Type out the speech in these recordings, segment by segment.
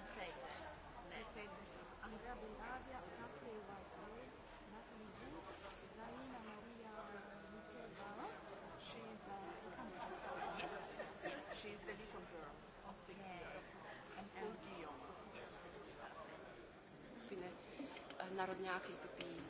Fonseca. Next. Andrea Bellavia, Kathleen Whitehall, Natalie Wood, Zaina Maria Michevaro. She's uh, yes. She's the little girl of six yes. years. And Paul Guillaume. Narodňáky popíjí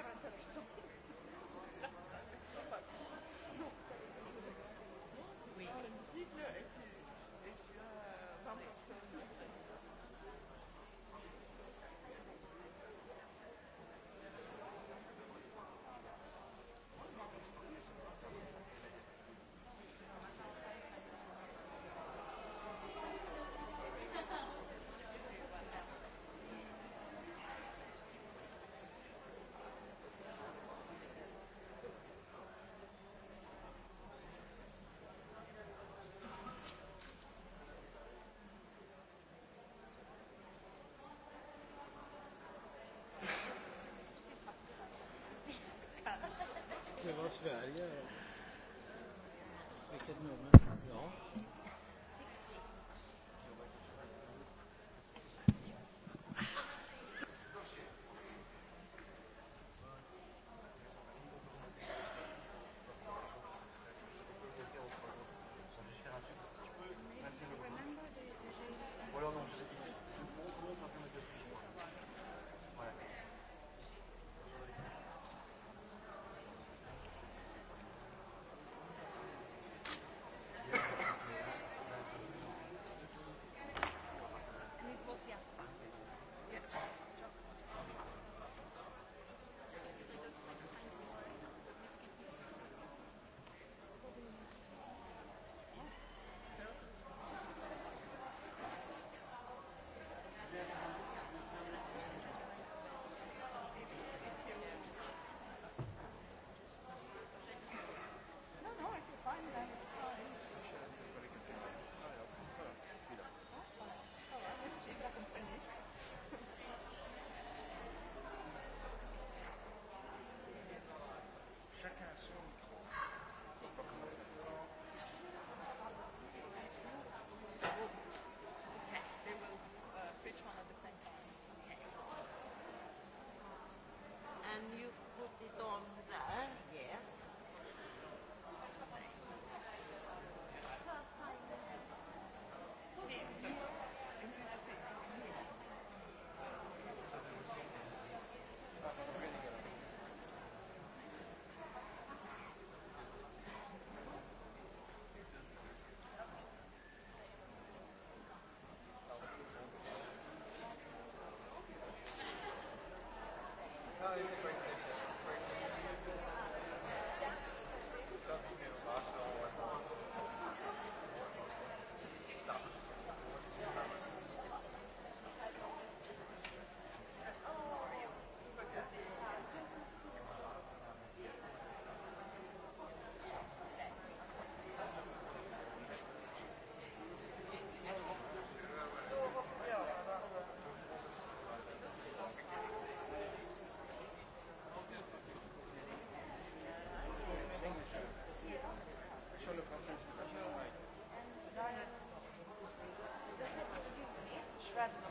se vad Sverige är. Vilket nummer? Ja. Da. kad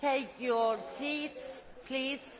Take your seats, please.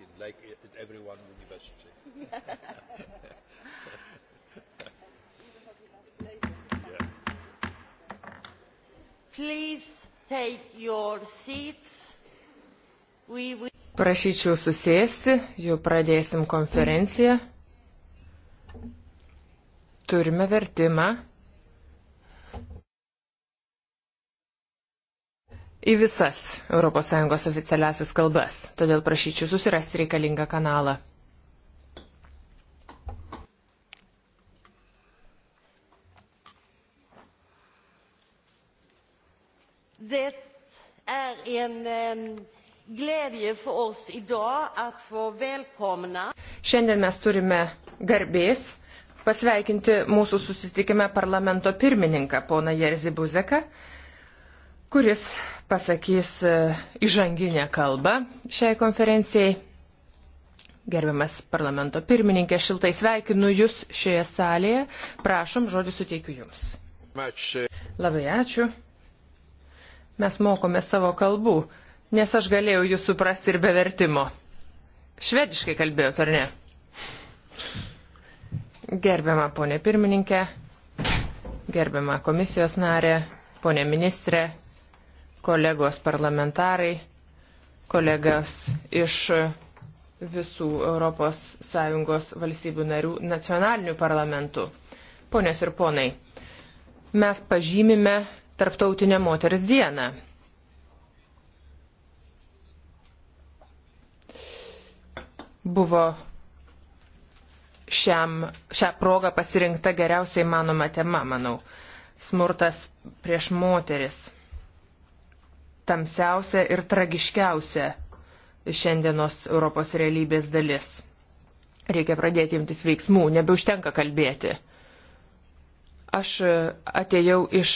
kid, like at eh, every one university. yeah. Please take your seats. We will... Prašyčiau susėsti, jau pradėsim konferenciją. Turime vertimą. į visas ES oficialiasis kalbas, todėl prašyčiau susirasti reikalingą kanalą. Det är er en glädje för oss idag att få välkomna. Šiandien mes turime garbės pasveikinti mūsų susitikime parlamento pirmininką, poną Jerzy Buzeką, kuris pasakys e, įžanginę kalbą šiai konferencijai. Gerbiamas parlamento pirmininkė, šiltai sveikinu Jūs šioje salėje. Prašom, žodį suteikiu Jums. Labai ačiū. Mes mokome savo kalbų, nes aš galėjau Jūs suprasti ir be vertimo. Švediškai kalbėjot, ar ne? Gerbiama ponė pirmininkė, gerbiama komisijos narė, ponė ministrė, kolegos parlamentarai, kolegas iš visų ES valstybių narių nacionalinių parlamentų. Ponios ir ponai, mes pažymime Tarptautinę moters dieną. Buvo šiam, šią progą pasirinkta geriausiai manoma tema, manau. Smurtas prieš moteris tamsiausia ir tragiškiausia šiandienos Europos realybės dalis. Reikia pradėti imtis veiksmų, nebeužtenka kalbėti. Aš atėjau iš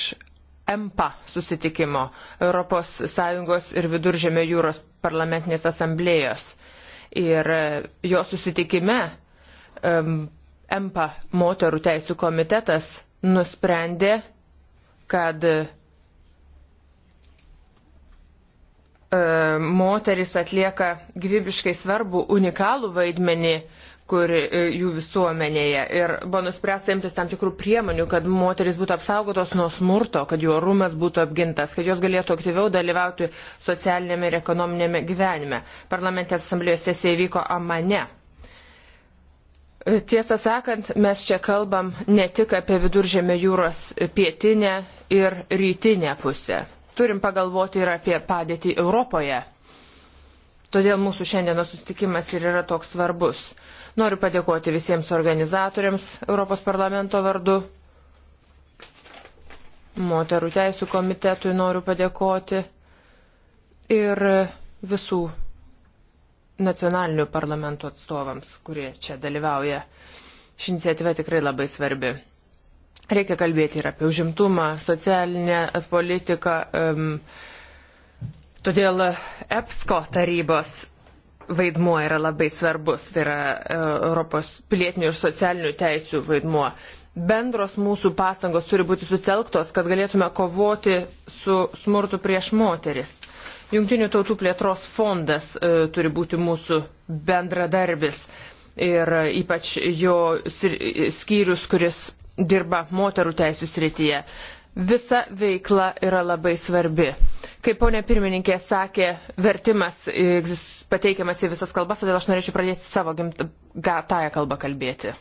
EMPA susitikimo, ES ir Viduržėmio jūros parlamentinės asamblėjos. Ir jo susitikime EMPA moterų teisų komitetas nusprendė, kad E, moteris atlieka gyvybiškai svarbu unikalų vaidmenį kur e, jų visuomenėje. Ir buvo nuspręsta imtis tam tikrų priemonių, kad moteris būtų apsaugotos nuo smurto, kad jų orumas būtų apgintas, kad jos galėtų aktyviau dalyvauti socialinėme ir ekonominėme gyvenime. Parlamentės asamblėjos sesija vyko Amane. Tiesą sakant, mes čia kalbam ne tik apie viduržėmio jūros pietinę ir rytinę pusę. Turim pagalvoti ir apie padėtį Europoje. Todėl mūsų šiandienos sustikimas ir yra toks svarbus. Noriu padėkoti visiems organizatoriams Europos parlamento vardu. Moterų teisų komitetui noriu padėkoti. Ir visų nacionalinių parlamentų atstovams, kurie čia dalyvauja. Ši iniciatyva tikrai labai svarbi. Reikia kalbėti ir apie užimtumą, socialinę politiką. Um, todėl EPSCO tarybos vaidmuo yra labai svarbus, tai yra e, Europos pilietinių ir socialinių teisių vaidmuo. Bendros mūsų pastangos turi būti sutelktos, kad galėtume kovoti su smurtu prieš moteris. Junktinių tautų plėtros fondas e, turi būti mūsų bendradarbis ir e, ypač jo skyrius, kuris dirba moterų teisų srityje. Visa veikla yra labai svarbi. Kaip ponė pirmininkė sakė, vertimas pateikiamas į visas kalbas, todėl aš norėčiau pradėti savo gimtąją kalbą kalbėti.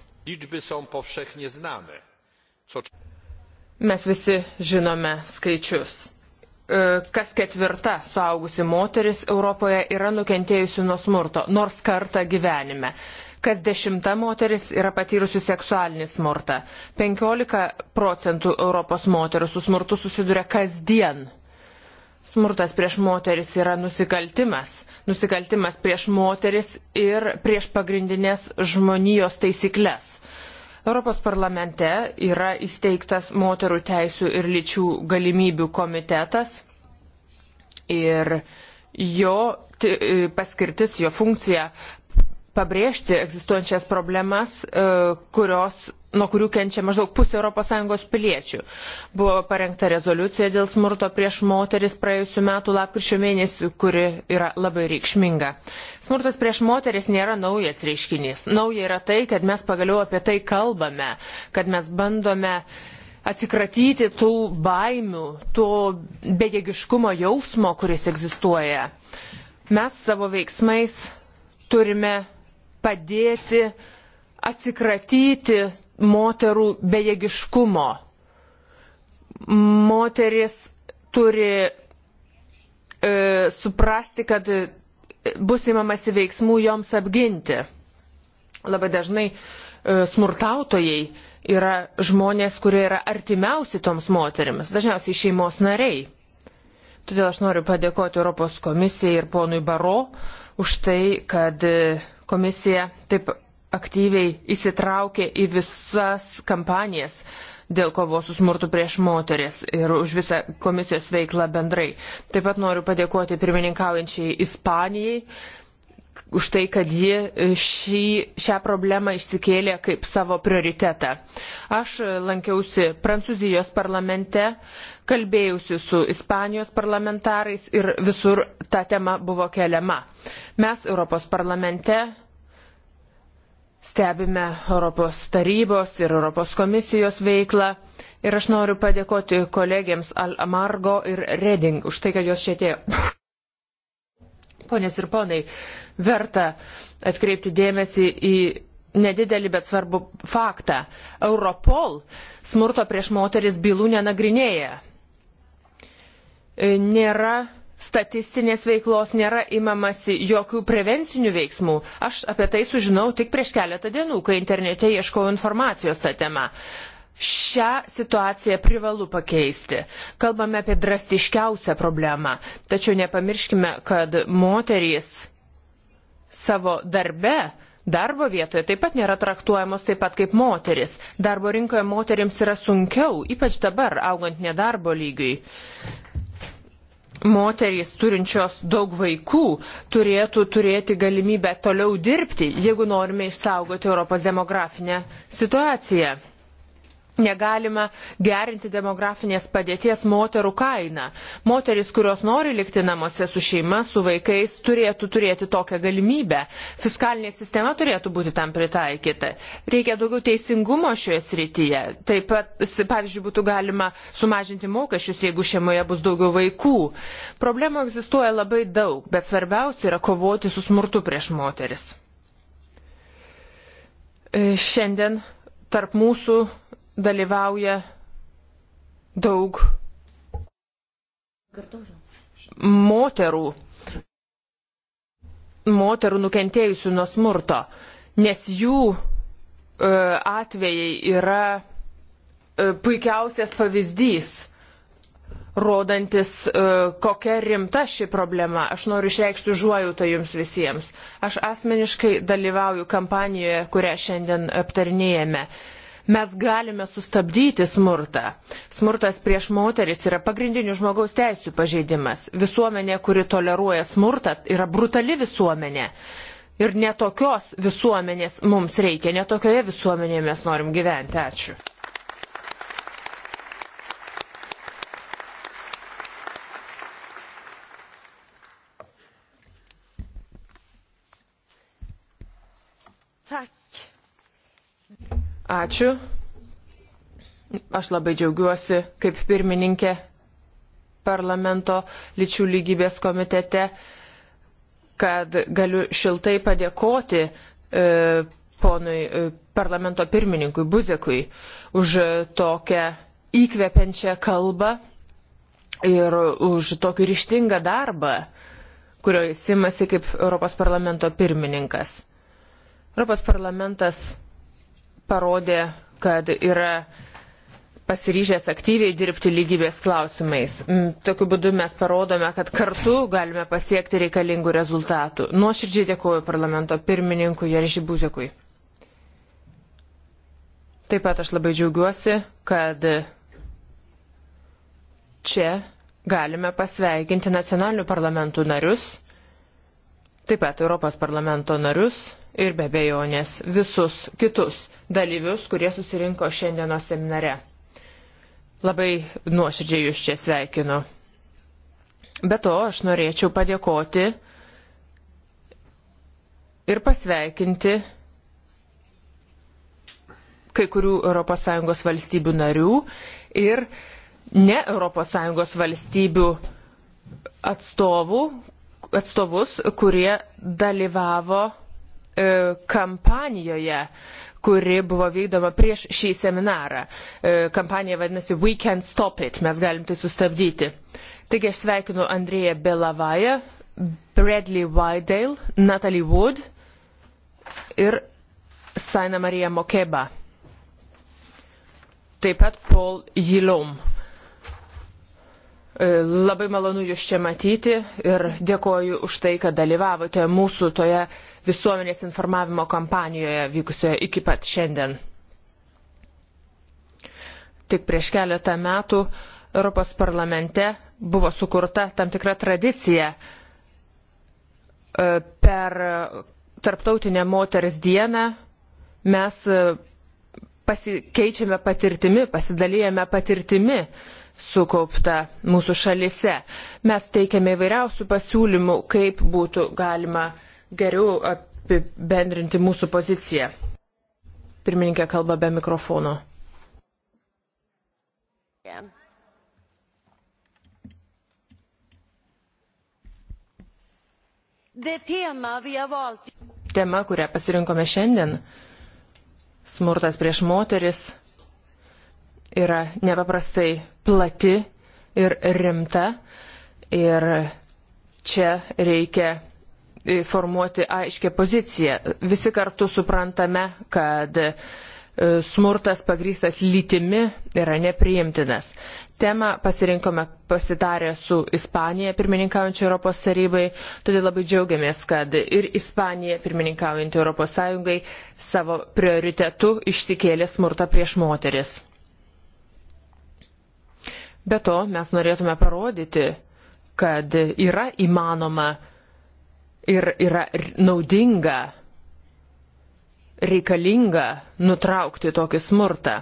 Mes visi žinome skaičius e, kas ketvirta suaugusi moteris Europoje yra nukentėjusi nuo smurto, nors kartą gyvenime. Kas dešimta moteris yra patyrusi seksualinį smurtą. 15 procentų Europos moterų su smurtu susiduria kasdien. Smurtas prieš moteris yra nusikaltimas. Nusikaltimas prieš moteris ir prieš pagrindinės žmonijos taisyklės. Europos parlamente yra įsteigtas moterų teisų ir lyčių galimybių komitetas. Ir jo paskirtis, jo funkcija pabrėžti egzistuojančias problemas, e, kurios nuo kurių kenčia maždaug pusė ES piliečių. Buvo parengta rezoliucija dėl smurto prieš moteris praėjusiu metu lapkričio mėnesį, kuri yra labai reikšminga. Smurtas prieš moteris nėra naujas reiškinys. Nauja yra tai, kad mes pagaliau apie tai kalbame, kad mes bandome atsikratyti tų baimių, to bejėgiškumo jausmo, kuris egzistuoja. Mes savo veiksmais turime padėti atsikratyti moterų bejėgiškumo. Moteris turi e, suprasti, kad bus įmamasi veiksmų joms apginti. Labai dažnai e, smurtautojai yra žmonės, kurie yra artimiausi toms moteriams, dažniausiai šeimos nariai. Todėl aš noriu padėkoti Europos komisijai ir ponui Baro už tai, kad Komisija taip aktyviai įsitraukė į visas kampanijas dėl kovos su smurtu prieš moteris ir už visą komisijos veiklą bendrai. Taip pat noriu padėkoti pirmininkaujančiai Ispanijai už tai, kad ji šį, šią problemą išsikėlė kaip savo prioritetą. Aš lankiausi Prancūzijos parlamente, kalbėjausi su Ispanijos parlamentarais ir visur ta tema buvo keliama. Mes Europos parlamente Stebime Europos tarybos ir Europos komisijos veiklą. Ir aš noriu padėkoti kolegiams Al-Amargo ir Reding už tai, kad jos čia atėjo. Ponės ir ponai, verta atkreipti dėmesį į nedidelį, bet svarbu faktą. Europol smurto prieš moteris bylų nenagrinėja. Nėra statistinės veiklos, nėra imamasi jokių prevencinių veiksmų. Aš apie tai sužinau tik prieš keletą dienų, kai internete ieškojau informacijos tą temą. Šią situaciją privalu pakeisti. Kalbame apie drastiškiausią problemą, tačiau nepamirškime, kad moterys savo darbe Darbo vietoje taip pat nėra traktuojamos taip pat kaip moteris. Darbo rinkoje moteriams yra sunkiau, ypač dabar, augant nedarbo lygiui moterys turinčios daug vaikų turėtų turėti galimybę toliau dirbti, jeigu norime išsaugoti Europos demografinę situaciją negalime gerinti demografinės padėties moterų kainą. Moteris, kurios nori likti namuose su šeima, su vaikais, turėtų turėti tokią galimybę. Fiskalinė sistema turėtų būti tam pritaikyta. Reikia daugiau teisingumo šioje srityje. Taip pat, pavyzdžiui, būtų galima sumažinti mokesčius, jeigu šeimoje bus daugiau vaikų. Problemų egzistuoja labai daug, bet svarbiausia yra kovoti su smurtu prieš moteris. E, šiandien tarp mūsų dalyvauja daug moterų, moterų nukentėjusių nuo smurto, nes jų e, atvejai yra e, puikiausias pavyzdys, rodantis, e, kokia rimta ši problema. Aš noriu išreikšti užuojautą jums visiems. Aš asmeniškai dalyvauju kampanijoje, kurią šiandien aptarnėjame. E, Mes galime sustabdyti smurtą. Smurtas prieš moteris yra pagrindinių žmogaus teisų pažeidimas. Visuomenė, kuri toleruoja smurtą, yra brutali visuomenė. Ir netokios visuomenės mums reikia, netokioje visuomenėje mes norim gyventi. Ačiū. Ačiū. Aš labai džiaugiuosi kaip pirmininkė parlamento lyčių lygybės komitete, kad galiu šiltai padėkoti e, ponui e, parlamento pirmininkui Buzekui už tokią įkvepiančią kalbą ir už tokį ryštingą darbą, kurio jis imasi kaip Europos parlamento pirmininkas. Europos parlamentas parodė, kad yra pasiryžęs aktyviai dirbti lygybės klausimais. Mm, tokiu būdu mes parodome, kad kartu galime pasiekti reikalingų rezultatų. Nuoširdžiai dėkuoju parlamento pirmininkui Jerži Buzekui. Taip pat aš labai džiaugiuosi, kad čia galime pasveikinti nacionalinių parlamentų narius taip pat Europos parlamento narius ir be bejonės visus kitus dalyvius, kurie susirinko šiandieno seminare. Labai nuoširdžiai jūs čia sveikinu. Be to, aš norėčiau padėkoti ir pasveikinti kai kurių ES valstybių narių ir ne ES valstybių atstovų, atstovus, kurie dalyvavo e, kampanijoje, kuri buvo vykdoma prieš šį seminarą. E, kampanija vadinasi We Can Stop It, mes galim tai sustabdyti. Taigi aš sveikinu Andrėją Belavają, Bradley Wydale, Natalie Wood ir Saina Marija Mokeba. Taip pat Paul Jilom. E, labai malonu Jūs čia matyti ir dėkoju už tai, kad dalyvavote mūsų toje visuomenės informavimo kampanijoje vykusioje iki pat šiandien. Tik prieš keletą metų Europos parlamente buvo sukurta tam tikra tradicija e, per Tarptautinę moters dieną mes e, pasikeičiame patirtimi, pasidalijame patirtimi sukaupta mūsų šalise. Mes teikiame įvairiausių pasiūlymų, kaip būtų galima geriau apibendrinti mūsų poziciją. Pirmininkė kalba be mikrofono. Yeah. Tema, kurią pasirinkome šiandien - smurtas prieš moteris yra nepaprastai plati ir rimta. Ir čia reikia formuoti aiškę poziciją. Visi kartu suprantame, kad e, smurtas pagrystas lytimi yra nepriimtinas. Temą pasirinkome pasitarę su Ispanija pirmininkaujančia Europos tarybai, todėl labai džiaugiamės, kad ir Ispanija pirmininkaujantį Europos Sąjungai savo prioritetu išsikėlė smurtą prieš moteris. Be to, mes norėtume parodyti, kad yra įmanoma ir yra naudinga, reikalinga nutraukti tokį smurtą.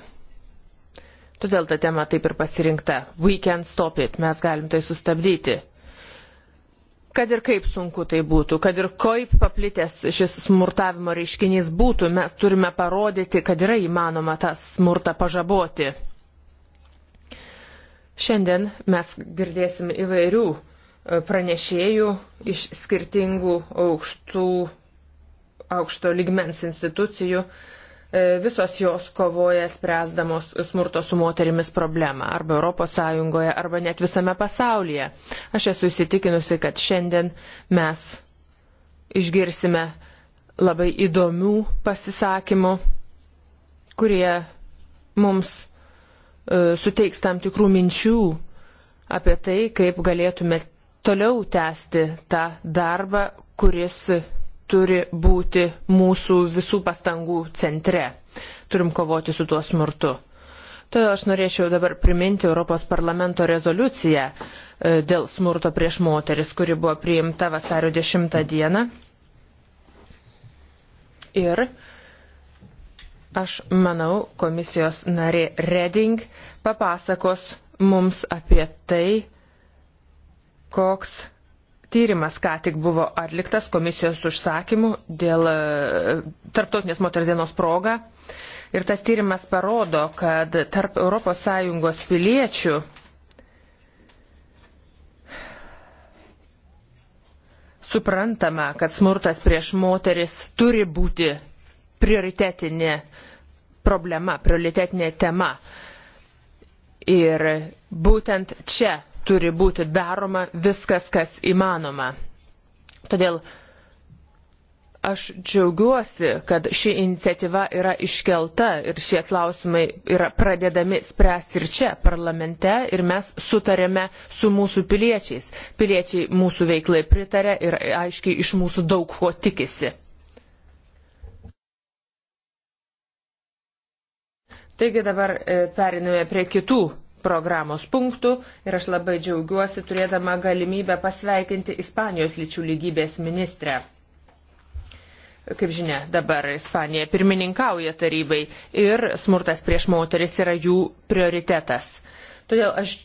Todėl ta tema taip ir pasirinkta. We can stop it, mes galim tai sustabdyti. Kad ir kaip sunku tai būtų, kad ir kaip paplitęs šis smurtavimo reiškinys būtų, mes turime parodyti, kad yra įmanoma tą smurtą pažaboti. Šiandien mes girdėsim įvairių e, pranešėjų iš skirtingų aukštų, aukšto ligmens institucijų. E, visos jos kovoja spręsdamos smurto su moterimis problemą arba ES, arba net visame pasaulyje. Aš esu įsitikinusi, kad šiandien mes išgirsime labai įdomių pasisakymų, kurie mums E, suteiks tam tikrų minčių apie tai, kaip galėtume toliau tęsti tą darbą, kuris turi būti mūsų visų pastangų centre. Turim kovoti su tuo smurtu. Todėl aš norėčiau dabar priminti Europos parlamento rezoliuciją e, dėl smurto prieš moteris, kuri buvo priimta vasario 10 dieną. Ir uh, Aš manau, komisijos narė Reding papasakos mums apie tai, koks tyrimas ką tik buvo atliktas komisijos užsakymu dėl e, Tarptautinės moters dienos proga. Ir tas tyrimas parodo, kad tarp ES piliečių suprantama, kad smurtas prieš moteris turi būti prioritetinė problema, prioritetinė tema. Ir būtent čia turi būti daroma viskas, kas įmanoma. Todėl aš džiaugiuosi, kad ši iniciatyva yra iškelta ir šie klausimai yra pradedami spręsti ir čia, parlamente, ir mes sutarėme su mūsų piliečiais. Piliečiai mūsų veiklai pritarė ir aiškiai iš mūsų daug ko tikisi. Taigi dabar e, periname prie kitų programos punktų ir aš labai džiaugiuosi turėdama galimybę pasveikinti Ispanijos lyčių lygybės ministrę. Kaip žinia, dabar Ispanija pirmininkauja tarybai ir smurtas prieš moteris yra jų prioritetas. Todėl aš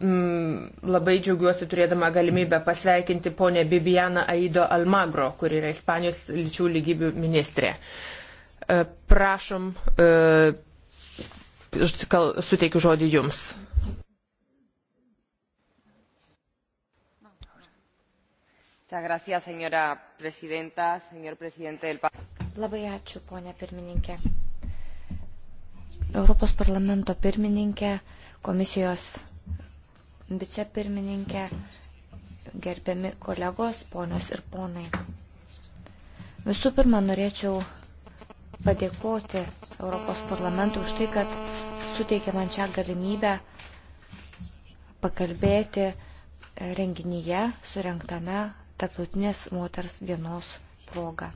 mm, labai džiaugiuosi turėdama galimybę pasveikinti ponę Bibianą Aido Almagro, kuri yra Ispanijos lyčių lygybių ministrė. E, prašom. E, suteikiu žodį jums. Labai ačiū, ponė pirmininkė. Europos parlamento pirmininkė, komisijos vicepirmininkė, gerbiami kolegos, ponios ir ponai. Visų pirma, norėčiau padėkoti Europos parlamentui už tai, kad suteikė man čia galimybę pakalbėti renginyje surinktame Tarptautinės moters dienos proga.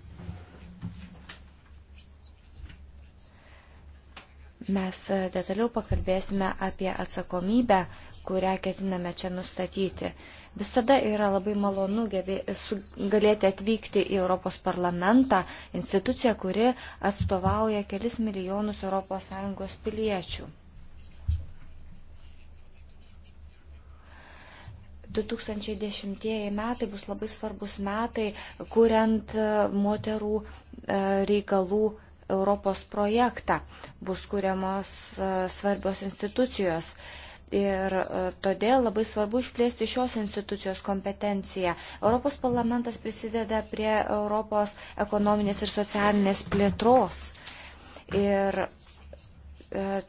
Mes detaliau pakalbėsime apie atsakomybę, kurią ketiname čia nustatyti. Visada yra labai malonu gebė, su, galėti atvykti į Europos parlamentą, instituciją, kuri atstovauja kelis milijonus ES piliečių. 2010 metai bus labai svarbus metai, kuriant e, moterų e, reikalų Europos projektą. Bus kuriamos e, svarbios institucijos. Ir e, todėl labai svarbu išplėsti šios institucijos kompetenciją. Europos parlamentas prisideda prie Europos ekonominės ir socialinės plėtros. Ir e,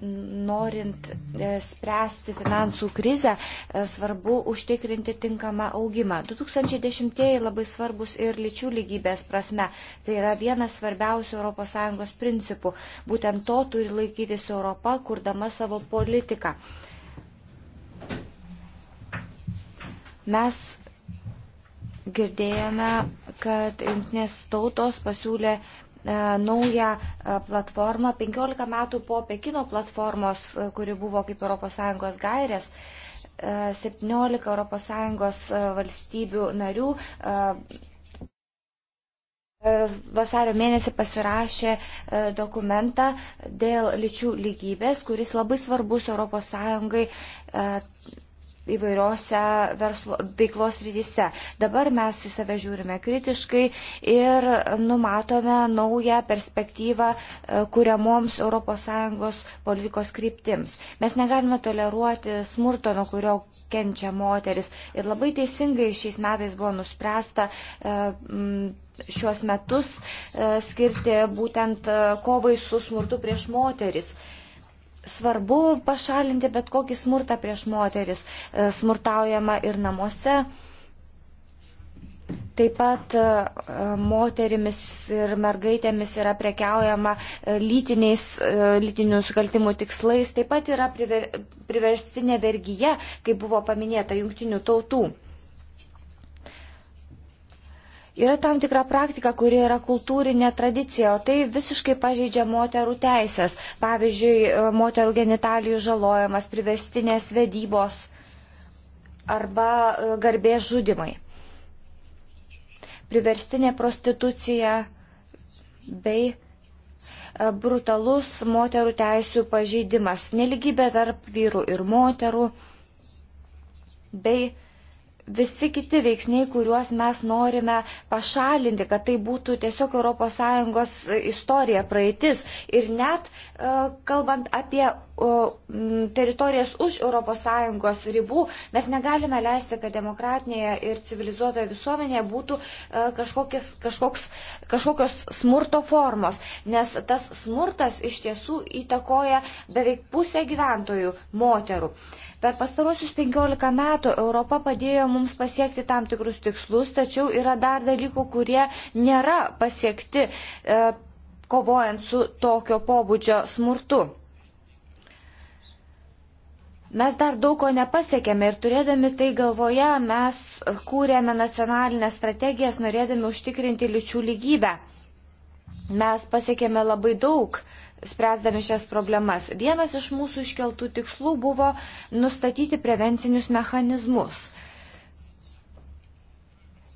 norint e, spręsti finansų krizę, e, svarbu užtikrinti tinkamą augimą. 2010-ieji labai svarbus ir lyčių lygybės prasme. Tai yra vienas svarbiausių ES principų. Būtent to turi laikytis Europa, kurdama savo politiką. Mes girdėjome, kad jungtinės tautos pasiūlė uh, E, naują e, platformą 15 metų po Pekino platformos, e, kuri buvo kaip ES gairės. 17 ES valstybių narių vasario mėnesį pasirašė dokumentą dėl lyčių lygybės, kuris labai svarbus ES įvairiose verslo, veiklos rytise. Dabar mes į save žiūrime kritiškai ir numatome naują perspektyvą e, kuriamoms ES politikos kryptims. Mes negalime toleruoti smurto, nuo kurio kenčia moteris. Ir labai teisingai šiais metais buvo nuspręsta e, šiuos metus e, skirti būtent kovai su smurtu prieš moteris svarbu pašalinti bet kokį smurtą prieš moteris. E, smurtaujama ir namuose. Taip pat e, moterimis ir mergaitėmis yra prekiaujama e, lytiniais, lytinių nusikaltimų tikslais, taip pat yra priver, priverstinė vergyje, kaip buvo paminėta, jungtinių tautų. Yra tam tikra praktika, kuri yra kultūrinė tradicija, o tai visiškai pažeidžia moterų teisės. Pavyzdžiui, e, moterų genitalijų žalojimas, privestinės vedybos arba e, garbės žudimai. Priverstinė prostitucija bei e, brutalus moterų teisų pažeidimas, neligybė tarp vyrų ir moterų bei visi kiti veiksniai, kuriuos mes norime pašalinti, kad tai būtų tiesiog ES istorija, praeitis. Ir net e, kalbant apie teritorijas už ES ribų, mes negalime leisti, kad demokratinėje ir civilizuotoje visuomenėje būtų e, kažkokis, kažkoks, kažkokios smurto formos, nes tas smurtas iš tiesų įtakoja beveik pusę gyventojų moterų. Uh, Per pastarosius 15 metų Europa padėjo mums pasiekti tam tikrus tikslus, tačiau yra dar dalykų, kurie nėra pasiekti e, kovojant su tokio pobūdžio smurtu. Mes dar daug ko nepasiekėme ir turėdami tai galvoje mes kūrėme nacionalinę strategiją, norėdami užtikrinti lyčių lygybę. Mes pasiekėme labai daug spręsdami šias problemas. Vienas iš mūsų iškeltų tikslų buvo nustatyti prevencinius mechanizmus.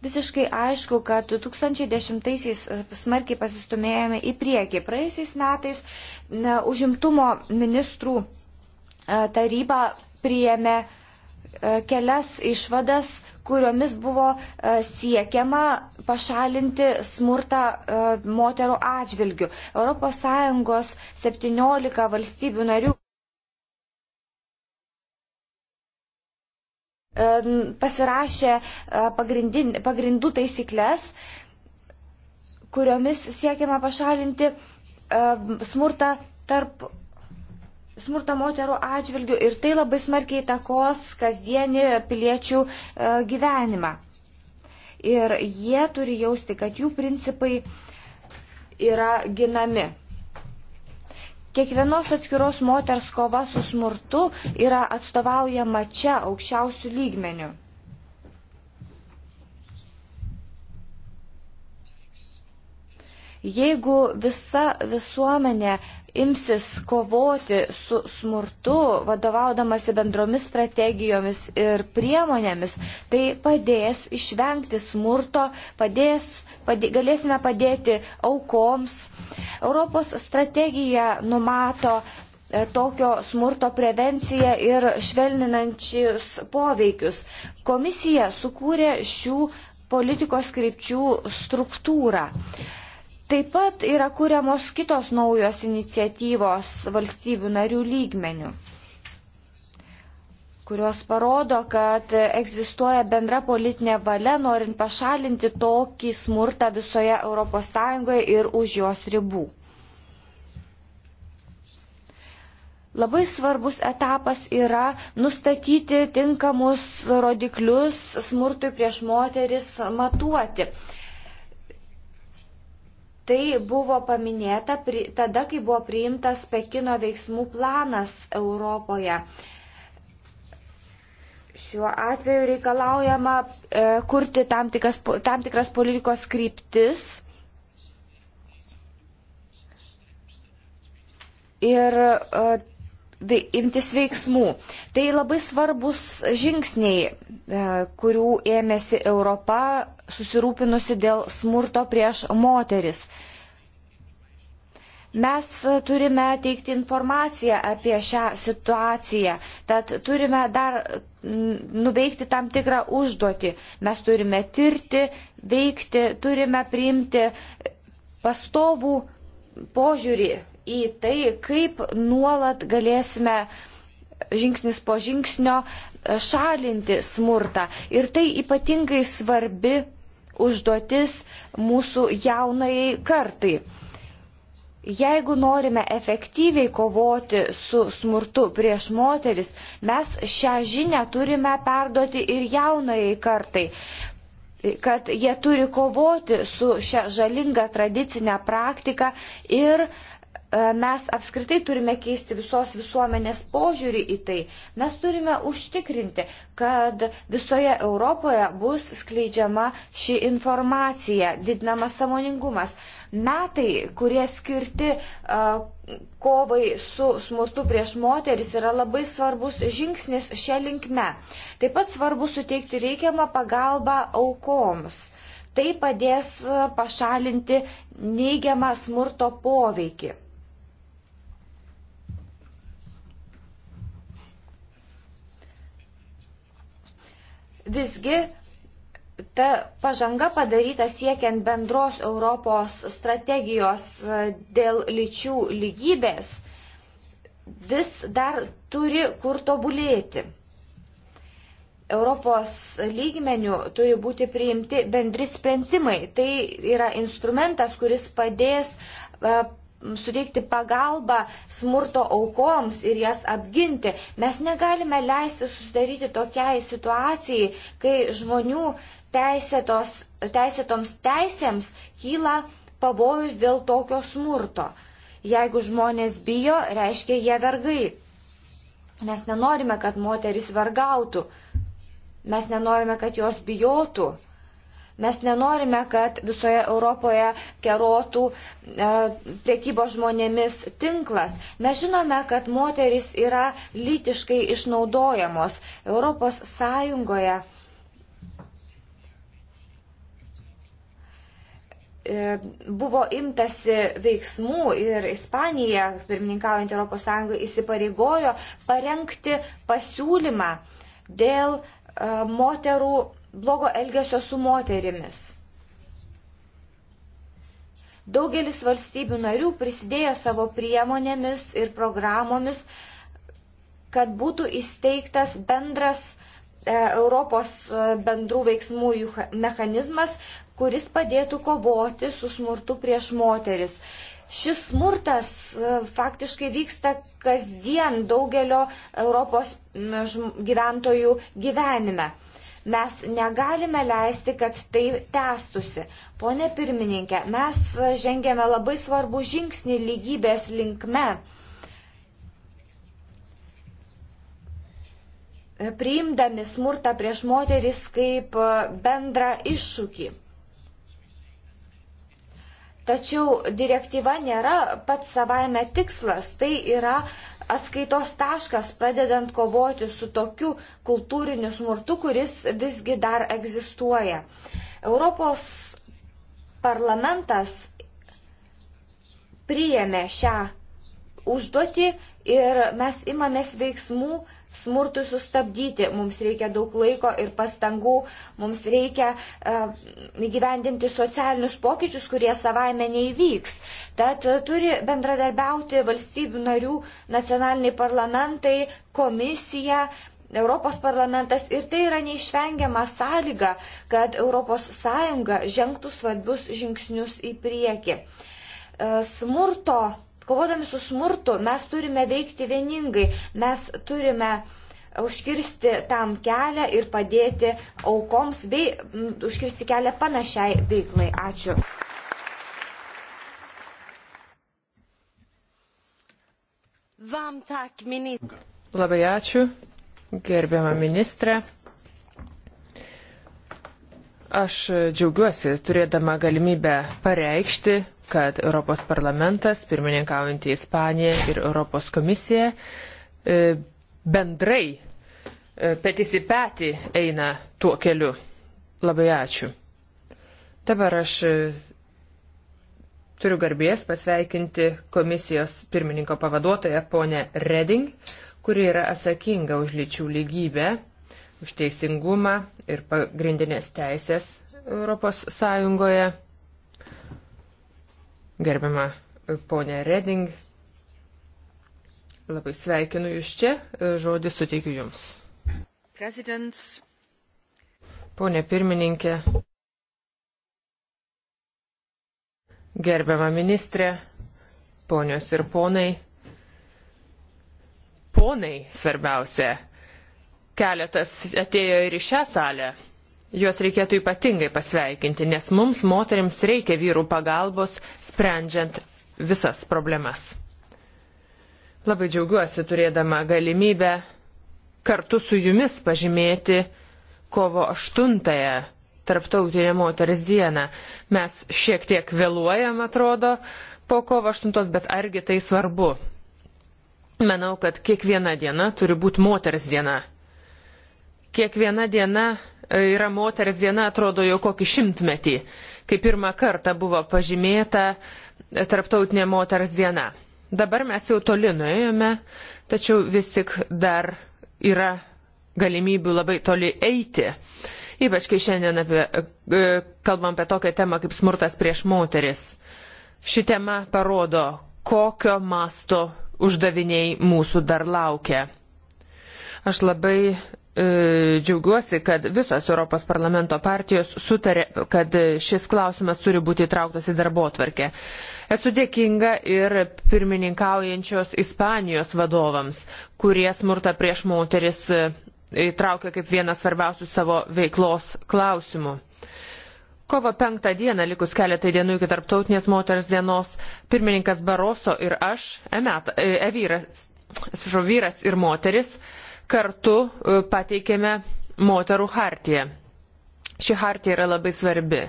Visiškai aišku, kad 2010-aisiais e, smarkiai pasistumėjome į priekį. Praėjusiais metais ne, užimtumo ministrų e, taryba priėmė e, kelias išvadas kuriomis buvo e, siekiama pašalinti smurtą e, moterų atžvilgių. ES 17 valstybių narių e, pasirašė pagrindų taisyklės, kuriomis siekiama pašalinti smurtą tarp smurtą moterų atžvilgių ir tai labai smarkiai įtakos kasdienį piliečių e, gyvenimą. Ir jie turi jausti, kad jų principai yra ginami. Kiekvienos atskiros moters kova su smurtu yra atstovaujama čia aukščiausių lygmenių. Jeigu visa visuomenė imsis kovoti su smurtu, vadovaudamasi bendromis strategijomis ir priemonėmis, tai padės išvengti smurto, padės, padė, galėsime padėti aukoms. Europos strategija numato e, tokio smurto prevenciją ir švelninančius poveikius. Komisija sukūrė šių politikos krypčių struktūrą. Taip pat yra kuriamos kitos naujos iniciatyvos valstybių narių lygmenių kurios parodo, kad egzistuoja bendra politinė valia, norint pašalinti tokį smurtą visoje ES ir už jos ribų. Labai svarbus etapas yra nustatyti tinkamus rodiklius smurtui prieš moteris matuoti. Tai buvo paminėta pri, tada, kai buvo priimtas Pekino veiksmų planas Europoje. Šiuo atveju reikalaujama e, kurti tam tikras, tam tikras politikos kryptis. Ir e, imtis veiksmų. Tai labai svarbus žingsniai, e, kurių ėmėsi Europa susirūpinusi dėl smurto prieš moteris. Mes turime teikti informaciją apie šią situaciją, tad turime dar nuveikti tam tikrą užduotį. Mes turime tirti, veikti, turime priimti pastovų požiūrį į tai, kaip nuolat galėsime žingsnis po žingsnio e, šalinti smurtą. Ir tai ypatingai svarbi užduotis mūsų jaunai kartai. Jeigu norime efektyviai kovoti su smurtu prieš moteris, mes šią žinę turime perduoti ir jaunai kartai, kad jie turi kovoti su šią žalingą tradicinę praktiką ir uh, E, mes apskritai turime keisti visos visuomenės požiūrį į tai. Mes turime užtikrinti, kad visoje Europoje bus skleidžiama ši informacija, didinamas samoningumas. Metai, kurie skirti e, kovai su smurtu prieš moteris, yra labai svarbus žingsnis šią linkme. Taip pat svarbu suteikti reikiamą pagalbą aukoms. Tai padės e, pašalinti neigiamą smurto poveikį. Visgi ta pažanga padaryta siekiant bendros Europos strategijos e, dėl lyčių lygybės vis dar turi kur tobulėti. Europos lygmenių turi būti priimti bendri sprendimai. Tai yra instrumentas, kuris padės e, suteikti pagalbą smurto aukoms ir jas apginti. Mes negalime leisti susidaryti tokiai situacijai, kai žmonių teisėtos, teisėtoms teisėms kyla pavojus dėl tokio smurto. Jeigu žmonės bijo, reiškia jie vergai. Mes nenorime, kad moteris vergautų. Mes nenorime, kad jos bijotų. Mes nenorime, kad visoje Europoje kerotų e, priekybo žmonėmis tinklas. Mes žinome, kad moteris yra lytiškai išnaudojamos. Europos Sąjungoje e, buvo imtasi veiksmų ir Ispanija, pirmininkaujant ES, įsipareigojo parengti pasiūlymą dėl e, moterų blogo elgesio su moterimis. Daugelis valstybių narių prisidėjo savo priemonėmis ir programomis, kad būtų įsteigtas bendras e, Europos e, bendrų veiksmų mechanizmas, kuris padėtų kovoti su smurtu prieš moteris. Šis smurtas e, faktiškai vyksta kasdien daugelio Europos gyventojų gyvenime. Mes negalime leisti, kad tai tęstusi. Pone pirmininkė, mes žengėme labai svarbų žingsnį lygybės linkme. priimdami smurtą prieš moteris kaip bendrą iššūkį. Tačiau direktyva nėra pats savaime tikslas, tai yra atskaitos taškas, pradedant kovoti su tokiu kultūriniu smurtu, kuris visgi dar egzistuoja. Europos parlamentas priėmė šią užduotį ir mes imamės veiksmų smurtui sustabdyti. Mums reikia daug laiko ir pastangų, mums reikia e, įgyvendinti uh, socialinius pokyčius, kurie savaime neįvyks. Tad uh, turi bendradarbiauti valstybių narių nacionaliniai parlamentai, komisija. Europos parlamentas ir tai yra neišvengiama sąlyga, kad ES žengtų svarbius žingsnius į priekį. Uh, smurto Kovodami su smurtu mes turime veikti vieningai, mes turime užkirsti tam kelią ir padėti aukoms bei m, užkirsti kelią panašiai veiklai. Ačiū. Labai ačiū, gerbiama ministrė. Aš džiaugiuosi turėdama galimybę pareikšti kad Europos parlamentas, pirmininkaujantį Ispaniją ir Europos komisiją e, bendrai e, petys į petį eina tuo keliu. Labai ačiū. Dabar aš e, turiu garbės pasveikinti komisijos pirmininko pavaduotoją ponę Reding, kuri yra atsakinga už lyčių lygybę, už teisingumą ir pagrindinės teisės Europos Sąjungoje. Gerbiama e, ponė Reding, labai sveikinu Jūs čia, e, žodį suteikiu Jums. Presidents. Pone pirmininkė, gerbiama ministrė, ponios ir ponai, ponai svarbiausia, keletas atėjo ir į šią salę. Juos reikėtų ypatingai pasveikinti, nes mums moteriams reikia vyrų pagalbos, sprendžiant visas problemas. Labai džiaugiuosi turėdama galimybę kartu su jumis pažymėti kovo 8-ąją Tarptautinę moters dieną. Mes šiek tiek vėluojam, atrodo, po kovo 8-os, bet argi tai svarbu? Manau, kad kiekviena diena turi būti moters diena. Kiekviena diena yra moters diena, atrodo, jau kokį šimtmetį, kai pirmą kartą buvo pažymėta Tarptautinė moters diena. Dabar mes jau toli nuėjome, tačiau vis tik dar yra galimybių labai toli eiti. Ypač kai šiandien apie, e, kalbam apie tokią temą kaip smurtas prieš moteris. Ši tema parodo, kokio masto uždaviniai mūsų dar laukia. Aš labai E, džiaugiuosi, kad visos Europos parlamento partijos sutarė, kad šis klausimas turi būti įtrauktas į darbo atvarkę. Esu dėkinga ir pirmininkaujančios Ispanijos vadovams, kurie smurtą prieš moteris e, įtraukė kaip vieną svarbiausių savo veiklos klausimų. Kovo penktą dieną, likus keletai dienų iki tarptautinės moters dienos, pirmininkas Baroso ir aš, Evyras e, e, vyras, e vyras ir moteris, uh, kartu e, pateikėme moterų hartiją. Ši hartija yra labai svarbi.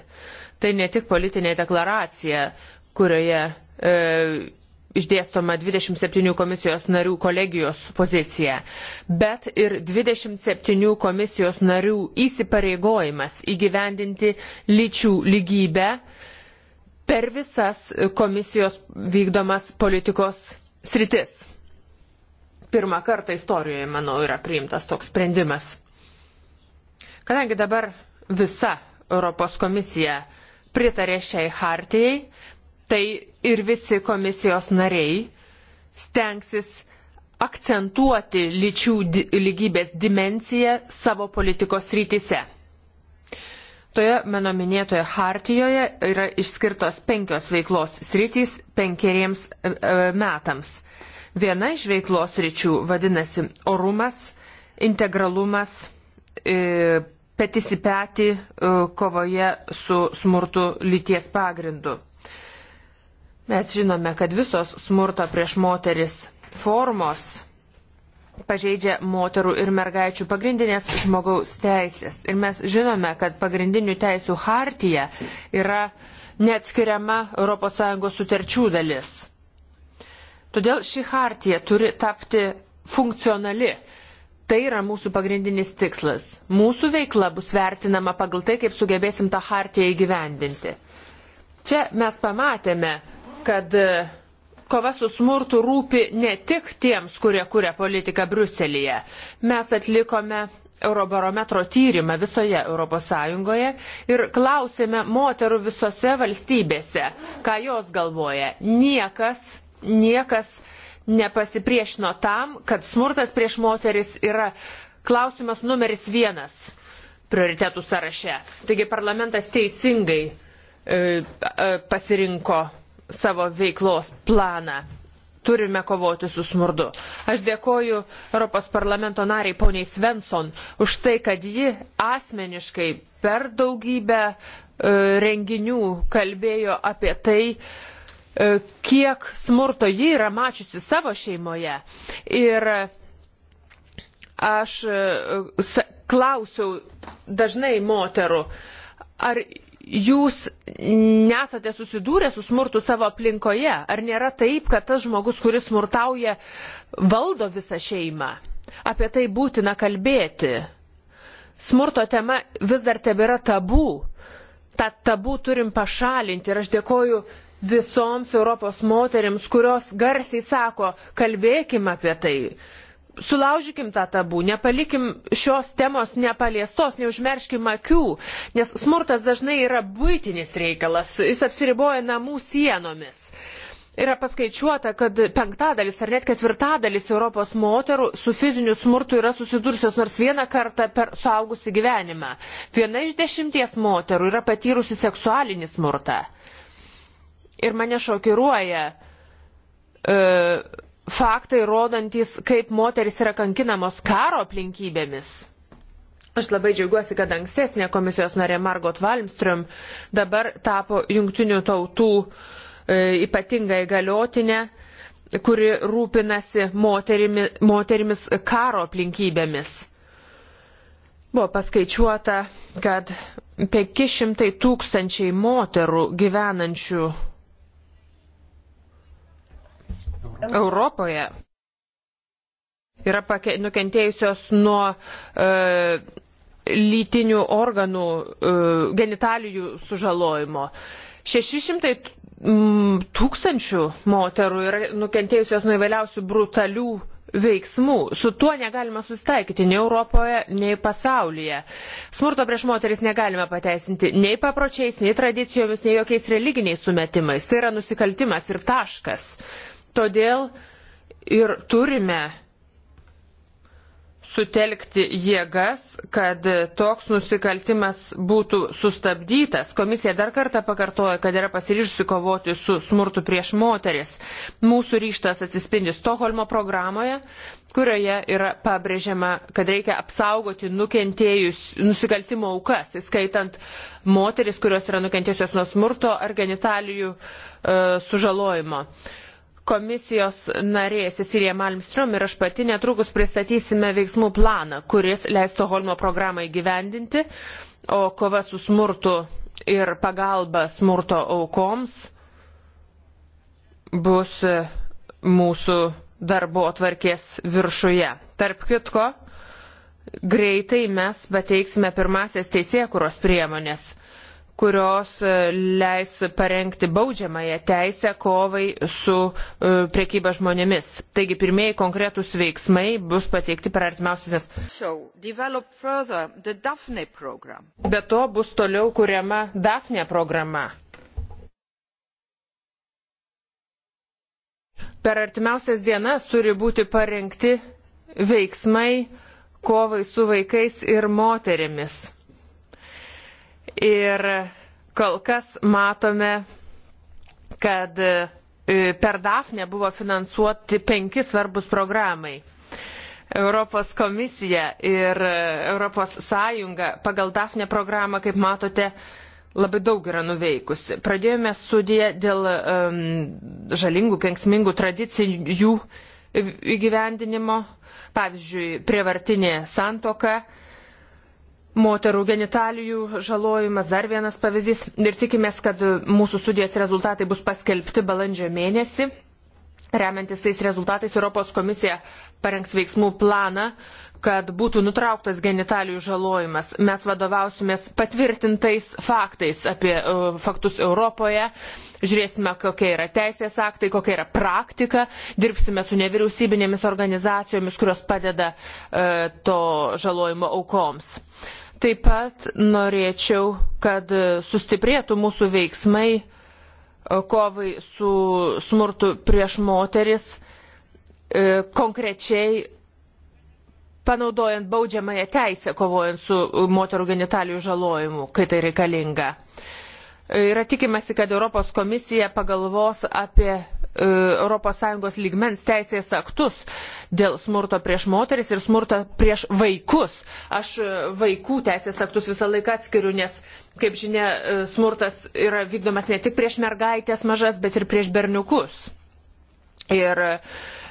Tai ne tik politinė deklaracija, kurioje e, išdėstoma 27 komisijos narių kolegijos pozicija, bet ir 27 komisijos narių įsipareigojimas įgyvendinti lyčių lygybę per visas komisijos vykdomas politikos sritis pirmą kartą istorijoje, manau, yra priimtas toks sprendimas. Kadangi dabar visa Europos komisija pritarė šiai hartijai, tai ir visi komisijos nariai stengsis akcentuoti lyčių lygybės dimenciją savo politikos rytise. Toje mano minėtoje hartijoje yra išskirtos penkios veiklos sritys penkeriems e, e, metams. Viena iš veiklos ryčių vadinasi orumas, integralumas, e, petis į petį e, kovoje su smurtu lyties pagrindu. Mes žinome, kad visos smurto prieš moteris formos pažeidžia moterų ir mergaičių pagrindinės žmogaus teisės. Ir mes žinome, kad pagrindinių teisų hartija yra neatskiriama ES sutarčių dalis. Todėl ši hartija turi tapti funkcionali. Tai yra mūsų pagrindinis tikslas. Mūsų veikla bus vertinama pagal tai, kaip sugebėsim tą hartiją įgyvendinti. Čia mes pamatėme, kad e, kova su smurtu rūpi ne tik tiems, kurie kuria politiką Bruselėje. Mes atlikome Eurobarometro tyrimą visoje ES ir klausėme moterų visose valstybėse, ką jos galvoja. Niekas niekas nepasipriešino tam, kad smurtas prieš moteris yra klausimas numeris vienas prioritetų sąraše. Taigi parlamentas teisingai e, e, pasirinko savo veiklos planą. Turime kovoti su smurdu. Aš dėkoju Europos parlamento nariai poniai Svensson už tai, kad ji asmeniškai per daugybę e, renginių kalbėjo apie tai, e, E, kiek smurto ji yra mačiusi savo šeimoje. Ir aš e, klausiau dažnai moterų, ar jūs nesate susidūrę su smurtu savo aplinkoje, ar nėra taip, kad tas žmogus, kuris smurtauja, valdo visą šeimą. Apie tai būtina kalbėti. Smurto tema vis dar tebėra tabų. Ta tabų turim pašalinti ir aš dėkoju visoms Europos moteriams, kurios garsiai sako, kalbėkim apie tai. Sulaužykim tą tabų, nepalikim šios temos nepaliestos, neužmerškim akių, nes smurtas dažnai yra būtinis reikalas, jis apsiriboja namų sienomis. Yra paskaičiuota, kad penktadalis ar net ketvirtadalis Europos moterų su fiziniu smurtu yra susidursios nors vieną kartą per suaugusi gyvenimą. Viena iš dešimties moterų yra patyrusi seksualinį smurtą ir mane šokiruoja e, faktai rodantis, kaip moteris yra kankinamos karo aplinkybėmis. Aš labai džiaugiuosi, kad ankstesnė komisijos narė Margot Valmström dabar tapo jungtinių tautų e, ypatingai galiotinę, kuri rūpinasi moterimi, moterimis karo aplinkybėmis. Buvo paskaičiuota, kad 500 tūkstančiai moterų gyvenančių Europoje yra pake, nukentėjusios nuo e, lytinių organų e, genitalijų sužalojimo. 600 tūkstančių moterų yra nukentėjusios nuo įvairiausių brutalių veiksmų. Su tuo negalima susitaikyti nei Europoje, nei pasaulyje. Smurto prieš moteris negalima pateisinti nei papročiais, nei tradicijomis, nei jokiais religiniais sumetimais. Tai yra nusikaltimas ir taškas. Uh, Todėl ir turime sutelkti jėgas, kad toks nusikaltimas būtų sustabdytas. Komisija dar kartą pakartoja, kad yra pasiryžusi kovoti su smurtu prieš moteris. Mūsų ryštas atsispindi Stoholmo programoje, kurioje yra pabrėžiama, kad reikia apsaugoti nukentėjus nusikaltimo aukas, įskaitant moteris, kurios yra nukentėjusios nuo smurto ar genitalijų e, sužalojimo. E, komisijos narė Cecilija Malmström ir aš pati netrukus pristatysime veiksmų planą, kuris leis Stoholmo programą įgyvendinti, o kova su smurtu ir pagalba smurto aukoms bus mūsų darbo atvarkės viršuje. Tarp kitko, greitai mes pateiksime pirmasias teisėkuros priemonės kurios e, leis parengti baudžiamąją teisę kovai su e, priekyba žmonėmis. Taigi pirmieji konkretūs veiksmai bus pateikti per artimiausias. Be to bus toliau kuriama Dafne programa. Per artimiausias dienas turi būti parengti veiksmai kovai su vaikais ir moterimis Ir kol kas matome, kad e, per DAFNę buvo finansuoti penki svarbus programai. Europos komisija ir e, Europos sąjunga pagal DAFNę programą, kaip matote, labai daug yra nuveikusi. Pradėjome studiją dėl um, žalingų, kenksmingų tradicijų įgyvendinimo, pavyzdžiui, prievartinė santoka, uh, Moterų genitalijų žalojimas dar vienas pavyzdys ir tikimės, kad mūsų studijos rezultatai bus paskelbti balandžio mėnesį. Remiantis tais rezultatais Europos komisija parengs veiksmų planą, kad būtų nutrauktas genitalijų žalojimas. Mes vadovausimės patvirtintais faktais apie uh, faktus Europoje, žiūrėsime, kokie yra teisės aktai, kokia yra praktika, dirbsime su nevyriausybinėmis organizacijomis, kurios padeda uh, to žalojimo aukoms. Uh, Taip pat norėčiau, kad sustiprėtų mūsų veiksmai e, kovai su smurtu prieš moteris, e, konkrečiai panaudojant baudžiamąją teisę, kovojant su moterų genitalijų žalojimu, kai tai reikalinga. E, yra tikimasi, kad Europos komisija pagalvos apie E, ES lygmens teisės aktus dėl smurto prieš moteris ir smurto prieš vaikus. Aš e, vaikų teisės aktus visą laiką atskiriu, nes, kaip žinia, e, smurtas yra vykdomas ne tik prieš mergaitės mažas, bet ir prieš berniukus. Ir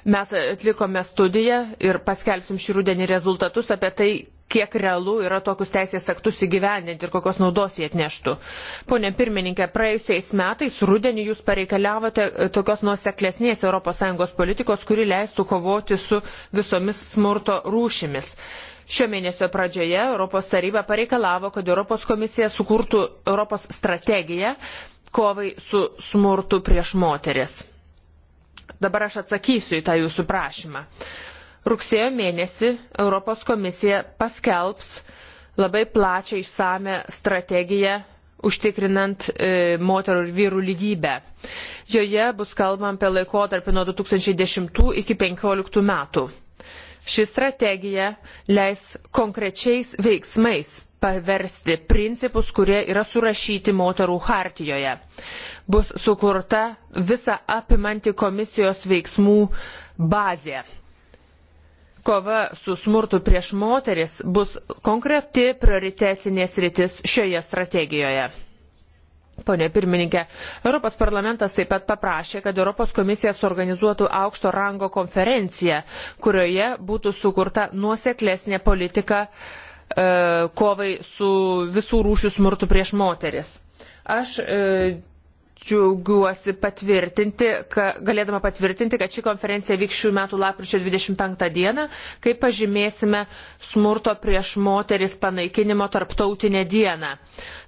mes atlikome studiją ir paskelbsim šį rudenį rezultatus apie tai, kiek realu yra tokius teisės aktus įgyvendinti ir kokios naudos jie atneštų. Pone pirmininkė, praėjusiais metais rudenį jūs pareikaliavote e, tokios nuoseklesnės ES politikos, kuri leistų kovoti su visomis smurto rūšimis. Šio mėnesio pradžioje Europos taryba pareikalavo, kad Europos komisija sukurtų Europos strategiją kovai su smurtu prieš moteris. Dabar aš atsakysiu į tą jūsų prašymą. Uh, Rugsėjo mėnesį Europos komisija paskelbs labai plačią išsame strategiją užtikrinant e, moterų ir vyrų lygybę. Joje bus kalbama apie laikotarpį nuo 2010 iki 2015 metų. Ši strategija leis konkrečiais veiksmais paversti principus, kurie yra surašyti moterų hartijoje. Bus sukurta visa apimanti komisijos veiksmų bazė kova su smurtu prieš moteris bus konkreti prioritetinės rytis šioje strategijoje. Pone pirmininkė, Europos parlamentas taip pat paprašė, kad Europos komisija suorganizuotų aukšto rango konferenciją, kurioje būtų sukurta nuoseklesnė politika e, kovai su visų rūšių smurtu prieš moteris. Aš e, džiaugiuosi patvirtinti, ka, galėdama patvirtinti, kad ši konferencija vyks šių metų lapkričio 25 dieną, kai pažymėsime smurto prieš moteris panaikinimo tarptautinę dieną.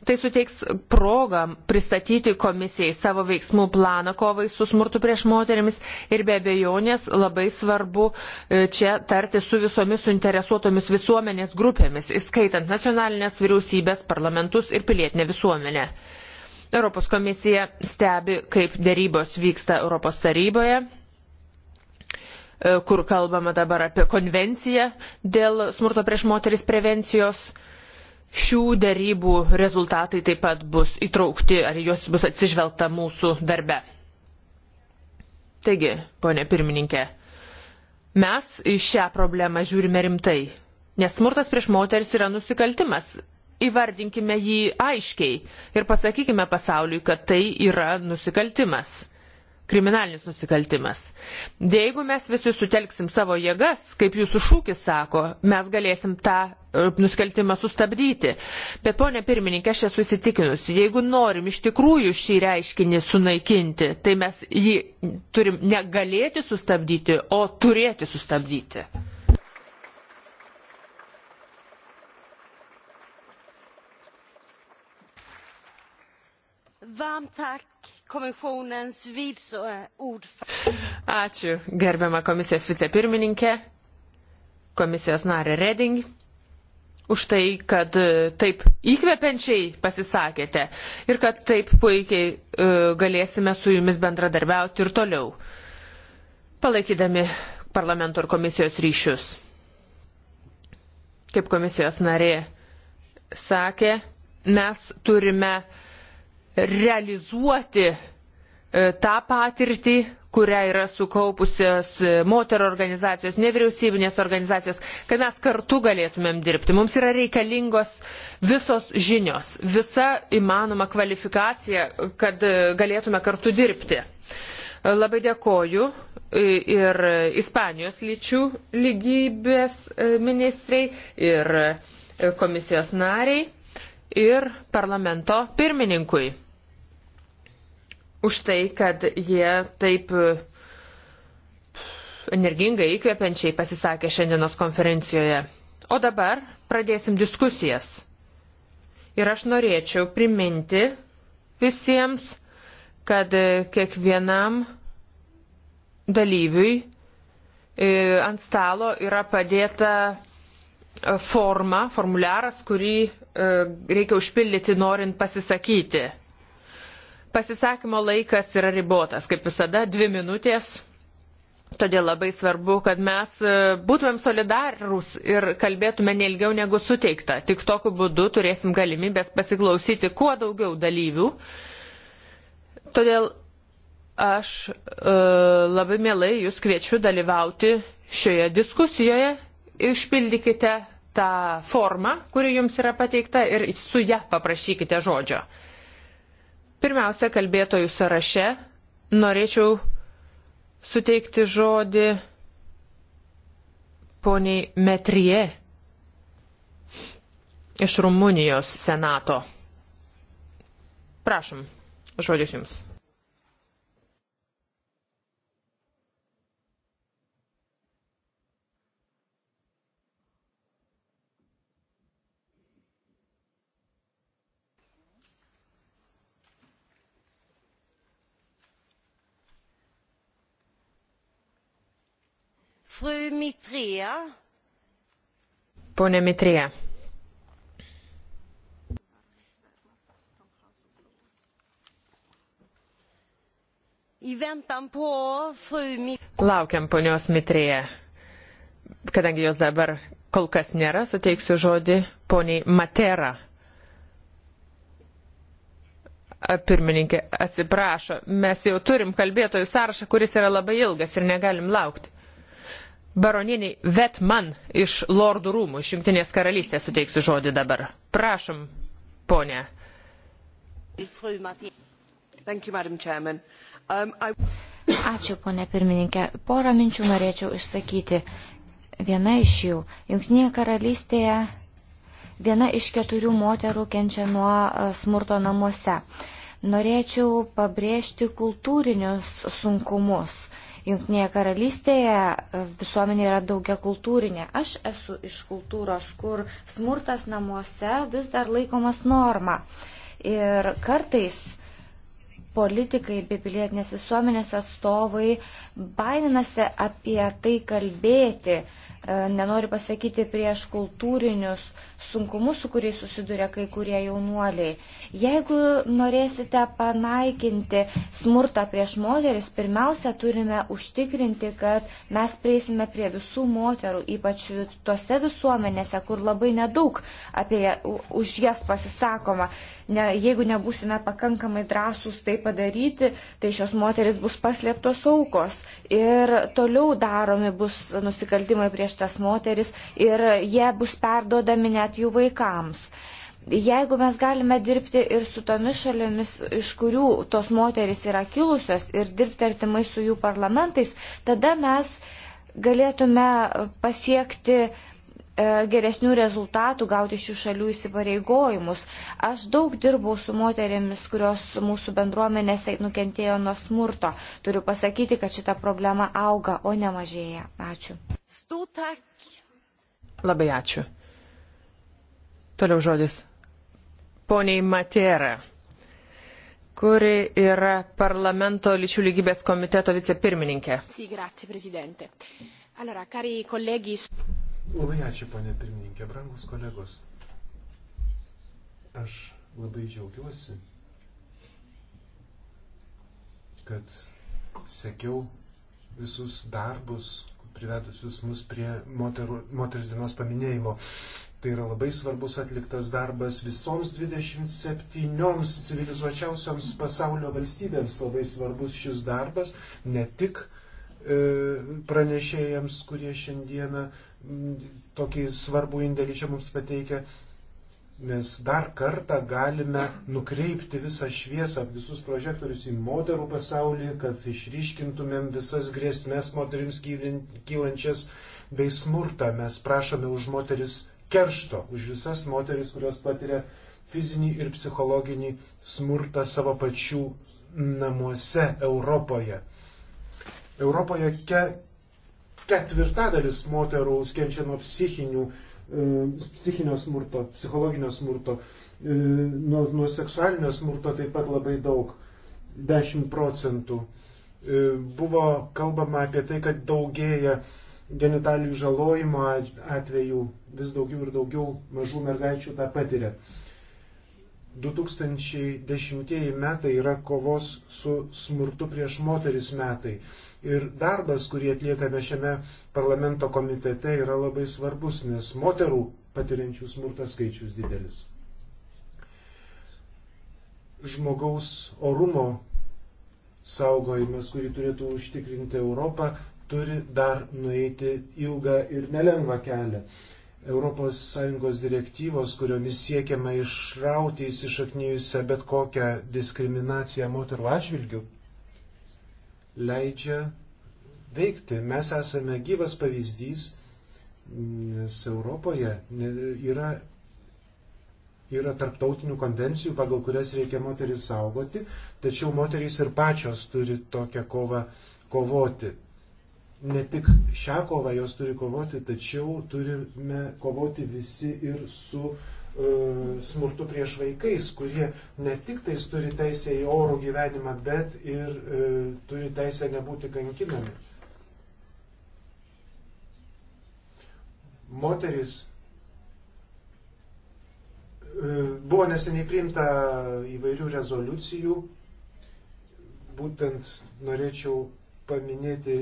Tai suteiks progą pristatyti komisijai savo veiksmų planą kovai su smurtu prieš moterimis ir be abejonės labai svarbu e, čia tarti su visomis suinteresuotomis visuomenės grupėmis, įskaitant nacionalinės vyriausybės, parlamentus ir pilietinę visuomenę. Europos komisija stebi, kaip dėrybos vyksta Europos taryboje e, kur kalbama dabar apie konvenciją dėl smurto prieš moteris prevencijos. Šių dėrybų rezultatai taip pat bus įtraukti, ar juos bus atsižvelgta mūsų darbe. Taigi, ponė pirmininkė, mes į šią problemą žiūrime rimtai, nes smurtas prieš moteris yra nusikaltimas įvardinkime jį aiškiai ir pasakykime pasauliui, kad tai yra nusikaltimas kriminalinis nusikaltimas. Jeigu mes visi sutelksim savo jėgas, kaip jūsų šūkis sako, mes galėsim tą e, nusikaltimą sustabdyti. Bet ponė pirmininkė, aš esu įsitikinusi, jeigu norim iš tikrųjų šį reiškinį sunaikinti, tai mes jį turim negalėti sustabdyti, o turėti sustabdyti. Varmt tack, kommissionens viceordförande. Eh, Ačiū, gerbiama komisijos vicepirmininkė, komisijos narė Reding, už tai, kad e, taip įkvepiančiai pasisakėte ir kad taip puikiai e, galėsime su jumis bendradarbiauti ir toliau, palaikydami parlamento ir komisijos ryšius. Kaip komisijos narė sakė, mes turime uh, realizuoti e, tą patirtį, kurią yra sukaupusios e, moterų organizacijos, nevyriausybinės organizacijos, kad mes kartu galėtumėm dirbti. Mums yra reikalingos visos žinios, visa įmanoma kvalifikacija, kad e, galėtume kartu dirbti. Labai dėkoju ir Ispanijos lyčių lygybės ministrei ir komisijos nariai ir parlamento pirmininkui už tai, kad jie taip e, energingai įkvepiančiai pasisakė šiandienos konferencijoje. O dabar pradėsim diskusijas. Ir aš norėčiau priminti visiems, kad e, kiekvienam dalyviui e, ant stalo yra padėta forma, formuliaras, kurį E, reikia užpildyti norint pasisakyti. Pasisakymo laikas yra ribotas, kaip visada, dvi minutės. Todėl labai svarbu, kad mes e, būtumėm solidarūs ir kalbėtume neilgiau negu suteikta. Tik tokiu būdu turėsim galimybės pasiklausyti kuo daugiau dalyvių. Todėl aš e, labai mielai jūs kviečiu dalyvauti šioje diskusijoje. Išpildykite tą formą, kuri jums yra pateikta ir su ją paprašykite žodžio. Pirmiausia, kalbėtojų sąraše norėčiau suteikti žodį poniai Metrie iš Rumunijos senato. Prašom, žodis jums. Pone Mitrija. Laukiam ponios Mitrija. Kadangi jos dabar kol kas nėra, suteiksiu žodį poniai Matera. Pirmininkė, atsiprašo, mes jau turim kalbėtojų sąrašą, kuris yra labai ilgas ir negalim laukti baronieniai Vetman iš Lordų rūmų, iš Junktinės karalystės suteiksiu žodį dabar. Prašom, ponė. Um, Ačiū, ponė pirmininkė. Porą minčių norėčiau išsakyti. Viena iš jų. Junktinėje karalystėje viena iš keturių moterų kenčia nuo e, smurto namuose. Norėčiau pabrėžti kultūrinius sunkumus. Uh, Junktinėje karalystėje e, visuomenė yra daugia kultūrinė. Aš esu iš kultūros, kur smurtas namuose vis dar laikomas norma. Ir kartais politikai bei pilietinės visuomenės atstovai baiminasi apie tai kalbėti, E, nenori pasakyti prieš kultūrinius sunkumus, su kuriais susiduria kai kurie jaunuoliai. Jeigu norėsite panaikinti smurtą prieš moteris, pirmiausia, turime užtikrinti, kad mes prieisime prie visų moterų, ypač tose visuomenėse, kur labai nedaug apie už jas pasisakoma. Ne, jeigu nebusime pakankamai drąsūs tai padaryti, tai šios moteris bus paslėptos aukos ir toliau daromi bus nusikaltimai prieš apiplėštas moteris ir jie bus perdodami net jų vaikams. Jeigu mes galime dirbti ir su tomis šalimis, iš kurių tos moteris yra kilusios ir dirbti artimai su jų parlamentais, tada mes galėtume pasiekti e, geresnių rezultatų, gauti šių šalių įsipareigojimus. Aš daug dirbau su moterėmis, kurios mūsų bendruomenėse nukentėjo nuo smurto. Turiu pasakyti, kad šita problema auga, o ne mažėja. Ačiū. Labai ačiū. Toliau žodis. Poniai Matera, kuri yra parlamento lyčių lygybės komiteto vicepirmininkė. Labai ačiū, ponė pirmininkė, brangus kolegos. Aš labai džiaugiuosi, kad sekiau visus darbus, privedusius mus prie moterų, moters dienos paminėjimo. Tai yra labai svarbus atliktas darbas visoms 27 civilizuočiausioms pasaulio valstybėms. Labai svarbus šis darbas ne tik e, pranešėjams, kurie šiandieną m, tokį svarbų indėlį čia mums pateikia, mes dar kartą galime nukreipti visą šviesą, visus prožektorius į moterų pasaulį, kad išryškintumėm visas grėsmės moterims kylančias bei smurtą. Mes prašome už moteris keršto, už visas moteris, kurios patiria fizinį ir psichologinį smurtą savo pačių namuose Europoje. Europoje ke, ketvirtadalis moterų kenčia nuo psichinių E, psichinio smurto, psichologinio smurto, e, nuo, nuo seksualinio smurto taip pat labai daug, 10 procentų. E, buvo kalbama apie tai, kad daugėja genitalijų žalojimo atvejų, vis daugiau ir daugiau mažų mergaičių tą patiria. 2010 metai yra kovos su smurtu prieš moteris metai. Ir darbas, kurį atliekame šiame parlamento komitete, yra labai svarbus, nes moterų patiriančių smurtą skaičius didelis. Žmogaus orumo saugojimas, kurį turėtų užtikrinti Europą, turi dar nueiti ilgą ir nelengvą kelią. ES direktyvos, kuriomis siekiama išrauti įsišaknyjusią bet kokią diskriminaciją moterų atžvilgių, leidžia veikti. Mes esame gyvas pavyzdys, nes Europoje yra, yra tarptautinių konvencijų, pagal kurias reikia moteris saugoti, tačiau moterys ir pačios turi tokią kovą kovoti. Ne tik šią kovą jos turi kovoti, tačiau turime kovoti visi ir su uh, E, smurtu prieš vaikais, kurie ne tik tais turi teisę į orų gyvenimą, bet ir e, turi teisę nebūti kankinami. Moteris e, buvo neseniai priimta įvairių rezoliucijų. Būtent norėčiau paminėti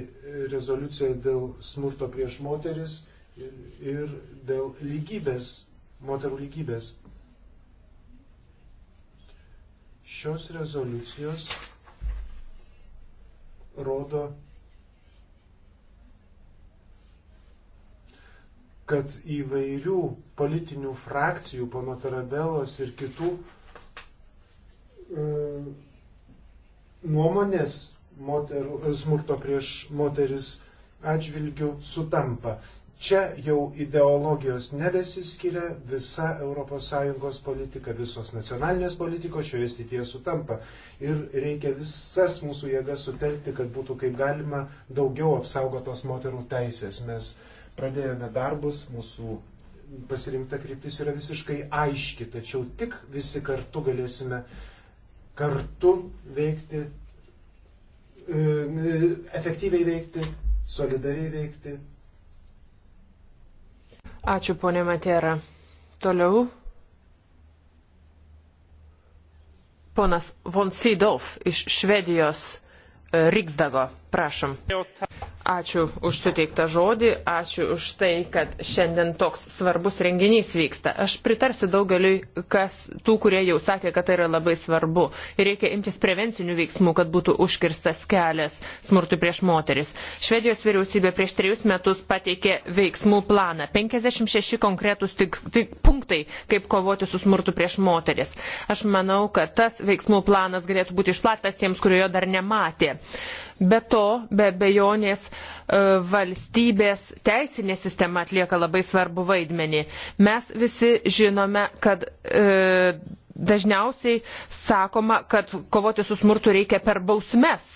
rezoliuciją dėl smurto prieš moteris ir, ir dėl lygybės moterų lygybės. Šios rezoliucijos rodo, kad įvairių politinių frakcijų, pono Tarabelos ir kitų e, nuomonės moterų, smurto prieš moteris atžvilgių sutampa. Čia jau ideologijos nebesiskiria, visa ES politika, visos nacionalinės politikos šioje srityje sutampa. Ir reikia visas mūsų jėgas sutelkti, kad būtų kaip galima daugiau apsaugotos moterų teisės. Mes pradėjome darbus, mūsų pasirinkta kryptis yra visiškai aiški, tačiau tik visi kartu galėsime kartu veikti, e, efektyviai veikti, solidariai veikti Ačiū, ponė Matera. Toliau. Ponas Von Sydow iš Švedijos e, Riksdago, prašom. Ačiū už suteiktą žodį, ačiū už tai, kad šiandien toks svarbus renginys vyksta. Aš pritarsiu daugeliui kas, tų, kurie jau sakė, kad tai yra labai svarbu. Ir reikia imtis prevencinių veiksmų, kad būtų užkirstas kelias smurtui prieš moteris. Švedijos vyriausybė prieš trejus metus pateikė veiksmų planą. 56 konkretus tik, tik punktai, kaip kovoti su smurtu prieš moteris. Aš manau, kad tas veiksmų planas galėtų būti išplatas tiems, kurio dar nematė. Uh, Be to, be bejonės, e, valstybės teisinė sistema atlieka labai svarbu vaidmenį. Mes visi žinome, kad e, dažniausiai sakoma, kad kovoti su smurtu reikia per bausmes.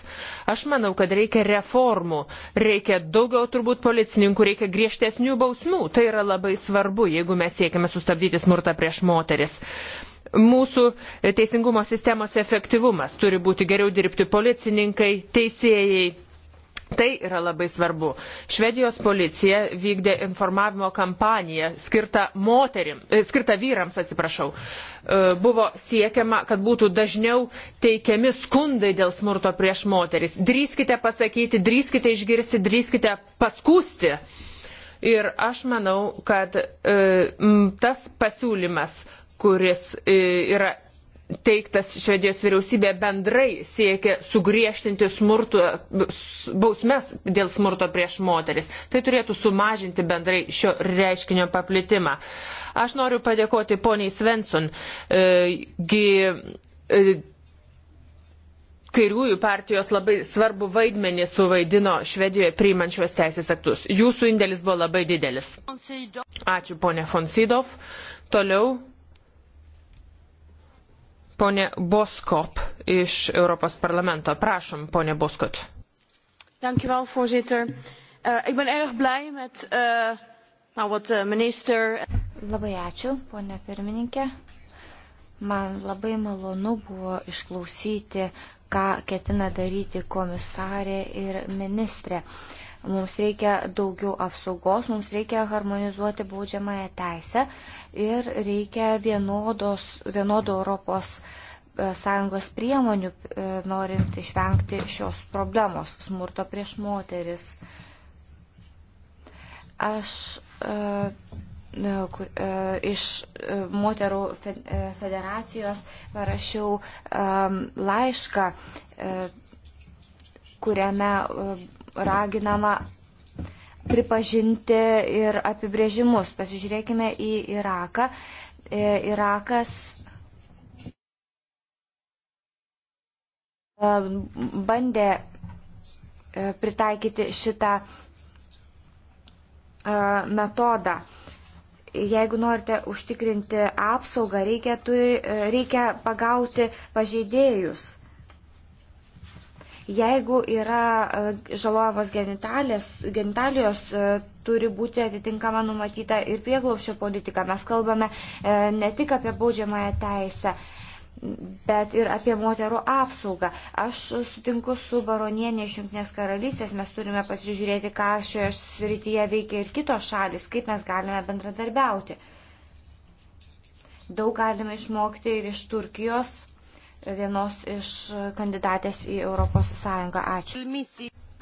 Aš manau, kad reikia reformų, reikia daugiau turbūt policininkų, reikia griežtesnių bausmių. Tai yra labai svarbu, jeigu mes siekime sustabdyti smurtą prieš moteris. Mūsų teisingumo sistemos efektyvumas turi būti geriau dirbti policininkai, teisėjai. Tai yra labai svarbu. Švedijos policija vykdė informavimo kampaniją skirtą, moterim, e, skirtą vyrams, atsiprašau. E, buvo siekiama, kad būtų dažniau teikiami skundai dėl smurto prieš moteris. Drįskite pasakyti, drįskite išgirsti, drįskite paskūsti. Ir aš manau, kad e, tas pasiūlymas, kuris e, yra teiktas Švedijos vyriausybė bendrai siekia sugriežtinti smurtų, bausmes dėl smurto prieš moteris. Tai turėtų sumažinti bendrai šio reiškinio paplitimą. Aš noriu padėkoti poniai Svensson. E, gi, e, kairiųjų partijos labai svarbu vaidmenį suvaidino Švedijoje priimančios teisės aktus. Jūsų indėlis buvo labai didelis. Ačiū ponė Fonsidov. Toliau ponė Boskop iš Europos parlamento. Prašom, ponė Boskot. Dankjewel, voorzitter. Uh, ik ben erg blij met uh, nou, wat de eh, minister. Labai ačiū, ponė pirmininkė. Man labai malonu buvo išklausyti, ką ketina daryti komisarė ir ministrė. Uh, Mums reikia daugiau apsaugos, mums reikia harmonizuoti baudžiamąją teisę ir reikia vienodos, vienodo Europos e, sąjungos priemonių, e, norint išvengti šios problemos smurto prieš moteris. Aš e, kur, iš moterų federacijos parašiau laišką kuriame raginama pripažinti ir apibrėžimus. Pasižiūrėkime į Iraką. E, Irakas e, bandė e, pritaikyti šitą metodą. Jeigu norite užtikrinti apsaugą, reikia, turi, reikia pagauti pažeidėjus. Jeigu yra e, žalojamos genitalijos, e, turi būti atitinkama numatyta ir prieglaupščio politika. Mes kalbame e, ne tik apie baudžiamąją teisę bet ir apie moterų apsaugą. Aš sutinku su baronienė iš Junktinės karalystės, mes turime pasižiūrėti, ką šioje srityje veikia ir kitos šalis, kaip mes galime bendradarbiauti. Daug galime išmokti ir iš Turkijos vienos iš kandidatės į Europos Sąjungą. Ačiū.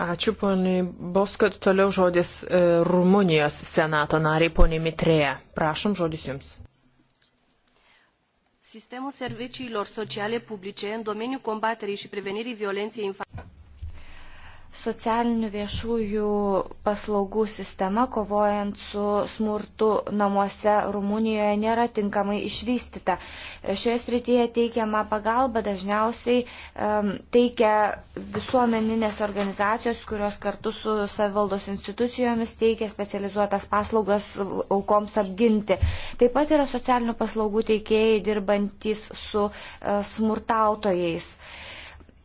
Ačiū, poniai Boskot. Toliau žodis e, Rumunijos senato nariai, poniai Mitrėja. Prašom, žodis jums. Sistemul serviciilor sociale publice în domeniul combaterii și prevenirii violenței infantilor socialinių viešųjų paslaugų sistema kovojant su smurtu namuose Rumunijoje nėra tinkamai išvystyta. Šioje srityje teikiama pagalba dažniausiai um, teikia visuomeninės organizacijos, kurios kartu su savivaldos institucijomis teikia specializuotas paslaugas aukoms apginti. Taip pat yra socialinių paslaugų teikėjai dirbantys su uh, smurtautojais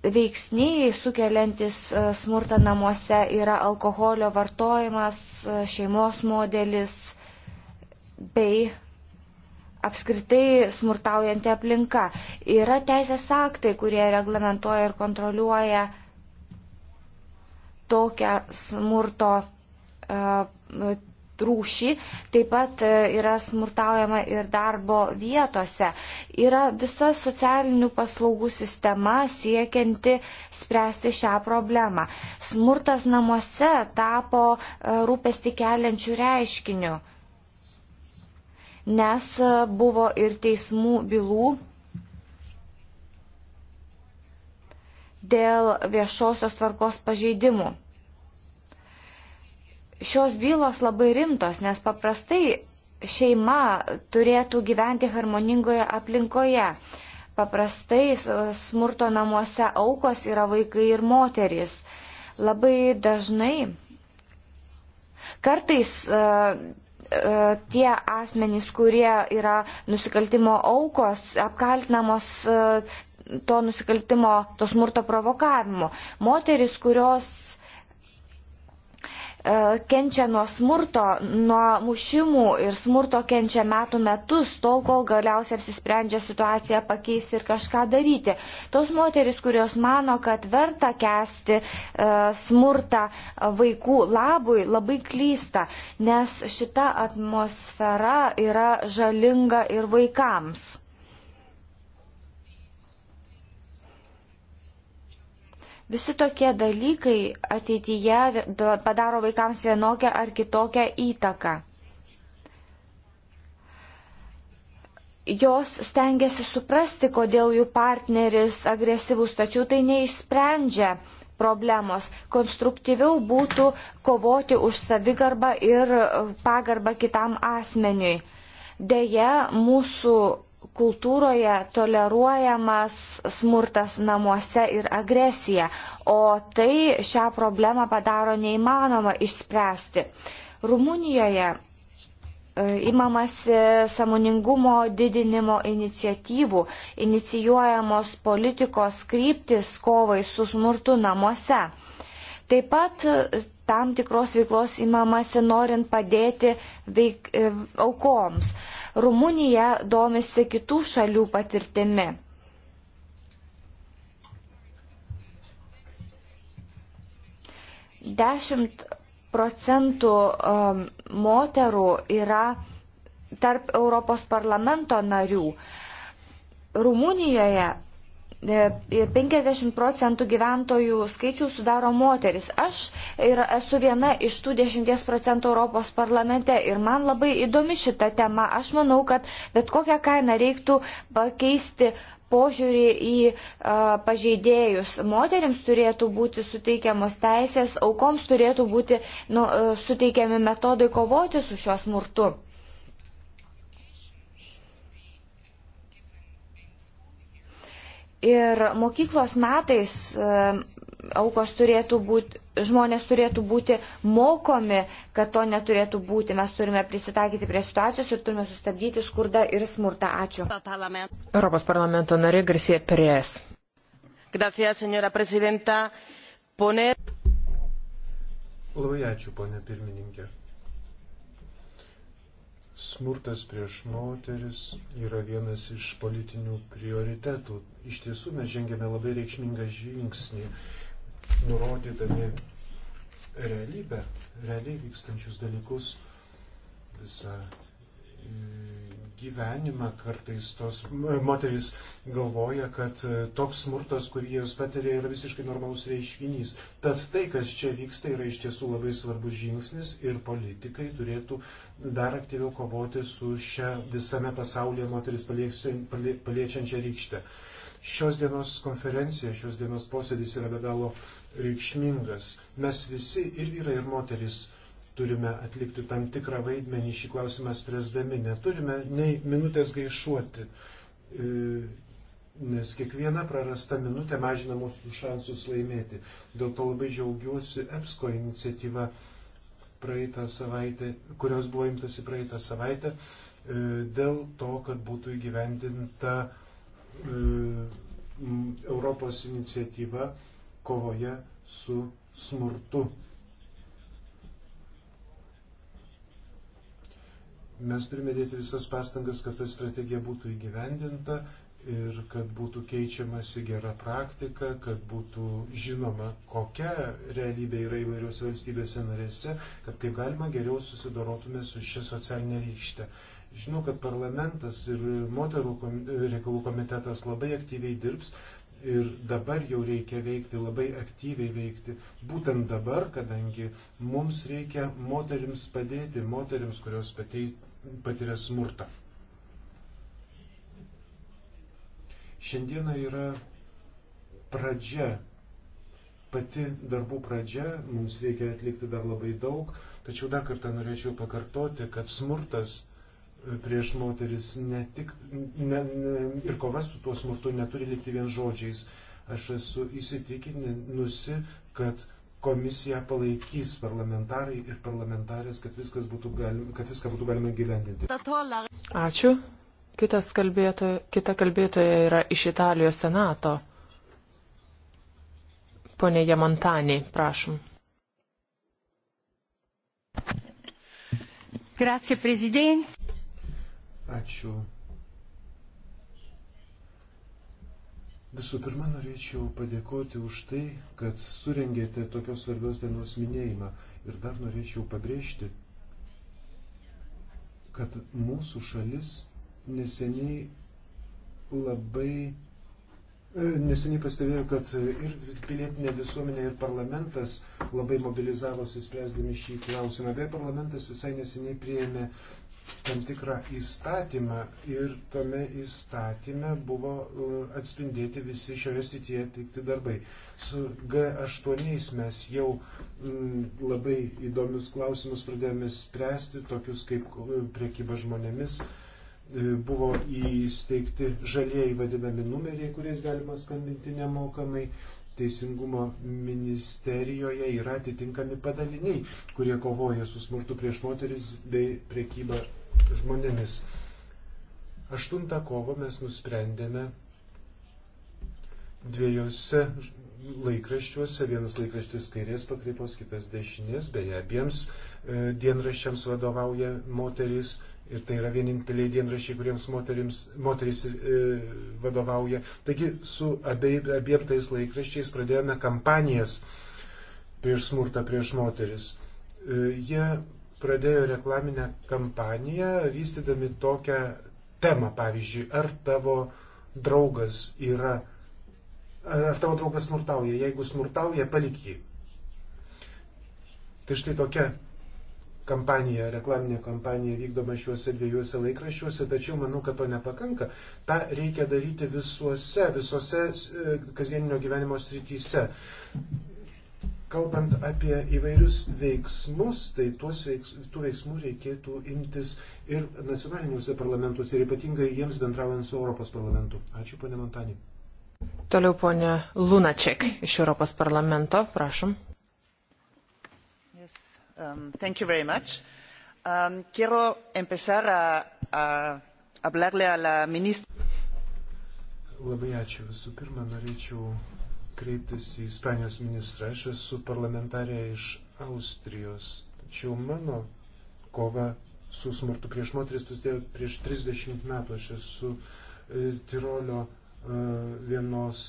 veiksniai sukeliantis e, smurtą namuose yra alkoholio vartojimas, e, šeimos modelis bei apskritai smurtaujanti aplinka. Yra teisės aktai, kurie reglamentoja ir kontroliuoja tokią smurto uh, rūšį, taip pat e, yra smurtaujama ir darbo vietose. Yra visa socialinių paslaugų sistema siekianti spręsti šią problemą. Smurtas namuose tapo e, rūpesti keliančių reiškinių, nes e, buvo ir teismų bylų dėl viešosios tvarkos pažeidimų šios bylos labai rimtos, nes paprastai šeima turėtų gyventi harmoningoje aplinkoje. Paprastai smurto namuose aukos yra vaikai ir moterys. Labai dažnai. Kartais uh, tie asmenys, kurie yra nusikaltimo aukos, apkaltinamos e, to nusikaltimo, to smurto provokavimu. Moteris, kurios E, kenčia nuo smurto, nuo mušimų ir smurto kenčia metų metus, tol kol galiausiai apsisprendžia situaciją pakeisti ir kažką daryti. Tos moteris, kurios mano, kad verta kesti e, smurtą vaikų labui, labai klysta, nes šita atmosfera yra žalinga ir vaikams. Visi tokie dalykai ateityje padaro vaikams vienokią ar kitokią įtaką. jos stengiasi suprasti, kodėl jų partneris agresyvus, tačiau tai neišsprendžia problemos. Konstruktyviau būtų kovoti už savigarbą ir pagarbą kitam asmeniui. Deja, mūsų kultūroje toleruojamas smurtas namuose ir agresija, o tai šią problemą padaro neįmanoma išspręsti. Rumunijoje e, imamasi samoningumo didinimo iniciatyvų, inicijuojamos politikos kryptis kovai su smurtu namuose. Taip pat tam tikros veiklos įmamasi norint padėti veik, e, aukoms. Rumunija domisi kitų šalių patirtimi. Dešimt procentų um, moterų yra tarp Europos parlamento narių. Rumunijoje 50 e, e, procentų gyventojų skaičių sudaro moteris. Aš ir esu viena iš tų 10 procentų Europos parlamente ir man labai įdomi šita tema. Aš manau, kad bet kokią kainą reiktų pakeisti požiūrį į a, e, pažeidėjus. Moterims turėtų būti suteikiamos teisės, aukoms turėtų būti nu, a, suteikiami metodai kovoti su šios smurtu. Ir mokyklos metais e, aukos turėtų būti, žmonės turėtų būti mokomi, kad to neturėtų būti. Mes turime prisitaikyti prie situacijos ir turime sustabdyti skurdą ir smurtą. Ačiū. Europos parlamento narė Garsie Perės. Gracias, senora prezidenta. Pone. Labai ačiū, ponė pirmininkė. Smurtas prieš moteris yra vienas iš politinių prioritetų. Iš tiesų mes žengėme labai reikšmingą žingsnį, nurodydami realybę, realiai vykstančius dalykus, visą gyvenimą kartais tos moterys galvoja, kad e, toks smurtas, kurį jos patiria, yra visiškai normalus reiškinys. Tad tai, kas čia vyksta, yra iš tiesų labai svarbus žingsnis ir politikai turėtų dar aktyviau kovoti su šia visame pasaulyje moteris paliečiančia rykšte. Šios dienos konferencija, šios dienos posėdis yra be galo reikšmingas. Mes visi ir vyrai, ir moteris turime atlikti tam tikrą vaidmenį šį klausimą spręsdami. Neturime nei minutės gaišuoti, e, nes kiekviena prarasta minutė mažina mūsų šansus laimėti. Dėl to labai džiaugiuosi EPSCO iniciatyva, savaitę, kurios buvo imtasi praeitą savaitę, e, dėl to, kad būtų įgyvendinta e, Europos iniciatyva kovoje su smurtu Mes turime dėti visas pastangas, kad ta strategija būtų įgyvendinta ir kad būtų keičiamasi gera praktika, kad būtų žinoma, kokia realybė yra įvairios valstybėse narėse, kad kaip galima geriau susidorotume su šia socialinė rykšte. Žinau, kad parlamentas ir moterų reikalų komitetas labai aktyviai dirbs ir dabar jau reikia veikti, labai aktyviai veikti. Būtent dabar, kadangi mums reikia moterims padėti, moterims, kurios patei, patiria smurtą. Šiandiena yra pradžia, pati darbų pradžia, mums reikia atlikti dar labai daug, tačiau dar kartą norėčiau pakartoti, kad smurtas e, prieš moteris ne tik, ne, ne, ir kova su tuo smurtu neturi likti vien žodžiais. Aš esu įsitikinusi, kad komisiją palaikys parlamentarai ir parlamentarės, kad, būtų galima, kad viską būtų galima gyvendinti. Ačiū. Kitas kalbėtoja, kita kalbėtoja yra iš Italijos senato. Pone Jamontani, prašom. Grazie, prezident. Ačiū, Visų pirma, norėčiau padėkoti už tai, kad surengėte tokios svarbios dienos minėjimą. Ir dar norėčiau pabrėžti, kad mūsų šalis neseniai labai e, Neseniai pastebėjau, kad ir pilietinė visuomenė, ir parlamentas labai mobilizavosi spręsdami šį klausimą. Beje, parlamentas visai neseniai prieėmė tam tikrą įstatymą ir tame įstatyme buvo e, atspindėti visi šioje srityje atlikti darbai. Su G8 mes jau labai įdomius klausimus pradėjome spręsti, tokius kaip e, priekyba žmonėmis. E, buvo įsteigti žalieji vadinami numeriai, kuriais galima skambinti nemokamai. Teisingumo ministerijoje yra atitinkami padaliniai, kurie kovoja su smurtu prieš moteris bei priekyba žmonėmis. 8 kovo mes nusprendėme dviejose laikraščiuose, vienas laikraštis kairės pakreipos, kitas dešinės, beje, abiems e, dienraščiams vadovauja moteris, Ir tai yra vieninteliai dienrašiai, kuriems moterims, moteris e, vadovauja. Taigi su abie, abiem tais laikraščiais pradėjome kampanijas prieš smurtą prieš moteris. E, jie pradėjo reklaminę kampaniją, vystydami tokią temą, pavyzdžiui, ar tavo draugas yra, ar, ar tavo draugas smurtauja, jeigu smurtauja, palik jį. Tai štai tokia kampanija, reklaminė kampanija vykdoma šiuose dviejuose laikraščiuose, tačiau manau, kad to nepakanka. Ta reikia daryti visuose, visose e, kasdieninio gyvenimo srityse. Kalbant apie įvairius veiksmus, tai veiks, tų veiksmų reikėtų imtis ir nacionaliniuose parlamentuose, ir ypatingai jiems bendraujant su Europos parlamentu. Ačiū, ponė Montanė. Toliau ponė Lunaček iš Europos parlamento, prašom. Um, thank you very much. Um, quiero empezar a, a hablarle a la ministra. Labai ačiū. Visų pirma, norėčiau kreiptis į Ispanijos ministrą. Aš esu parlamentarė iš Austrijos. Tačiau mano kova su smurtu prieš moteris prasidėjo prieš 30 metų. Aš esu e, Tirolio e, vienos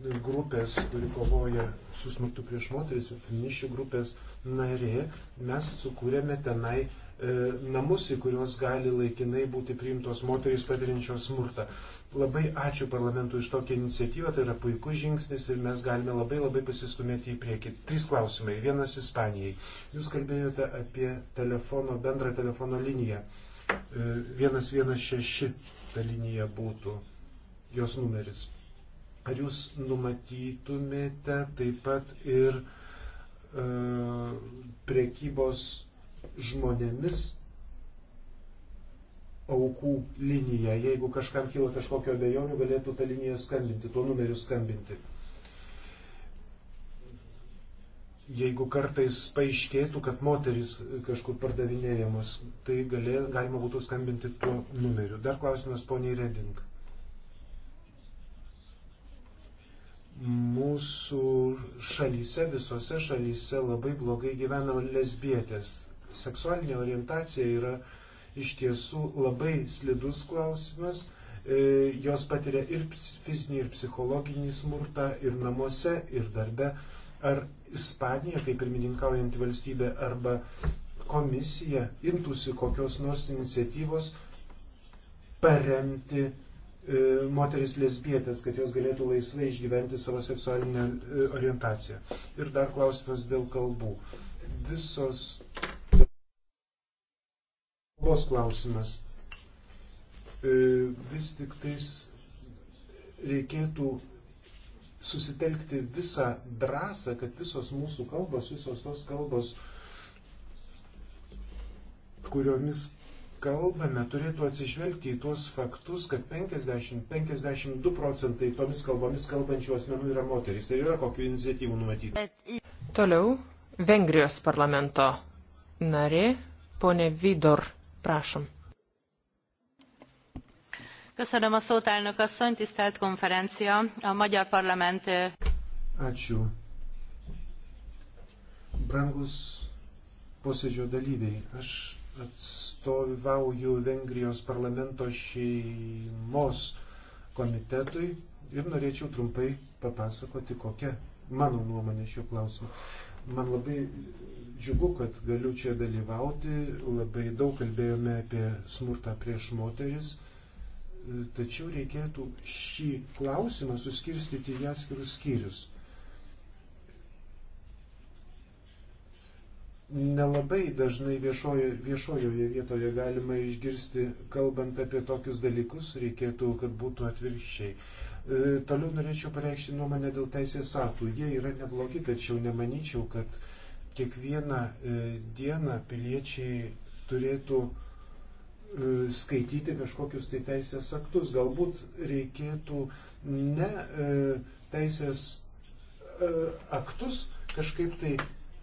grupės, kuri kovoja su smurtu prieš moteris, finišių grupės narė, mes sukūrėme tenai e, namus, į kuriuos gali laikinai būti priimtos moterys patiriančios smurtą. Labai ačiū parlamentui iš tokią iniciatyvą, tai yra puikus žingsnis ir mes galime labai labai pasistumėti į priekį. Trys klausimai. Vienas Ispanijai. Jūs kalbėjote apie telefono, bendrą telefono liniją. E, 116 ta linija būtų jos numeris Ar jūs numatytumėte taip pat ir e, priekybos žmonėmis aukų liniją? Jeigu kažkam kyla kažkokio abejonių, galėtų tą liniją skambinti, tuo numeriu skambinti. Jeigu kartais paaiškėtų, kad moteris kažkur pardavinėjamos, tai galė, galima būtų skambinti tuo numeriu. Dar klausimas poniai Redink. mūsų šalyse, visose šalyse labai blogai gyvena lesbietės. Seksualinė orientacija yra iš tiesų labai slidus klausimas. E, jos patiria ir fizinį, ir psichologinį smurtą, ir namuose, ir darbe. Ar Ispanija, kaip pirmininkaujant valstybė, arba komisija imtųsi kokios nors iniciatyvos paremti E, moteris lesbietės, kad jos galėtų laisvai išgyventi savo seksualinę e, orientaciją. Ir dar klausimas dėl kalbų. Visos kalbos klausimas. E, vis tik tais reikėtų susitelkti visą drąsą, kad visos mūsų kalbos, visos tos kalbos, kuriomis kalbame, turėtų atsižvelgti į tuos faktus, kad 50-52 procentai tomis kalbomis kalbančių asmenų yra moteris. Tai yra kokių iniciatyvų numatyti. Toliau Vengrijos parlamento narė, ponė Vidor, prašom. Köszönöm a szót, elnök asszony, tisztelt konferencia, a Magyar Parlament. Ačiū. Brangus posėdžio dalyviai, aš atstovauju Vengrijos parlamento šeimos komitetui ir norėčiau trumpai papasakoti, kokia mano nuomonė šiuo klausimu. Man labai džiugu, kad galiu čia dalyvauti. Labai daug kalbėjome apie smurtą prieš moteris. Tačiau reikėtų šį klausimą suskirstyti į atskirus skyrius. nelabai dažnai viešojo, viešojoje vietoje galima išgirsti, kalbant apie tokius dalykus, reikėtų, kad būtų atvirkščiai. E, toliau norėčiau pareikšti nuomonę dėl teisės aktų. Jie yra neblogi, tačiau nemanyčiau, kad kiekvieną e, dieną piliečiai turėtų e, skaityti kažkokius tai teisės aktus. Galbūt reikėtų ne e, teisės e, aktus kažkaip tai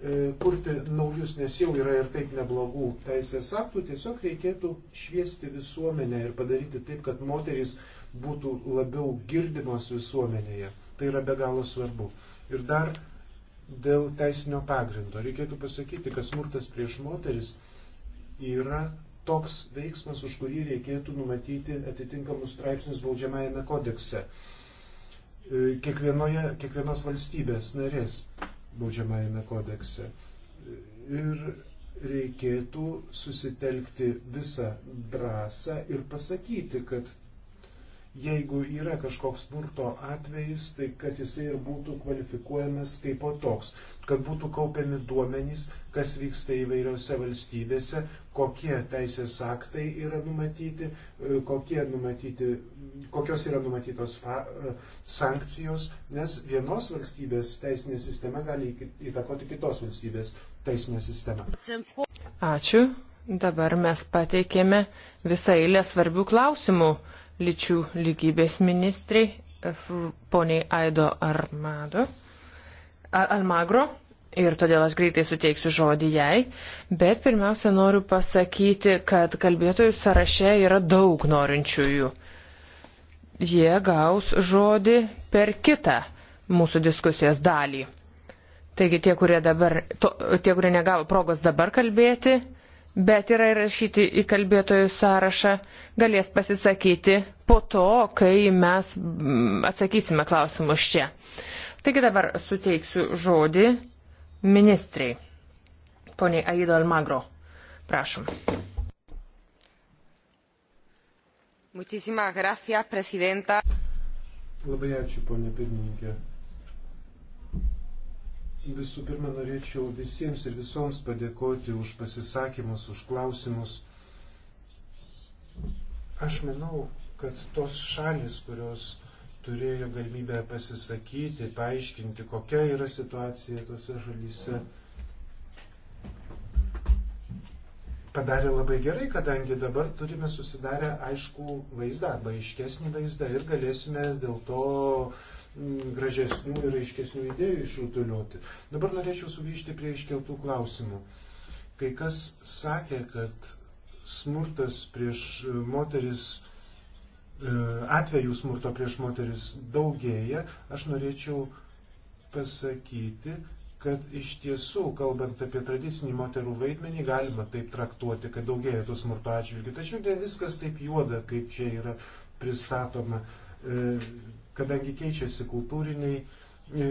E, kurti naujus, nes jau yra ir taip neblogų teisės aktų, tiesiog reikėtų šviesti visuomenę ir padaryti taip, kad moterys būtų labiau girdimos visuomenėje. Tai yra be galo svarbu. Ir dar dėl teisinio pagrindo. Reikėtų pasakyti, kad smurtas prieš moteris yra toks veiksmas, už kurį reikėtų numatyti atitinkamus straipsnius baudžiamajame kodekse e, kiekvienoje, kiekvienos valstybės narės baudžiamajame kodekse. Ir reikėtų susitelkti visą drąsą ir pasakyti, kad jeigu yra kažkoks smurto atvejis, tai kad jisai ir būtų kvalifikuojamas kaip po toks, kad būtų kaupiami duomenys, kas vyksta įvairiose valstybėse, kokie teisės aktai yra numatyti, e, kokie numatyti, kokios yra numatytos fa, e, sankcijos, nes vienos valstybės teisinė sistema gali įtakoti kitos valstybės teisinę sistemą. Ačiū. Dabar mes pateikėme visą eilę svarbių klausimų lyčių lygybės ministrai, e, poniai Aido Armado, Almagro. Ir todėl aš greitai suteiksiu žodį jai, bet pirmiausia noriu pasakyti, kad kalbėtojų sąraše yra daug norinčiųjų. Jie gaus žodį per kitą mūsų diskusijos dalį. Taigi tie, kurie, dabar, to, tie, kurie negavo progos dabar kalbėti, bet yra įrašyti į kalbėtojų sąrašą, galės pasisakyti po to, kai mes mm, atsakysime klausimus čia. Taigi dabar suteiksiu žodį ministrei. Poniai Aido Almagro, prašom. Muchísimas gracias, presidenta. Labai ačiū, ponė pirmininkė. Visų pirma, norėčiau visiems ir visoms padėkoti už pasisakymus, už klausimus. Aš manau, kad tos šalis, kurios turėjo galimybę pasisakyti, paaiškinti, kokia yra situacija tose šalyse, padarė labai gerai, kadangi dabar turime susidarę aišku vaizdą arba iškesnį vaizdą ir galėsime dėl to uh, gražesnių ir aiškesnių idėjų išrutuliuoti. Dabar norėčiau sugrįžti prie iškeltų klausimų. Kai kas sakė, kad smurtas prieš e, moteris, e, atvejų smurto prieš moteris daugėja, aš norėčiau pasakyti, kad iš tiesų, kalbant apie tradicinį moterų vaidmenį, galima taip traktuoti, kad daugėja tų smurto atžvilgių. Tačiau ne viskas taip juoda, kaip čia yra pristatoma. E, kadangi keičiasi kultūriniai, e,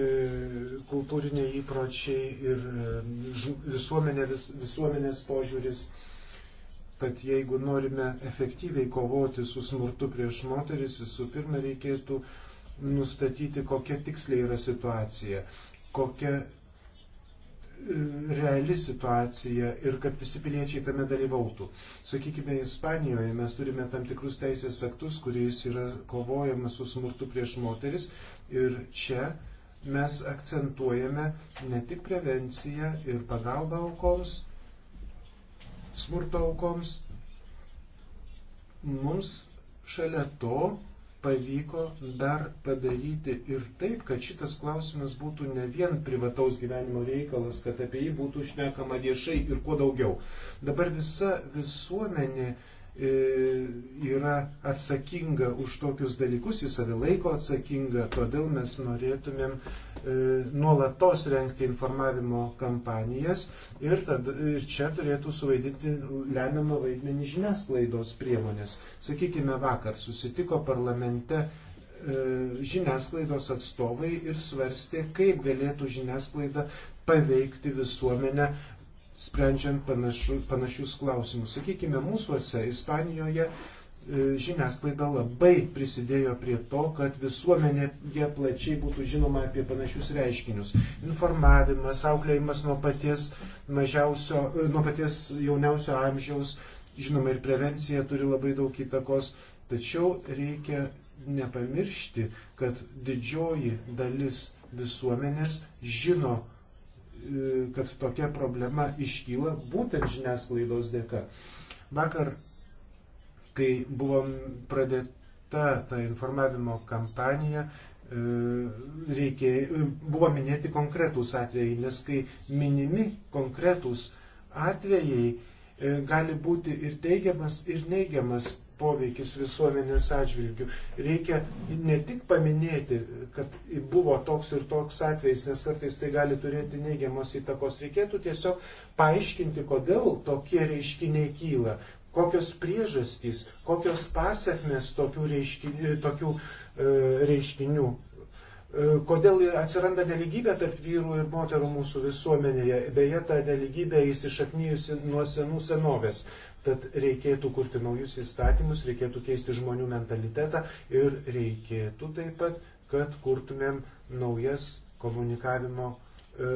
kultūriniai įpročiai ir e, visuomenė, vis, visuomenės požiūris, kad jeigu norime efektyviai kovoti su smurtu prieš moteris, visų pirma reikėtų nustatyti, kokia tiksliai yra situacija, kokia reali situacija ir kad visi piliečiai tame dalyvautų. Sakykime, Ispanijoje mes turime tam tikrus teisės aktus, kuriais yra kovojama su smurtu prieš moteris ir čia mes akcentuojame ne tik prevenciją ir pagalbą aukoms, smurto aukoms, mums šalia to pavyko dar padaryti ir taip, kad šitas klausimas būtų ne vien privataus gyvenimo reikalas, kad apie jį būtų šnekama viešai ir kuo daugiau. Dabar visa visuomenė uh, E, yra atsakinga už tokius dalykus, jis save laiko atsakinga, todėl mes norėtumėm e, nuolatos renkti informavimo kampanijas ir, tada, ir e, čia turėtų suvaidinti lemiamą vaidmenį žiniasklaidos priemonės. Sakykime, vakar susitiko parlamente žiniasklaidos atstovai ir svarstė, kaip galėtų žiniasklaida paveikti visuomenę sprendžiant panašu, panašius klausimus. Sakykime, mūsųose Ispanijoje e, žiniasklaida labai prisidėjo prie to, kad visuomenėje plačiai būtų žinoma apie panašius reiškinius. Informavimas, auklėjimas nuo paties, mažiausio, e, nuo paties jauniausio amžiaus, žinoma, ir prevencija turi labai daug įtakos, tačiau reikia nepamiršti, kad didžioji dalis visuomenės žino kad tokia problema iškyla būtent žiniasklaidos dėka. Vakar, kai buvom pradėta ta informavimo kampanija, e, reikė, buvo minėti konkretūs atvejai, nes kai minimi konkretūs atvejai, e, gali būti ir teigiamas, ir neigiamas poveikis visuomenės atžvilgių. Reikia ne tik paminėti, kad buvo toks ir toks atvejs, nes kartais tai gali turėti neigiamos įtakos. Reikėtų tiesiog paaiškinti, kodėl tokie reiškiniai kyla, kokios priežastys, kokios pasiekmes tokių reiškinių, tokių, e, reiškinių e, kodėl atsiranda neligybė tarp vyrų ir moterų mūsų visuomenėje. Beje, ta neligybė įsišaknyjusi nuo senų senovės. Tad reikėtų kurti naujus įstatymus, reikėtų keisti žmonių mentalitetą ir reikėtų taip pat, kad kurtumėm naujas komunikavimo e, e,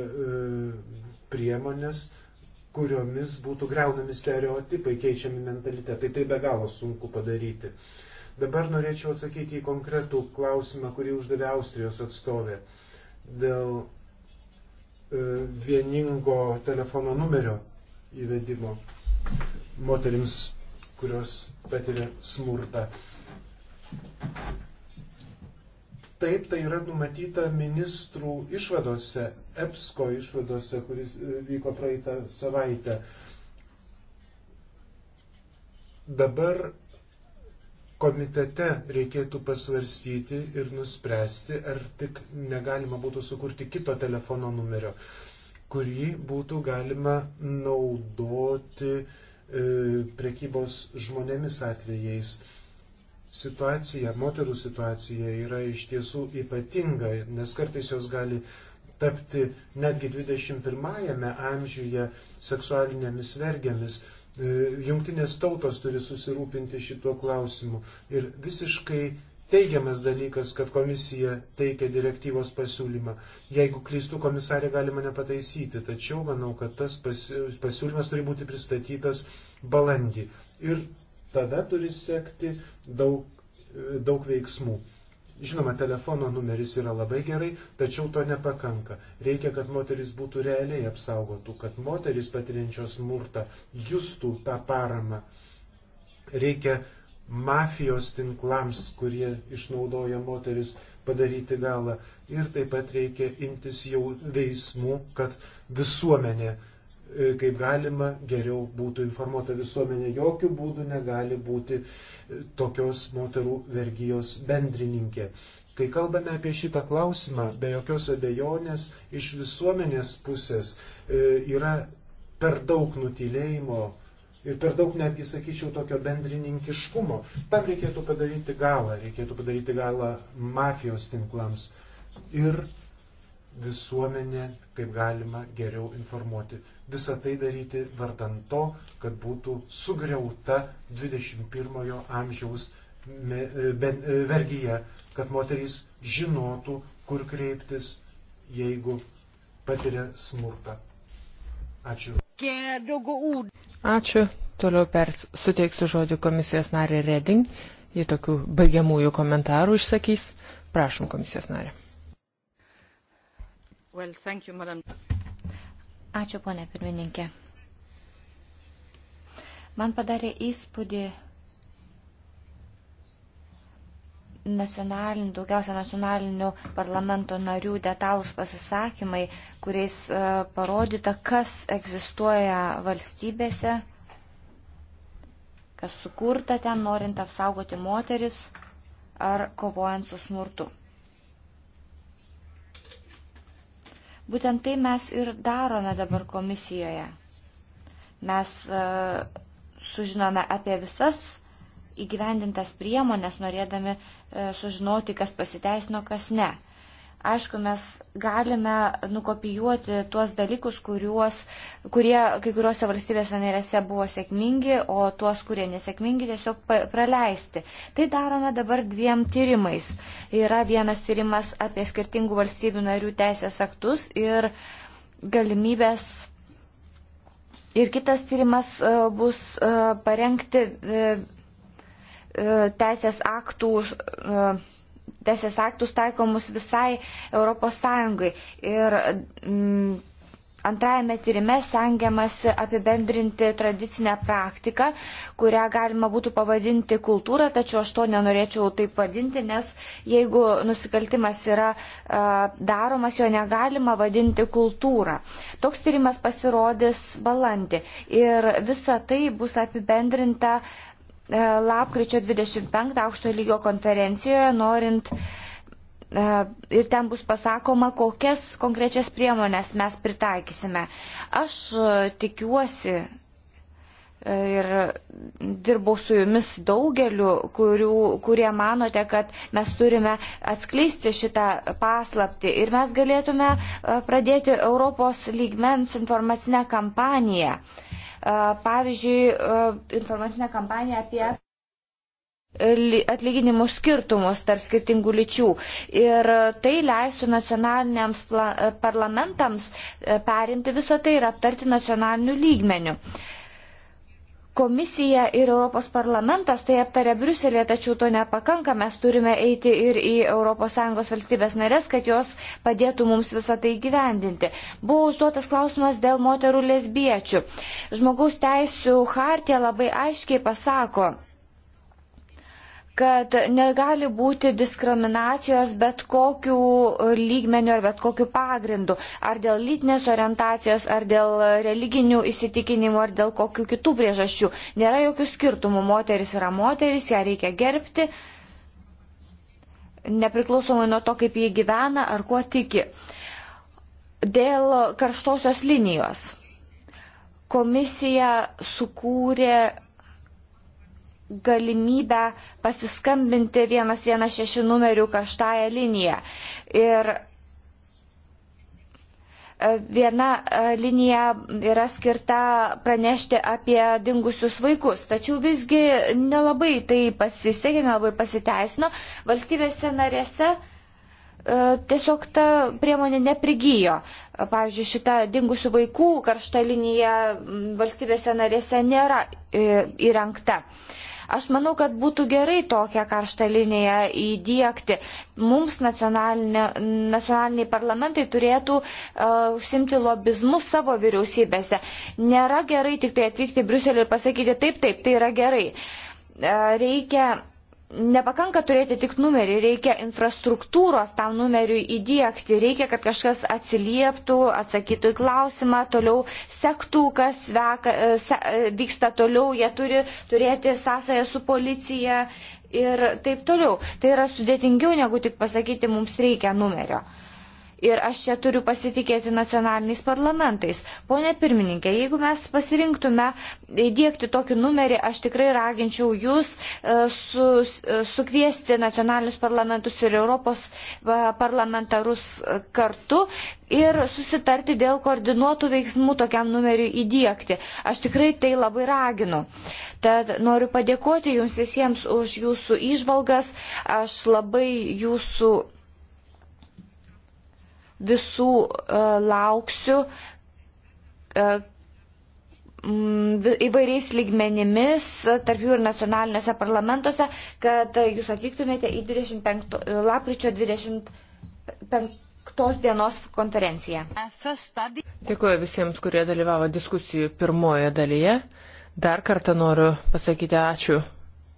priemonės, kuriomis būtų greunami stereotipai, keičiami mentalitetai. Tai be galo sunku padaryti. Dabar norėčiau atsakyti į konkretų klausimą, kurį uždavė Austrijos atstovė dėl e, vieningo telefono numerio įvedimo moterims, kurios patiria smurtą. Taip, tai yra numatyta ministrų išvadose, EPSCO išvadose, kuris e, vyko praeitą savaitę. Dabar komitete reikėtų pasvarstyti ir nuspręsti, ar tik negalima būtų sukurti kito telefono numerio, kurį būtų galima naudoti uh, E, prekybos žmonėmis atvejais. Situacija, moterų situacija yra iš tiesų ypatinga, nes kartais jos gali tapti netgi 21-ame amžiuje seksualinėmis vergėmis. E, jungtinės tautos turi susirūpinti šituo klausimu ir visiškai teigiamas dalykas, kad komisija teikia direktyvos pasiūlymą. Jeigu klystų, komisarė gali mane pataisyti, tačiau manau, kad tas pasiūlymas turi būti pristatytas balandį. Ir tada turi sekti daug, daug veiksmų. Žinoma, telefono numeris yra labai gerai, tačiau to nepakanka. Reikia, kad moteris būtų realiai apsaugotų, kad moteris patiriančios smurtą justų tą paramą. Reikia mafijos tinklams, kurie išnaudoja moteris, padaryti galą. Ir taip pat reikia imtis jau veiksmų, kad visuomenė e, kaip galima geriau būtų informuota visuomenė. Jokių būdų negali būti e, tokios moterų vergyjos bendrininkė. Kai kalbame apie šitą klausimą, be jokios abejonės iš visuomenės pusės e, yra per daug nutilėjimo ir per daug netgi, sakyčiau, tokio bendrininkiškumo. Tam reikėtų padaryti galą, reikėtų padaryti galą mafijos tinklams ir visuomenė, kaip galima geriau informuoti. Visą tai daryti vartant to, kad būtų sugriauta 21 amžiaus e, e, vergyje, kad moterys žinotų, kur kreiptis, jeigu patiria smurtą. Ačiū. Ačiū. Toliau pers, suteiksiu žodį komisijos narį Reding. Ji tokių baigiamųjų komentarų išsakys. Prašom, komisijos narė. Well, you, madam. Ačiū, ponė pirmininkė. Man padarė įspūdį nacionalinių, daugiausia nacionalinių parlamento narių detalūs pasisakymai, kuriais e, parodyta, kas egzistuoja valstybėse, kas sukurta ten, norint apsaugoti moteris ar kovojant su smurtu. Būtent tai mes ir darome dabar komisijoje. Mes e, sužinome apie visas įgyvendintas priemonės, norėdami e, sužinoti, kas pasiteisino, kas ne. Aišku, mes galime nukopijuoti tuos dalykus, kuriuos, kurie kai kuriuose valstybėse narėse buvo sėkmingi, o tuos, kurie nesėkmingi, tiesiog praleisti. Tai darome dabar dviem tyrimais. Yra vienas tyrimas apie skirtingų valstybių narių teisės aktus ir galimybės Ir kitas tyrimas e, bus e, parengti E, teisės aktų e, teisės aktus taikomus visai ES. Ir mm, antrajame tyrime stengiamasi apibendrinti tradicinę praktiką, kurią galima būtų pavadinti kultūrą, tačiau aš to nenorėčiau taip vadinti, nes jeigu nusikaltimas yra e, daromas, jo negalima vadinti kultūrą. Toks tyrimas pasirodys balandį ir visa tai bus apibendrinta e, E, lapkričio 25 aukšto lygio konferencijoje, norint e, ir ten bus pasakoma, kokias konkrečias priemonės mes pritaikysime. Aš e, tikiuosi ir dirbau su jumis daugeliu, kurių, kurie manote, kad mes turime atskleisti šitą paslapti ir mes galėtume pradėti Europos lygmens informacinę kampaniją pavyzdžiui, informacinę kampaniją apie atlyginimų skirtumus tarp skirtingų lyčių. Ir tai leistų nacionaliniams parlamentams perimti visą tai ir aptarti nacionaliniu lygmeniu. Uh, Komisija ir Europos parlamentas tai aptarė Briuselėje, tačiau to nepakanka. Mes turime eiti ir į ES valstybės narės, kad jos padėtų mums visą tai gyvendinti. Buvo užduotas klausimas dėl moterų lesbiečių. Žmogaus teisų hartė labai aiškiai pasako, kad negali būti diskriminacijos bet kokiu lygmeniu ar bet kokiu pagrindu, ar dėl lytinės orientacijos, ar dėl religinių įsitikinimų, ar dėl kokių kitų priežasčių. Nėra jokių skirtumų. Moteris yra moteris, ją reikia gerbti, nepriklausomai nuo to, kaip jie gyvena ar kuo tiki. Dėl karštosios linijos. Komisija sukūrė galimybę pasiskambinti 116 numerių kaštąją liniją. Ir e, viena e, linija yra skirta pranešti apie dingusius vaikus, tačiau visgi nelabai tai pasisekė, nelabai pasiteisino. Valstybėse narėse e, tiesiog ta priemonė neprigyjo. Pavyzdžiui, šita dingusių vaikų karšta linija valstybėse narėse nėra įrengta. E, Aš manau, kad būtų gerai tokią karštą liniją įdėkti. Mums nacionaliniai parlamentai turėtų uh, užsimti lobizmu savo vyriausybėse. Nėra gerai tik tai atvykti į Briuselį ir pasakyti taip, taip, tai yra gerai. Uh, reikia nepakanka turėti tik numerį, reikia infrastruktūros tam numeriui įdėkti, reikia, kad kažkas atsilieptų, atsakytų į klausimą, toliau sektų, kas veka, e, se, e, vyksta toliau, jie turi turėti sąsąją su policija ir taip toliau. Tai yra sudėtingiau negu tik pasakyti, mums reikia numerio. Ir aš čia turiu pasitikėti nacionaliniais parlamentais. Pone pirmininkė, jeigu mes pasirinktume įdėkti tokį numerį, aš tikrai raginčiau jūs e, su, e, sukviesti nacionalinius parlamentus ir Europos e, parlamentarus kartu ir susitarti dėl koordinuotų veiksmų tokiam numeriu įdėkti. Aš tikrai tai labai raginu. Tad noriu padėkoti jums visiems už jūsų išvalgas. Aš labai jūsų visų e, lauksiu e, įvairiais lygmenimis, tarp jų ir nacionaliniuose parlamentuose, kad jūs atvyktumėte į 25, e, lapkričio 25 dienos konferenciją. Dėkuoju visiems, kurie dalyvavo diskusijų pirmojoje dalyje. Dar kartą noriu pasakyti ačiū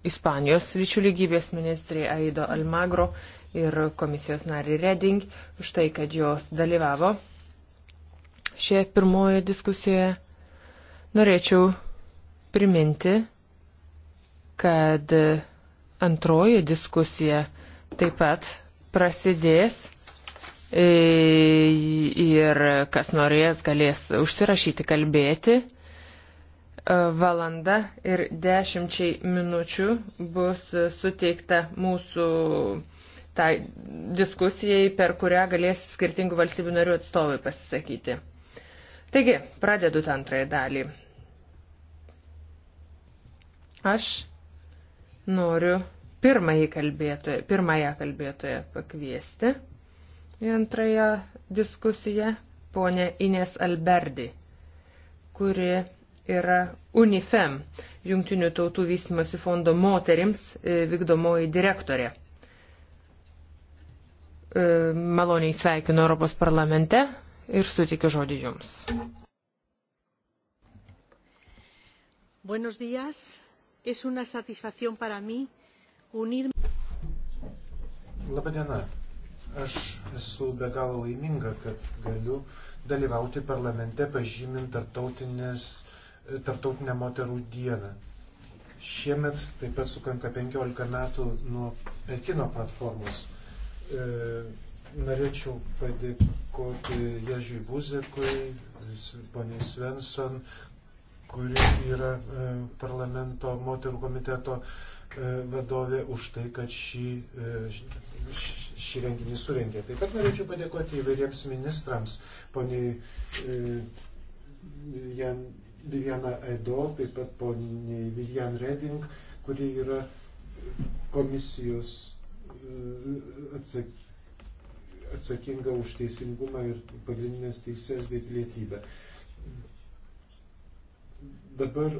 Ispanijos lyčių lygybės ministrė Aido Almagro ir komisijos narį Reding už tai, kad jos dalyvavo šioje pirmojoje diskusijoje. Norėčiau priminti, kad antroji diskusija taip pat prasidės e, ir kas norės galės užsirašyti kalbėti. E, valanda ir dešimčiai minučių bus suteikta mūsų tai diskusijai, per kurią galės skirtingų valstybių narių atstovai pasisakyti. Taigi, pradedu tą antrąją dalį. Aš noriu pirmąjį kalbėtoją, pirmąją kalbėtoją pakviesti į antrąją diskusiją, ponę Ines Alberdi, kuri yra UNIFEM, Junktinių tautų vystimosi fondo moterims e, vykdomoji direktorė. E, maloniai sveikinu Europos parlamente ir sutikiu žodį Jums. Buenos días. Es una satisfacción para mí unirme. Labadiena. Aš esu be galo laiminga, kad galiu dalyvauti parlamente pažymint tarptautinę moterų dieną. Šiemet taip pat sukanka 15 metų nuo Pekino platformos E, norėčiau padėkoti Ježiui Buzekui, poniai Svensson, kuri yra e, parlamento moterų komiteto e, vadovė už tai, kad šį, e, šį renginį surengė. Taip pat norėčiau padėkoti įvairiems ministrams, poniai e, Viljana Aido, taip pat poniai Viljan Reding, kuri yra komisijos atsakinga už teisingumą ir pagrindinės teises bei pilietybę. Dabar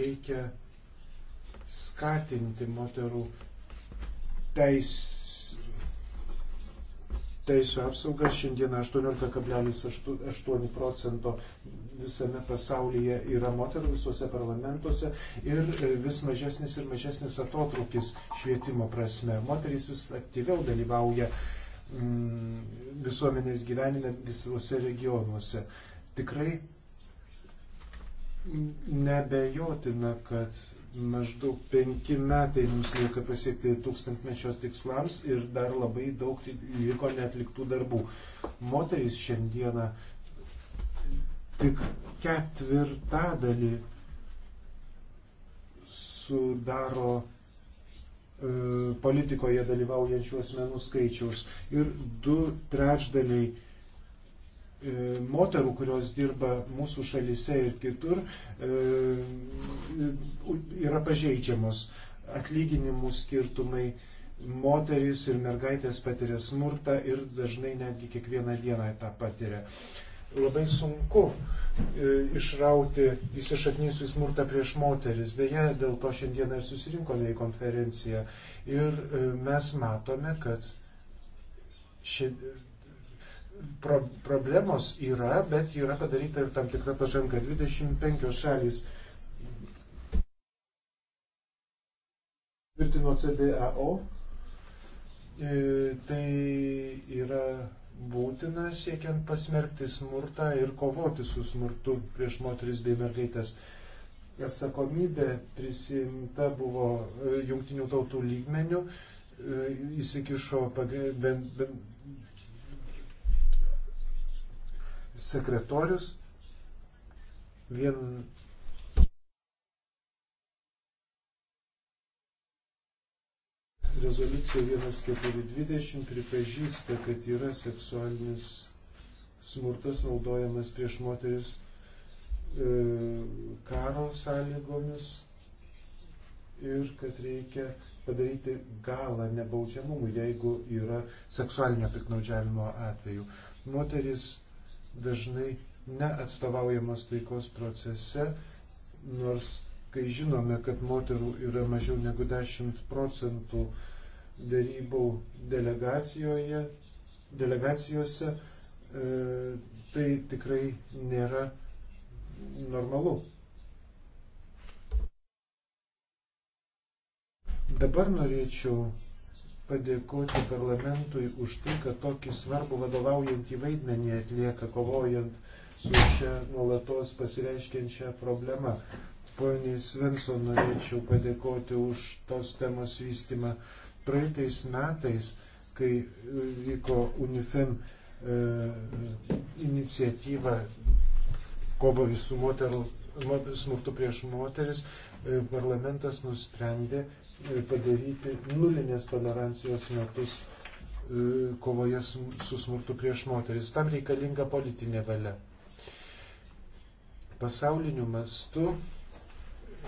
reikia skatinti moterų teisę teisų apsauga šiandieną 18,8 procento visame pasaulyje yra moterų visuose parlamentuose ir e, vis mažesnis ir mažesnis atotrukis švietimo prasme. Moterys vis aktyviau dalyvauja mm, visuomenės gyvenime visuose regionuose. Tikrai nebejotina, kad Maždaug penki metai mums lieka pasiekti tūkstantmečio tikslams ir dar labai daug liko netliktų darbų. Moterys šiandieną tik ketvirtadalį sudaro e, politikoje dalyvaujančių asmenų skaičiaus ir du trečdaliai E, moterų, kurios dirba mūsų šalyse ir kitur, e, yra pažeidžiamos. Atlyginimų skirtumai, moteris ir mergaitės patiria smurtą ir dažnai netgi kiekvieną dieną tą patiria. Labai sunku e, išrauti įsišaknysių smurtą prieš moteris. Beje, dėl to šiandieną ir susirinkome į konferenciją. Ir mes matome, kad ši, pro, problemos yra, bet yra padaryta ir tam tikra pažanga. 25 šalys tvirtino CDAO. E, tai yra būtina siekiant pasmerkti smurtą ir kovoti su smurtu prieš moteris bei mergaitės. Atsakomybė prisimta buvo e, jungtinių tautų lygmenių, e, įsikišo sekretorius vien rezoliucija 1420 pripažįsta, kad yra seksualinis smurtas naudojamas prieš moteris e, karo sąlygomis ir kad reikia padaryti galą nebaudžiamumui, jeigu yra seksualinio piknaudžiavimo atveju. Moteris dažnai neatstovaujamos taikos procese, nors kai žinome, kad moterų yra mažiau negu 10 procentų dėrybų delegacijose, e, tai tikrai nėra normalu. Dabar norėčiau padėkoti parlamentui už tai, kad tokį svarbų vadovaujantį vaidmenį atlieka kovojant su šia nuolatos pasireiškiančia problema. Poniai Svensson norėčiau padėkoti už tos temos vystimą. Praeitais metais, kai e, vyko UNIFEM e, iniciatyva kovai su moterų smurtu prieš moteris, e, parlamentas nusprendė padaryti nulinės tolerancijos metus e, kovoje su smurtu prieš moteris. Tam reikalinga politinė valia. Pasauliniu mastu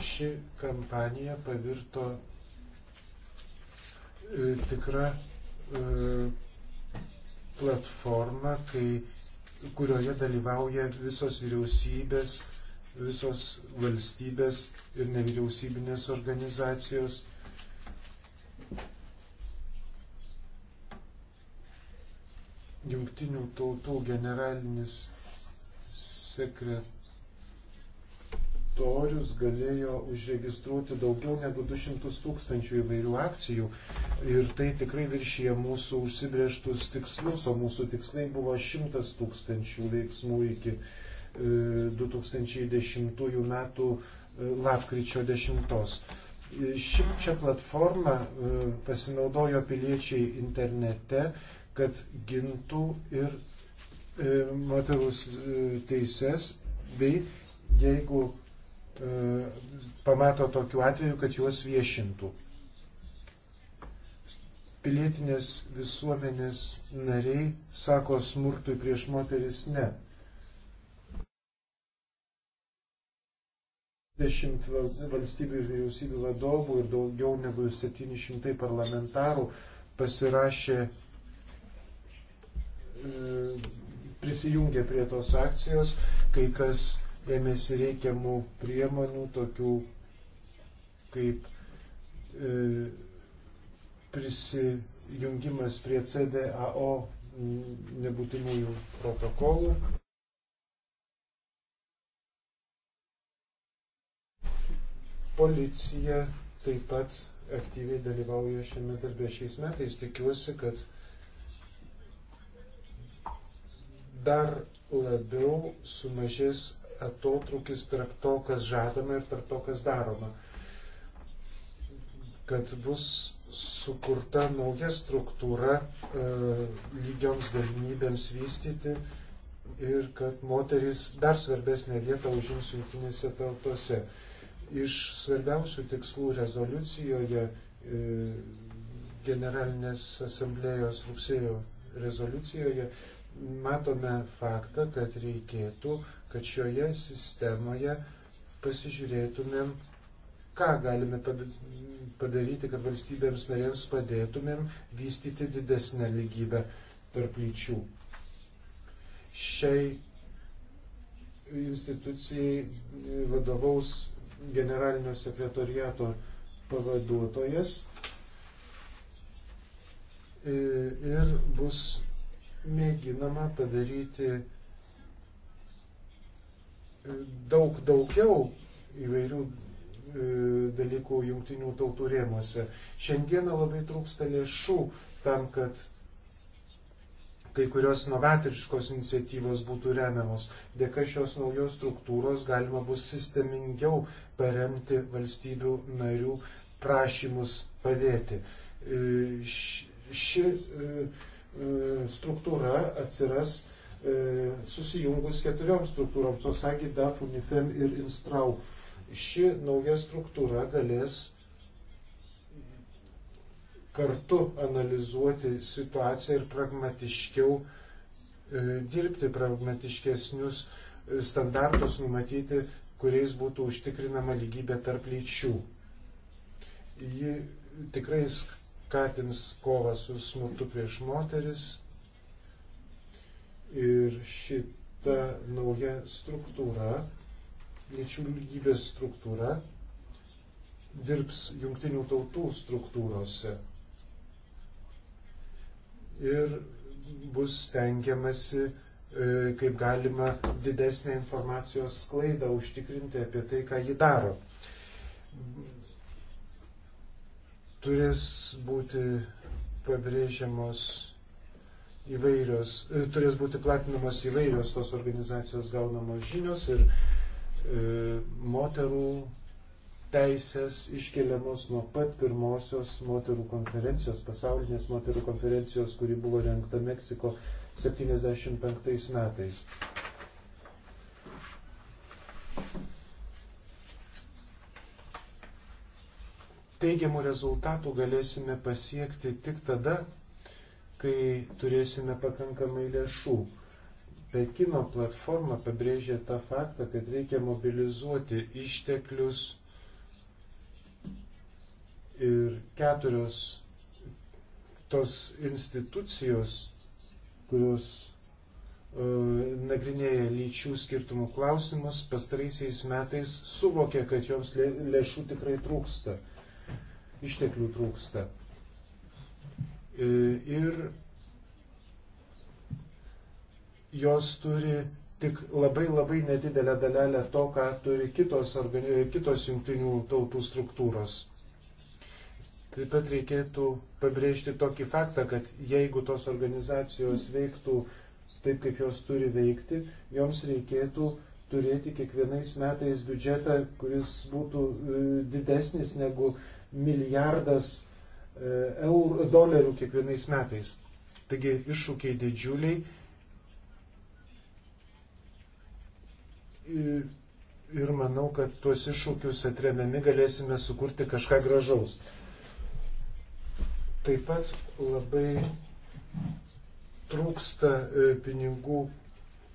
ši kampanija pavirto e, tikrą e, platformą, kai, kurioje dalyvauja visos vyriausybės, visos valstybės ir nevyriausybinės organizacijos jungtinių tautų generalinis sekretorius galėjo užregistruoti daugiau negu 200 tūkstančių įvairių akcijų ir tai tikrai viršyje mūsų užsibrieštus tikslus, o mūsų tikslai buvo 100 tūkstančių veiksmų iki 2010 e, metų e, lapkričio 10. E, Šimčia platforma pasinaudojo piliečiai internete, kad gintų ir e, moterų e, teises, bei jeigu e, pamato tokių atvejų, kad juos viešintų. Pilietinės visuomenės nariai sako smurtui prieš moteris ne. 20 valstybių ir vyriausybių vadovų ir daugiau negu 700 parlamentarų pasirašė E, prisijungė prie tos akcijos, kai kas ėmėsi reikiamų priemonų, tokių kaip e, prisijungimas prie CDAO nebūtinųjų protokolų. Policija taip pat aktyviai dalyvauja šiame darbė šiais metais. Tikiuosi, kad dar labiau sumažės atotrukis tarp to, kas žadama ir tarp to, kas daroma. Kad bus sukurta nauja struktūra e, lygioms galimybėms vystyti ir kad moteris dar svarbesnė vieta užims jungtinėse tautose. Iš svarbiausių tikslų rezoliucijoje e, generalinės asamblėjos rugsėjo rezoliucijoje matome faktą, kad reikėtų, kad šioje sistemoje pasižiūrėtumėm, ką galime padaryti, kad valstybėms narėms padėtumėm vystyti didesnę lygybę tarp lyčių. Šiai institucijai vadovaus generalinio sekretoriato pavaduotojas e, ir bus mėginama padaryti e, daug daugiau įvairių e, dalykų jungtinių tautų rėmuose. Šiandieną labai trūksta lėšų tam, kad kai kurios novatoriškos iniciatyvos būtų remiamos. Dėka šios naujos struktūros galima bus sistemingiau paremti valstybių narių prašymus padėti. E, ši, ši E, struktūra atsiras e, susijungus keturiom struktūrom - COSAGI, DAF, UNIFEM ir INSTRAU. Ši nauja struktūra galės kartu analizuoti situaciją ir pragmatiškiau e, dirbti, pragmatiškesnius standartus numatyti, kuriais būtų užtikrinama lygybė tarp lyčių. Ji tikrai skatins kovą su smurtu prieš moteris. Ir šita nauja struktūra, lyčių lygybės struktūra, dirbs jungtinių tautų struktūrose. Ir bus tenkiamasi e, kaip galima didesnę informacijos sklaidą užtikrinti apie tai, ką ji daro turės būti pabrėžiamos įvairios, e, turės būti platinamos įvairios tos organizacijos gaunamos žinios ir e, moterų teisės iškeliamos nuo pat pirmosios moterų konferencijos, pasaulinės moterų konferencijos, kuri buvo renkta Meksiko 75 metais. teigiamų rezultatų galėsime pasiekti tik tada, kai turėsime pakankamai lėšų. Pekino platforma pabrėžė tą faktą, kad reikia mobilizuoti išteklius ir keturios tos institucijos, kurios e, nagrinėja lyčių skirtumų klausimus, pastaraisiais metais suvokė, kad joms lėšų tikrai trūksta. E, išteklių trūksta. E, ir jos turi tik labai labai nedidelę dalelę to, ką turi kitos, e, kitos jungtinių tautų struktūros. Taip pat reikėtų pabrėžti tokį faktą, kad jeigu tos organizacijos veiktų taip, kaip jos turi veikti, joms reikėtų turėti kiekvienais metais biudžetą, kuris būtų e, didesnis negu milijardas e, eur, dolerių kiekvienais metais. Taigi iššūkiai didžiuliai. Ir manau, kad tuos iššūkius atremiami galėsime sukurti kažką gražaus. Taip pat labai trūksta e, pinigų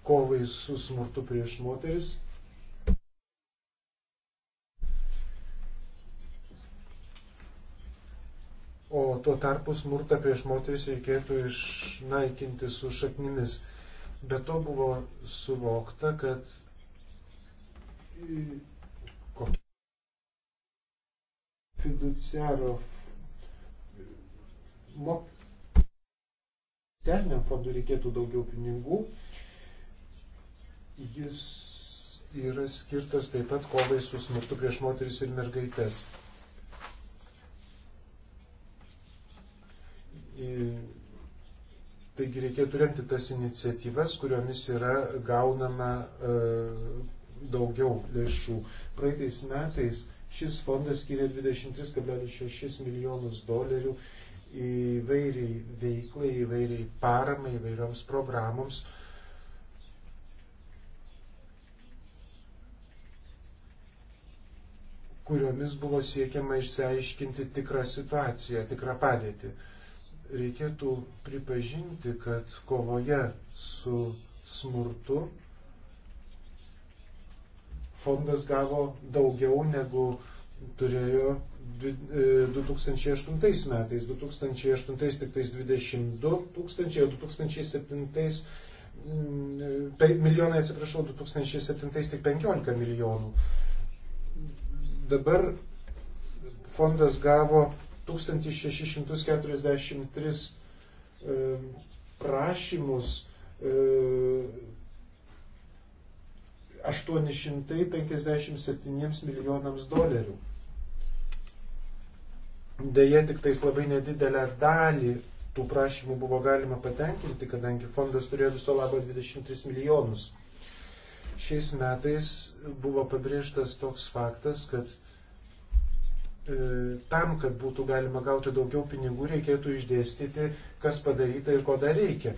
kovai su smurtu prieš moteris o tuo tarpu smurtą prieš moteris reikėtų išnaikinti su šaknimis. Bet to buvo suvokta, kad fiduciaro socialiniam fondui reikėtų daugiau pinigų. Jis yra skirtas taip pat kovai su smurtu prieš moteris ir mergaitės. E, taigi reikėtų remti tas iniciatyvas, kuriomis yra gaunama e, daugiau lėšų. Praeitais metais šis fondas skiria 23,6 milijonus dolerių įvairiai veiklai, įvairiai paramai, įvairioms programoms. kuriomis buvo siekiama išsiaiškinti tikrą situaciją, tikrą padėtį reikėtų pripažinti, kad kovoje su smurtu fondas gavo daugiau negu turėjo 2008 e, metais. 2008 tik tais 22 tūkstančiai, o 2007 mm, milijonai, atsiprašau, 2007 tik 15 milijonų. Dabar fondas gavo 1643 e, prašymus 857 e, milijonams dolerių. Deja, tik tais labai nedidelę dalį tų prašymų buvo galima patenkinti, kadangi fondas turėjo viso labo 23 milijonus. Šiais metais buvo pabrėžtas toks faktas, kad E, tam, kad būtų galima gauti daugiau pinigų, reikėtų išdėstyti, kas padaryta ir ko dar reikia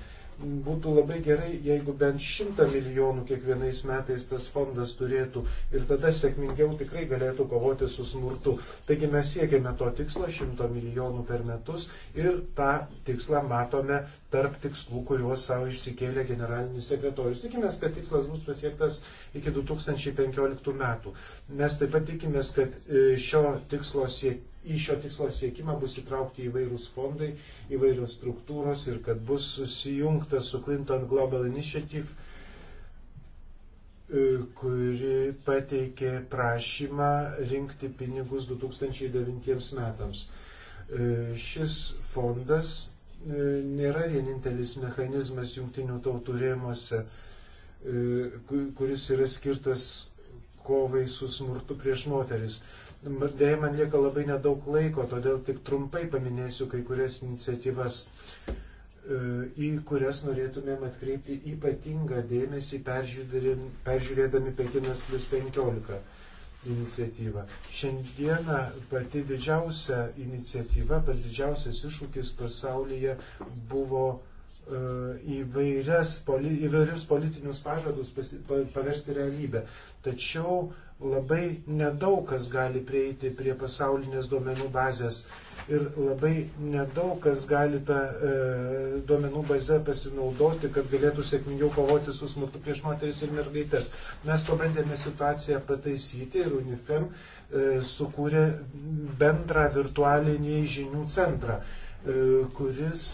būtų labai gerai, jeigu bent 100 milijonų kiekvienais metais tas fondas turėtų ir tada sėkmingiau tikrai galėtų kovoti su smurtu. Taigi mes siekiame to tikslo 100 milijonų per metus ir tą tikslą matome tarp tikslų, kuriuos savo išsikėlė generalinis sekretorius. Tikimės, kad tikslas bus pasiektas iki 2015 metų. Mes taip pat tikimės, kad e, šio tikslo siekimas į šio tikslo siekimą bus įtraukti įvairūs fondai, įvairios struktūros ir kad bus susijungta su Clinton Global Initiative, e, kuri pateikė prašymą rinkti pinigus 2009 metams. E, šis fondas e, nėra vienintelis mechanizmas jungtinių tautų rėmose, kuris yra skirtas kovai su smurtu prieš moteris. Dėja, man lieka labai nedaug laiko, todėl tik trumpai paminėsiu kai kurias iniciatyvas, e, į kurias norėtumėm atkreipti ypatingą dėmesį peržiūrėdami Pekinas plus 15 iniciatyvą. Šiandieną pati didžiausia iniciatyva, pas didžiausias iššūkis pasaulyje buvo e, įvairias, poli, įvairius politinius pažadus paversti realybę. Tačiau labai nedaug kas gali prieiti prie pasaulinės duomenų bazės ir labai nedaug kas gali tą e, duomenų bazę pasinaudoti, kad galėtų sėkmingiau kovoti su smurtu prieš moteris ir mergaitės. Mes pabandėme situaciją pataisyti ir UNIFEM e, sukūrė bendrą virtualinį žinių centrą, e, kuris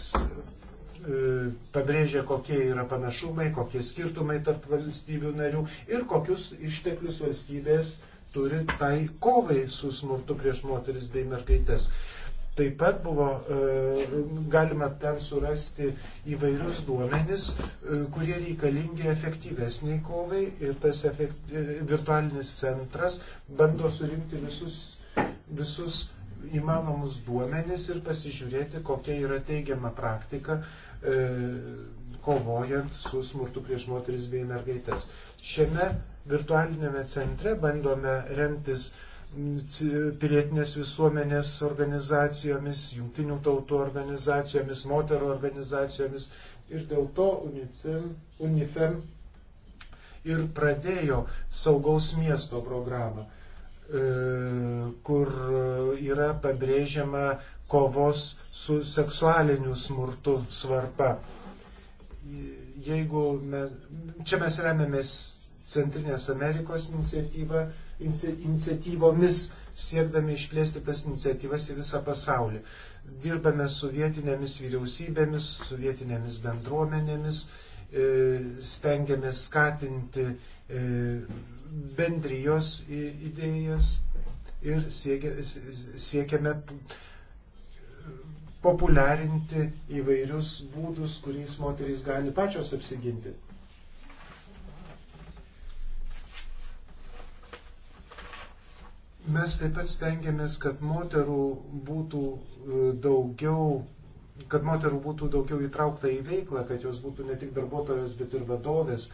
E, pabrėžia, kokie yra panašumai, kokie skirtumai tarp valstybių narių ir kokius išteklius valstybės turi tai kovai su smurtu prieš moteris bei mergaitės. Taip pat buvo, e, galima ten surasti įvairius duomenis, e, kurie reikalingi efektyvesniai kovai ir tas efekt, virtualinis centras bando surinkti visus, visus įmanomus duomenis ir pasižiūrėti, kokia yra teigiama praktika E, kovojant su smurtu prieš moteris bei mergaitės. Šiame virtualinėme centre bandome remtis pilietinės visuomenės organizacijomis, jungtinių tautų organizacijomis, moterų organizacijomis ir dėl to UNICEF, UNIFEM ir pradėjo saugaus miesto programą, e, kur yra pabrėžiama kovos su seksualiniu smurtu svarba. Jeigu mes, čia mes remiamės Centrinės Amerikos iniciatyva, iniciatyvomis, siekdami išplėsti tas iniciatyvas į visą pasaulį. Dirbame su vietinėmis vyriausybėmis, su vietinėmis bendruomenėmis, e, stengiamės skatinti e, bendrijos idėjas ir siekiame populiarinti įvairius būdus, kuriais moterys gali pačios apsiginti. Mes taip pat stengiamės, kad moterų būtų e, daugiau kad moterų būtų daugiau įtraukta į veiklą, kad jos būtų ne tik darbuotojas, bet ir vadovės. E,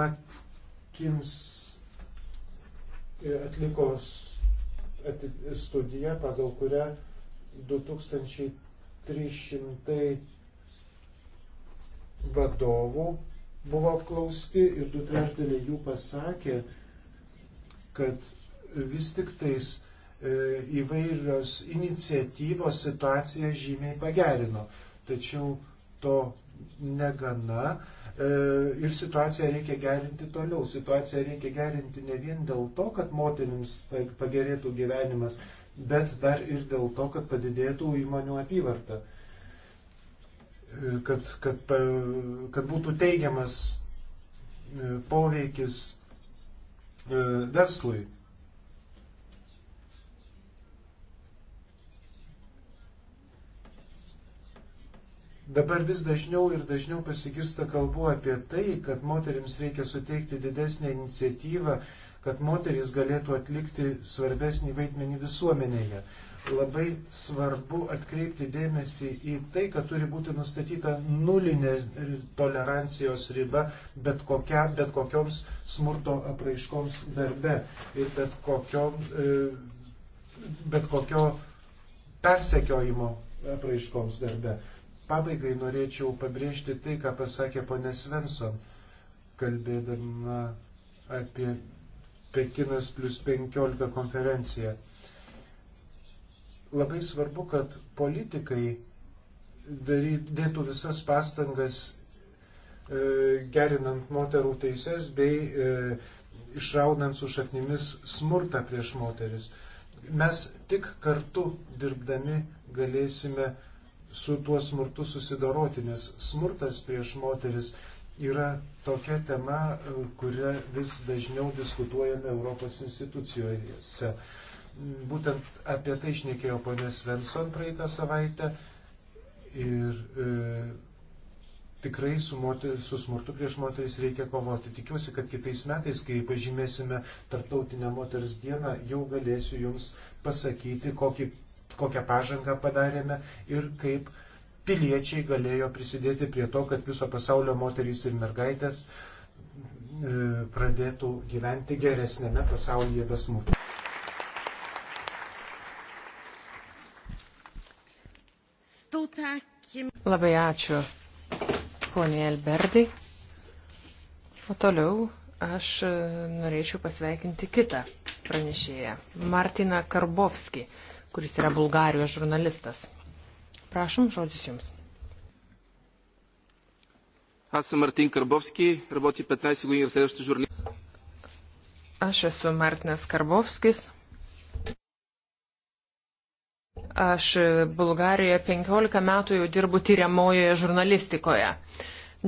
Makins e, atliko studiją, pagal kurią 2300 vadovų buvo apklausti ir du trešdėliai jų pasakė, kad vis tik tais e, įvairios iniciatyvos situaciją žymiai pagerino. Tačiau to negana e, ir situaciją reikia gerinti toliau. Situaciją reikia gerinti ne vien dėl to, kad moterims pagerėtų gyvenimas, bet dar ir dėl to, kad padidėtų įmonių apyvarta, kad, kad, kad būtų teigiamas e, poveikis e, verslui. Dabar vis dažniau ir dažniau pasigirsta kalbu apie tai, kad moteriams reikia suteikti didesnę iniciatyvą, uh, kad moteris galėtų atlikti svarbesnį vaidmenį visuomenėje. Labai svarbu atkreipti dėmesį į tai, kad turi būti nustatyta nulinė tolerancijos riba bet, kokia, bet kokioms smurto apraiškoms darbe ir bet, kokio, e, bet kokio persekiojimo apraiškoms darbe. Pabaigai norėčiau pabrėžti tai, ką pasakė ponė Svensson, kalbėdama apie Pekinas plus 15 konferencija. Labai svarbu, kad politikai dėtų visas pastangas e, gerinant moterų teises bei e, išraunant su šaknimis smurtą prieš moteris. Mes tik kartu dirbdami galėsime su tuo smurtu susidoroti, nes smurtas prieš moteris yra tokia tema, kurią vis dažniau diskutuojame Europos institucijose. Būtent apie tai išnekėjo ponė Svensson praeitą savaitę ir e, tikrai su, moter, su smurtu prieš moteris reikia kovoti. Tikiuosi, kad kitais metais, kai pažymėsime Tartautinę moters dieną, jau galėsiu Jums pasakyti, kokį, kokią pažangą padarėme ir kaip e, piliečiai galėjo prisidėti prie to, kad viso pasaulio moterys ir mergaitės e, pradėtų gyventi geresnėme pasaulyje be smurto. Labai ačiū, ponė Elberdai. O toliau aš e, norėčiau pasveikinti kitą pranešėją, Martiną Karbovskį, kuris yra Bulgarijos žurnalistas. Prašom, žodis Jums. Аз съм Мартин Карбовски, работи 15 години разследваща журналист. Aš esu Martinas Karbovskis. Aš Bulgarijoje 15 metų jau dirbu tyriamojoje žurnalistikoje.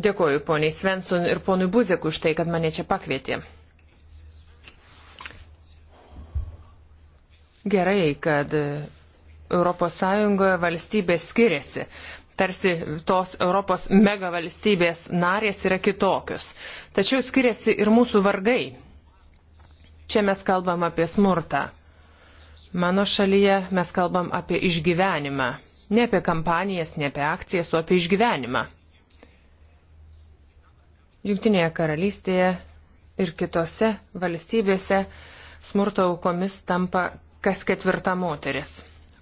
Dėkoju poniai Svensson ir ponui Buzekui už tai, kad mane čia pakvietė. Gerai, kad ES valstybės skiriasi. Tarsi tos Europos mega valstybės narės yra kitokios. Tačiau skiriasi ir mūsų vargai. Čia mes kalbam apie smurtą. Mano šalyje mes kalbam apie išgyvenimą. Ne apie kampanijas, ne apie akcijas, o apie išgyvenimą. Junktinėje karalystėje ir kitose valstybėse smurto aukomis tampa kas ketvirta moteris.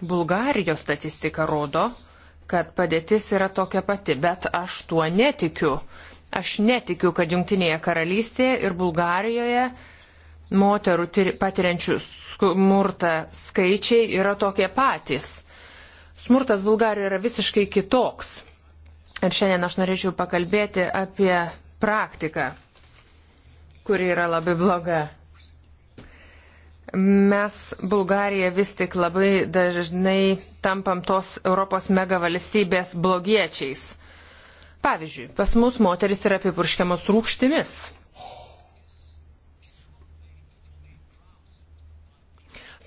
Bulgarijos statistika rodo, kad padėtis yra tokia pati, bet aš tuo netikiu. Aš netikiu, kad Junktinėje karalystėje ir Bulgarijoje moterų patiriančių smurtą skaičiai yra tokie patys. Smurtas Bulgarijoje yra visiškai kitoks. Ir šiandien aš norėčiau pakalbėti apie praktiką, kuri yra labai bloga. Mes Bulgarija vis tik labai dažnai tampam tos Europos megavalstybės blogiečiais. Pavyzdžiui, pas mus moteris yra apipurškiamos rūkštimis.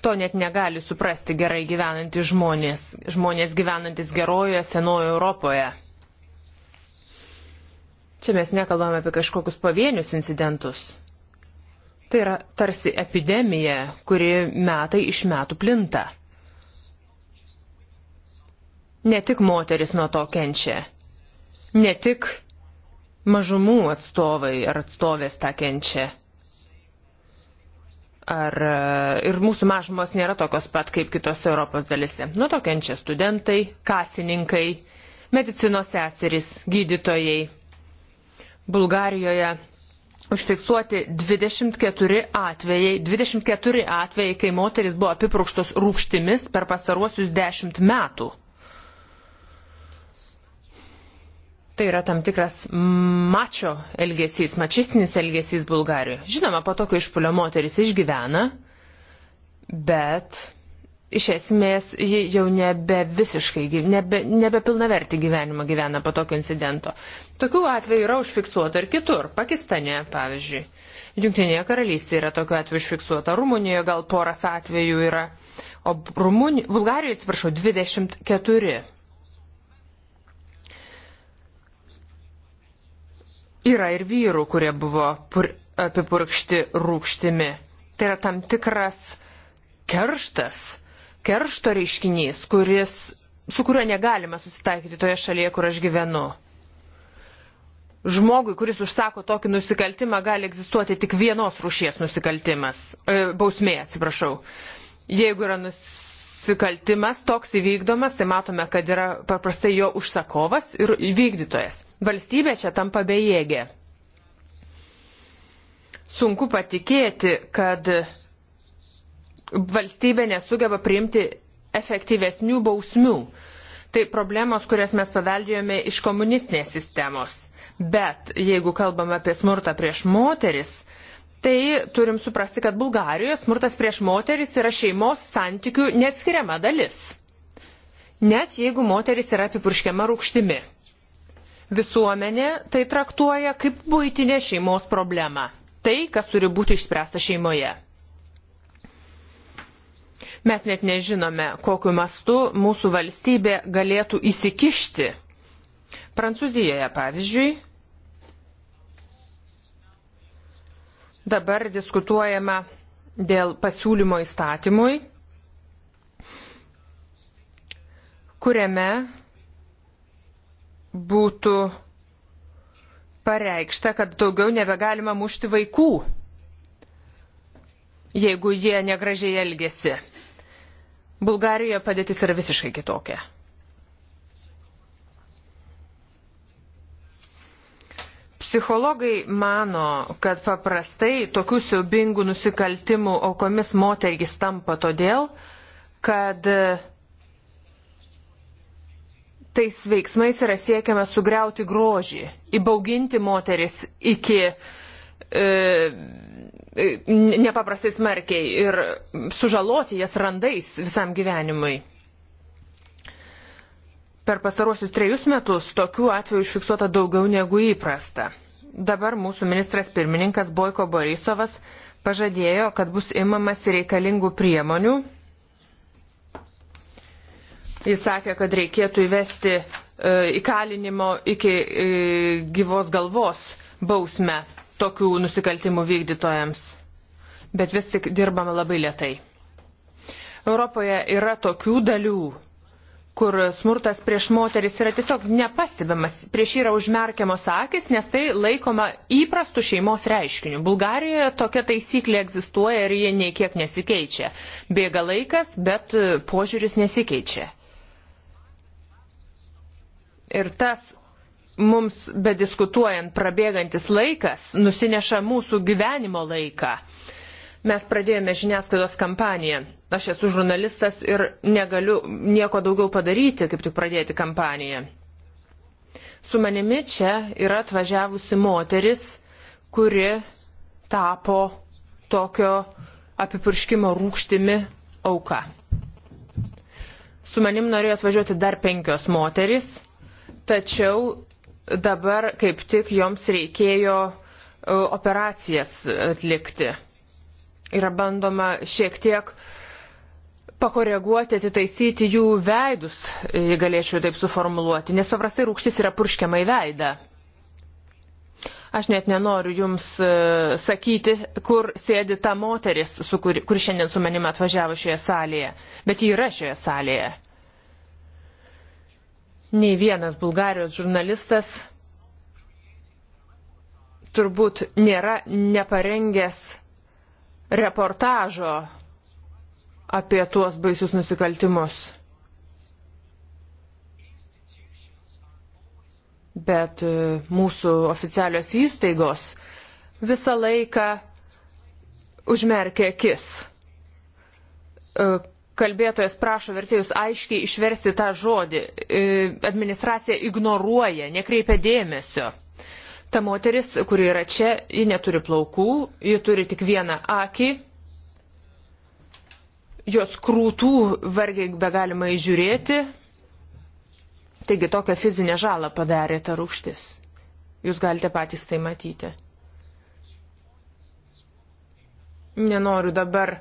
To net negali suprasti gerai gyvenantis žmonės, žmonės gyvenantis gerojoje senojo Europoje. Čia mes nekalbame apie kažkokius pavienius incidentus. Tai yra tarsi epidemija, kuri metai iš metų plinta. Ne tik moteris nuo to kenčia, ne tik mažumų atstovai ar atstovės tą kenčia. Ar e, ir mūsų mažumos nėra tokios pat kaip kitose Europos dalise. Nuo to kenčia studentai, kasininkai, medicinos seserys, gydytojai. Bulgarijoje užfiksuoti 24 atvejai, 24 atvejai, kai moteris buvo apiprūkštos rūkštimis per pasaruosius 10 metų. Tai yra tam tikras mačio elgesys, mačistinis elgesys Bulgarijoje. Žinoma, po tokio išpulio moteris išgyvena, bet iš esmės ji jau nebe visiškai, nebe, nebe pilnaverti gyvenimą gyvena po tokio incidento. Tokių atvejų yra užfiksuota ir kitur, Pakistane, pavyzdžiui. Junktinėje karalystėje yra tokių atvejų užfiksuota, Rumunijoje gal poras atvejų yra, o Rumuni... Bulgarijoje, atsiprašau, 24. Yra ir vyrų, kurie buvo pur... apipurkšti rūkštimi. Tai yra tam tikras kerštas keršto reiškinys, kuris, su kuriuo negalime susitaikyti toje šalyje, kur aš gyvenu. Žmogui, kuris užsako tokį nusikaltimą, gali egzistuoti tik vienos rušies nusikaltimas, e, bausmė, atsiprašau. Jeigu yra nusikaltimas toks įvykdomas, tai matome, kad yra paprastai jo užsakovas ir vykdytojas. Valstybė čia tampa bejėgė sunku patikėti, kad valstybė nesugeba priimti efektyvesnių bausmių. Tai problemos, kurias mes paveldėjome iš komunistinės sistemos. Bet jeigu kalbame apie smurtą prieš moteris, tai turim suprasti, kad Bulgarijoje smurtas prieš moteris yra šeimos santykių neatskiriama dalis. Net jeigu moteris yra apipurškiama rūkštimi. Visuomenė tai traktuoja kaip būtinė šeimos problema. Tai, kas turi būti išspręsta šeimoje. Mes net nežinome, kokiu mastu mūsų valstybė galėtų įsikišti. Prancūzijoje, pavyzdžiui, dabar diskutuojama dėl pasiūlymo įstatymui, kuriame būtų pareikšta, kad daugiau nebegalima mušti vaikų, jeigu jie negražiai elgesi. Bulgarijoje padėtis yra visiškai kitokia. Psichologai mano, kad paprastai tokių siaubingų nusikaltimų aukomis moterys tampa todėl, kad tais veiksmais yra siekiama sugriauti grožį, įbauginti moteris iki e, E, nepaprastai smarkiai ir sužaloti jas randais visam gyvenimui. Per pastaruosius trejus metus tokių atvejų užfiksuota daugiau negu įprasta. Dabar mūsų ministras pirmininkas Boiko Borisovas pažadėjo, kad bus imamas reikalingų priemonių. Jis sakė, kad reikėtų įvesti e, įkalinimo iki e, gyvos galvos bausmę tokių nusikaltimų vykdytojams, bet vis tik dirbama labai lietai. Europoje yra tokių dalių, kur smurtas prieš moteris yra tiesiog nepastebimas, prieš jį yra užmerkiamos akis, nes tai laikoma įprastų šeimos reiškiniu. Bulgarijoje tokia taisyklė egzistuoja ir jie nei kiek nesikeičia. Bėga laikas, bet požiūris nesikeičia. Ir tas mums bediskutuojant prabėgantis laikas nusineša mūsų gyvenimo laiką. Mes pradėjome žiniasklaidos kampaniją. Aš esu žurnalistas ir negaliu nieko daugiau padaryti, kaip tik pradėti kampaniją. Su manimi čia yra atvažiavusi moteris, kuri tapo tokio apipurškimo rūkštimi auka. Su manim norėjo atvažiuoti dar penkios moterys, tačiau dabar kaip tik joms reikėjo e, operacijas atlikti. Yra bandoma šiek tiek pakoreguoti, atitaisyti jų veidus, jei galėčiau taip suformuluoti, nes paprastai rūkštis yra purškiama į veidą. Aš net nenoriu jums e, sakyti, kur sėdi ta moteris, kur, kur šiandien su manimi atvažiavo šioje salėje, bet ji yra šioje salėje nei vienas Bulgarijos žurnalistas turbūt nėra neparengęs reportažo apie tuos baisius nusikaltimus. Bet e, mūsų oficialios įstaigos visą laiką užmerkė akis e, kalbėtojas prašo vertėjus aiškiai išversti tą žodį. E, administracija ignoruoja, nekreipia dėmesio. Ta moteris, kuri yra čia, ji neturi plaukų, ji turi tik vieną akį. Jos krūtų vargiai be galima įžiūrėti. Taigi tokią fizinę žalą padarė ta rūkštis. Jūs galite patys tai matyti. Nenoriu dabar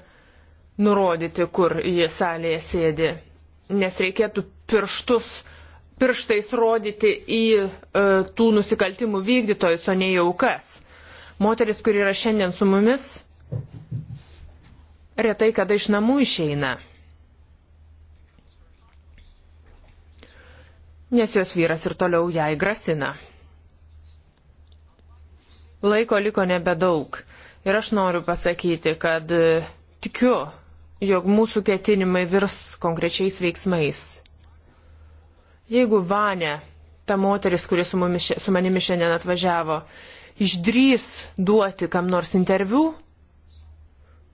nurodyti, kur jie salėje sėdi, nes reikėtų pirštus, pirštais rodyti į e, tų nusikaltimų vykdytojus, o ne į aukas. Moteris, kuri yra šiandien su mumis, retai kada iš namų išeina. Nes jos vyras ir toliau jai grasina. Laiko liko nebedaug. Ir aš noriu pasakyti, kad e, tikiu, jog mūsų ketinimai virs konkrečiais veiksmais. Jeigu Vane, ta moteris, kuri su, mumis, su manimi šiandien atvažiavo, išdrys duoti kam nors interviu,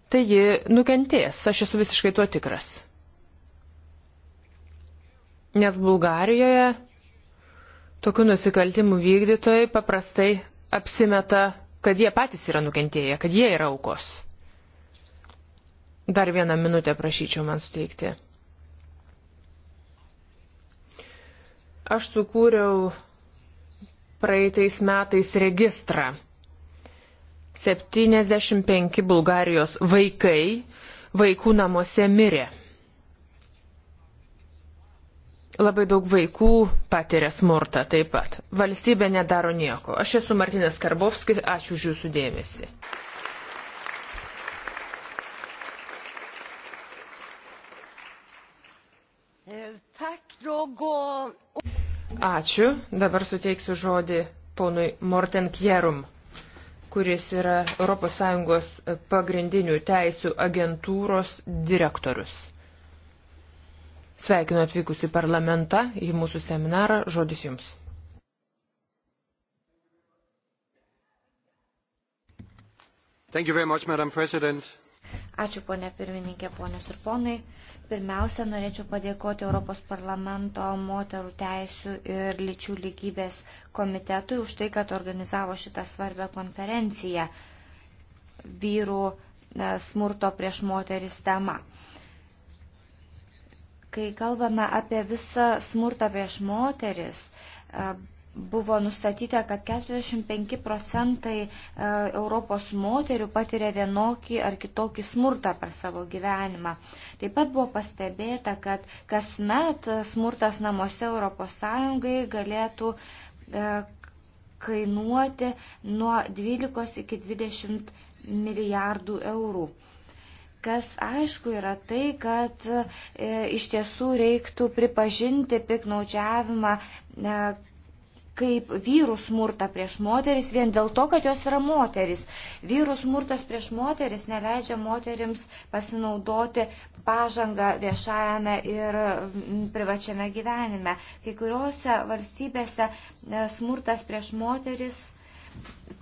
tai ji nukentės, aš esu visiškai tuo tikras. Nes Bulgarijoje tokių nusikaltimų vykdytojai paprastai apsimeta, kad jie patys yra nukentėję, kad jie yra aukos. Dar vieną minutę prašyčiau man suteikti. Aš sukūriau praeitais metais registrą. 75 Bulgarijos vaikai vaikų namuose mirė. Labai daug vaikų patiria smurtą taip pat. Valstybė nedaro nieko. Aš esu Martinas Karbovskis, ačiū už jūsų dėmesį. Ačiū. Dabar suteiksiu žodį ponui Morten Kjerum, kuris yra ES pagrindinių teisių agentūros direktorius. Sveikinu atvykus į parlamentą, į mūsų seminarą. Žodis jums. Much, Ačiū, ponė pirmininkė, ponios ir ponai. Pirmiausia, norėčiau padėkoti Europos parlamento moterų teisų ir lyčių lygybės komitetui už tai, kad organizavo šitą svarbę konferenciją vyrų e, smurto prieš moteris tema kai kalbame apie visą smurtą prieš moteris, e, buvo nustatyta, kad 45 procentai e, Europos moterių patiria vienokį ar kitokį smurtą per savo gyvenimą. Taip pat buvo pastebėta, kad kasmet smurtas namuose ES galėtų e, kainuoti nuo 12 iki 20 milijardų eurų kas aišku yra tai, kad e, iš tiesų reiktų pripažinti piknaudžiavimą e, kaip vyrų smurtą prieš moteris vien dėl to, kad jos yra moteris. Vyrų smurtas prieš moteris neleidžia moterims pasinaudoti pažangą viešajame ir privačiame gyvenime. Kai kuriuose valstybėse e, smurtas prieš moteris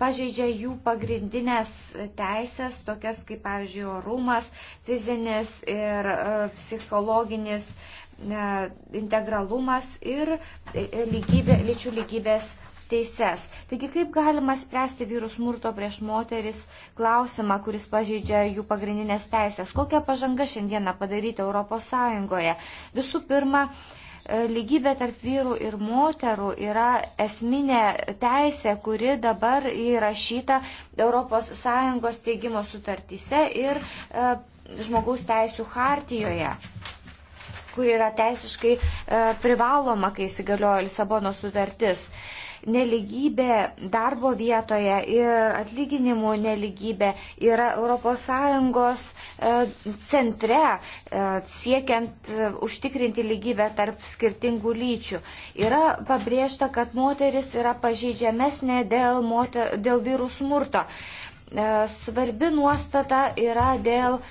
pažeidžia jų pagrindinės teisės, tokias kaip, pavyzdžiui, orumas, fizinis ir e, psichologinis uh, E, integralumas ir e, e, lygybė, lyčių lygybės teises. Taigi kaip galima spręsti vyrų smurto prieš moteris klausimą, kuris pažeidžia jų pagrindinės teisės? Kokia pažanga šiandieną padaryti ES? Visų pirma, lygybė tarp vyrų ir moterų yra esminė teisė, kuri dabar įrašyta ES teigimo sutartyse ir žmogaus teisų hartijoje kuri yra teisiškai e, privaloma, kai įsigaliojo Lisabono sutartis. Neligybė darbo vietoje ir atlyginimų neligybė yra ES e, centre e, siekiant užtikrinti lygybę tarp skirtingų lyčių. Yra pabrėžta, kad moteris yra pažeidžiamesnė dėl, moter, dėl vyrų smurto E, svarbi nuostata yra dėl e,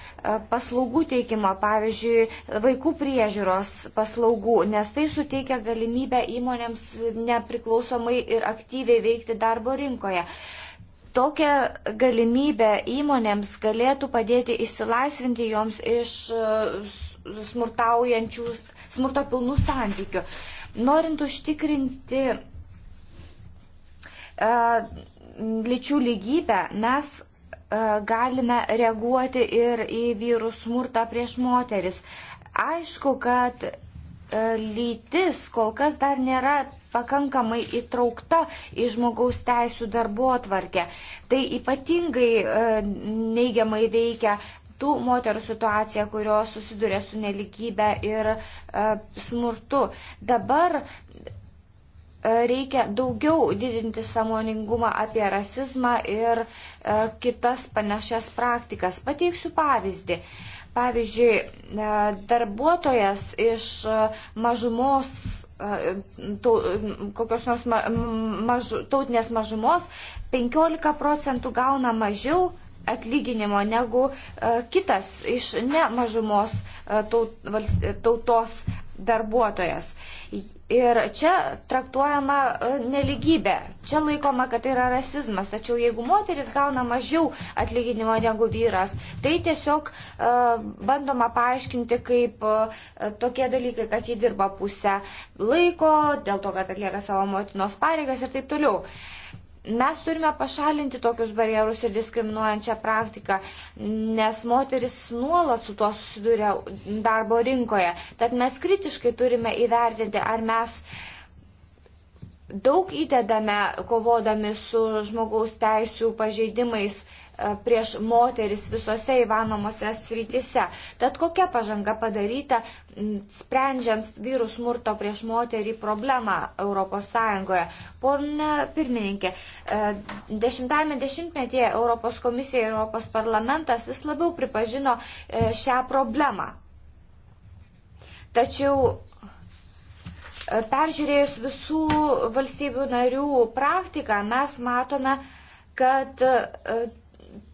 paslaugų teikimo, pavyzdžiui, vaikų priežiūros paslaugų, nes tai suteikia galimybę įmonėms nepriklausomai ir aktyviai veikti darbo rinkoje. Tokią galimybę įmonėms galėtų padėti išsilaisvinti joms iš e, smurtaujančių, smurto pilnų santykių. Norint užtikrinti uh, lyčių lygybę mes e, galime reaguoti ir į vyrų smurtą prieš moteris. Aišku, kad e, lytis kol kas dar nėra pakankamai įtraukta į žmogaus teisų darbo atvarkę. Tai ypatingai e, neigiamai veikia tų moterų situacija, kurios susiduria su neligybė ir smurtu. Dabar reikia daugiau didinti samoningumą apie rasizmą ir e, kitas panašias praktikas. Pateiksiu pavyzdį. Pavyzdžiui, e, darbuotojas iš e, mažumos, kokios nors mažu, tautinės mažumos, 15 procentų gauna mažiau atlyginimo negu kitas iš ne mažumos tautos darbuotojas. Ir čia traktuojama e, neligybė. Čia laikoma, kad tai yra rasizmas. Tačiau jeigu moteris gauna mažiau atlyginimo negu vyras, tai tiesiog uh, bandoma paaiškinti kaip uh, tokie dalykai, kad ji dirba pusę laiko, dėl to, kad atlieka savo motinos pareigas ir taip toliau. Uh, Mes turime pašalinti tokius barjerus ir diskriminuojančią praktiką, nes moteris nuolat su tuo susiduria darbo rinkoje. Tad mes kritiškai turime įvertinti, ar mes daug įdedame kovodami su žmogaus teisų pažeidimais E, prieš moteris visose įmanomose srityse. Tad kokia pažanga padaryta, sprendžiant vyrų smurto prieš moterį problemą ES? Pone pirmininkė, e, dešimtame dešimtmetyje Europos komisija ir Europos parlamentas vis labiau pripažino e, šią problemą. Tačiau peržiūrėjus visų valstybių narių praktiką, mes matome, kad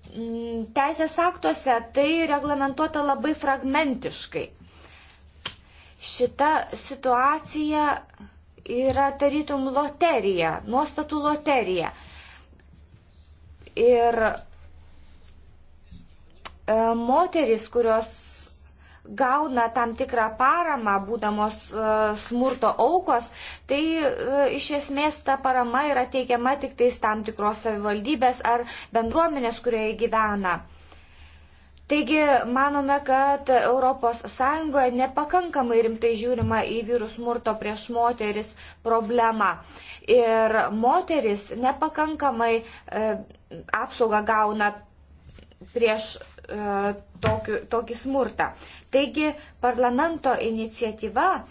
Mm, teisės aktuose tai reglamentuota labai fragmentiškai. Šita situacija yra tarytum loterija, nuostatų loterija. Ir e, moteris, kurios gauna tam tikrą paramą, būdamos e, smurto aukos, tai e, iš esmės ta parama yra teikiama tik tais tam tikros savivaldybės ar bendruomenės, kurioje gyvena. Taigi manome, kad ES nepakankamai rimtai žiūrima į vyrų smurto prieš moteris problemą. Ir moteris nepakankamai e, apsaugą gauna prieš e, tokiu, tokį smurtą. Taigi parlamento iniciatyva e,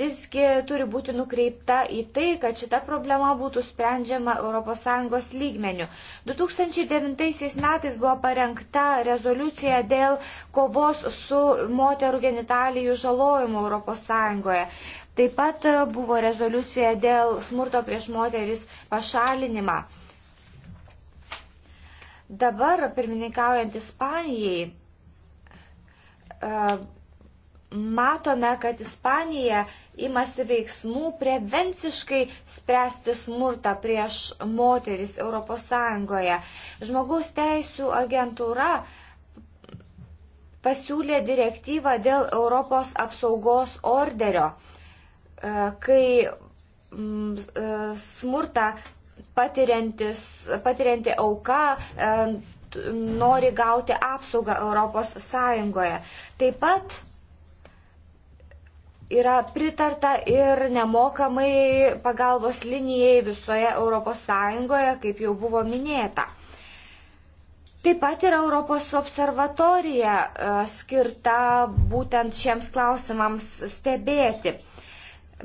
visgi turi būti nukreipta į tai, kad šita problema būtų sprendžiama ES lygmenių. 2009 metais buvo parengta rezoliucija dėl kovos su moterų genitalijų žalojimu ES. Taip pat buvo rezoliucija dėl smurto prieš moteris pašalinimą. Dabar, pirmininkaujant Ispanijai, matome, kad Ispanija imasi veiksmų prevenciškai spręsti smurtą prieš moteris ES. Žmogaus teisų agentūra pasiūlė direktyvą dėl Europos apsaugos orderio, kai smurtą patirianti auka e, nori gauti apsaugą Europos Sąjungoje. Taip pat yra pritarta ir nemokamai pagalbos linijai visoje Europos Sąjungoje, kaip jau buvo minėta. Taip pat yra Europos observatorija e, skirta būtent šiems klausimams stebėti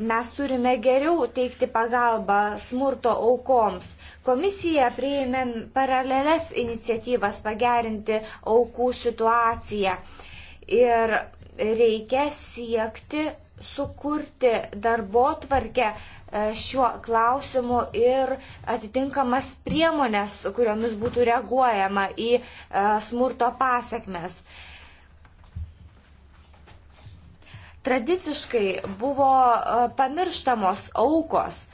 mes turime geriau teikti pagalbą smurto aukoms. Komisija prieimė paraleles iniciatyvas pagerinti aukų situaciją. Ir reikia siekti sukurti darbo tvarkę e, šiuo klausimu ir atitinkamas priemonės, kuriomis būtų reaguojama į e, smurto pasiekmes. tradiciškai buvo e, pamirštamos aukos.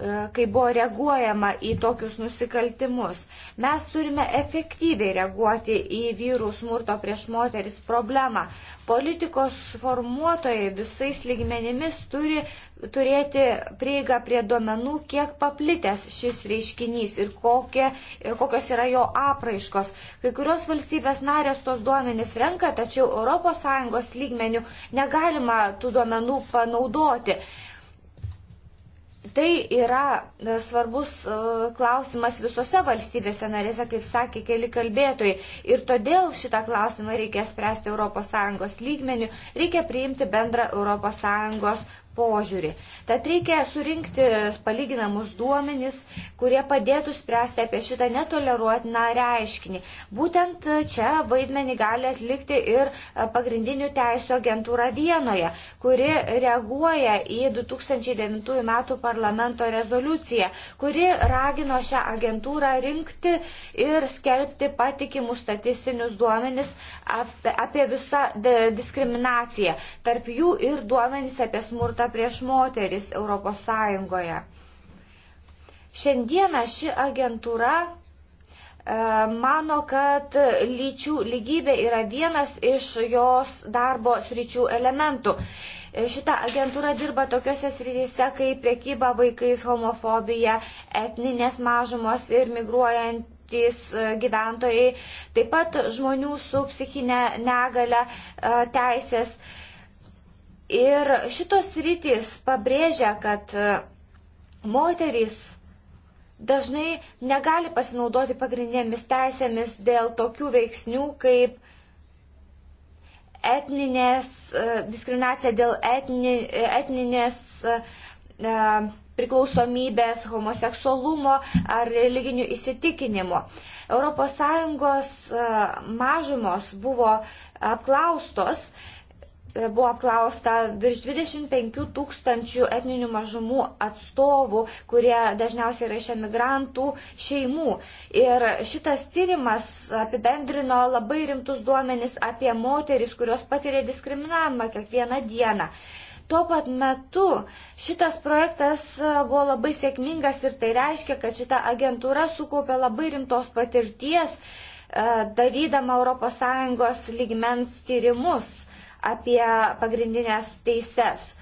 E, kai buvo reaguojama į tokius nusikaltimus. Mes turime efektyviai reaguoti į vyrų smurto prieš moteris problemą. Politikos formuotojai visais lygmenimis turi turėti prieigą prie duomenų, kiek paplitęs šis reiškinys ir kokie, kokios yra jo apraiškos. Kai kurios valstybės narės tos duomenys renka, tačiau ES lygmenių negalima tų duomenų panaudoti. Tai yra e, svarbus e, klausimas visose valstybėse narėse, kaip sakė keli kalbėtojai. Ir todėl šitą klausimą reikia spręsti ES lygmenių, reikia priimti bendrą ES požiūrį. Tad reikia surinkti palyginamus duomenis, kurie padėtų spręsti apie šitą netoleruotiną reiškinį. Būtent čia vaidmenį gali atlikti ir e, pagrindinių teisų agentūra Vienoje, kuri reaguoja į 2009 m. parlamento rezoliuciją, kuri ragino šią agentūrą rinkti ir skelbti patikimus statistinius duomenis apie visą diskriminaciją, tarp jų ir duomenis apie smurtą smurtą prieš moteris ES. Šiandieną ši agentūra e, mano, kad lyčių lygybė yra vienas iš jos darbo sričių elementų. E, šita agentūra dirba tokiuose srityse kaip priekyba vaikais, homofobija, etninės mažumos ir migruojantys e, gyventojai, taip pat žmonių su psichinė negale teisės. Ir šitos rytis pabrėžia, kad e, moterys dažnai negali pasinaudoti pagrindinėmis teisėmis dėl tokių veiksnių kaip etninės, e, diskriminacija dėl etni, e, etninės priklausomybės, homoseksualumo ar religinių įsitikinimų. ES mažumos buvo apklaustos E, buvo apklausta virš 25 tūkstančių etninių mažumų atstovų, kurie dažniausiai yra iš emigrantų šeimų. Ir šitas tyrimas apibendrino labai rimtus duomenis apie moteris, kurios patiria diskriminavimą kiekvieną dieną. Tuo pat metu šitas projektas e, buvo labai sėkmingas ir tai reiškia, kad šita agentūra sukaupė labai rimtos patirties e, darydama ES lygmens tyrimus apie pagrindinės teises.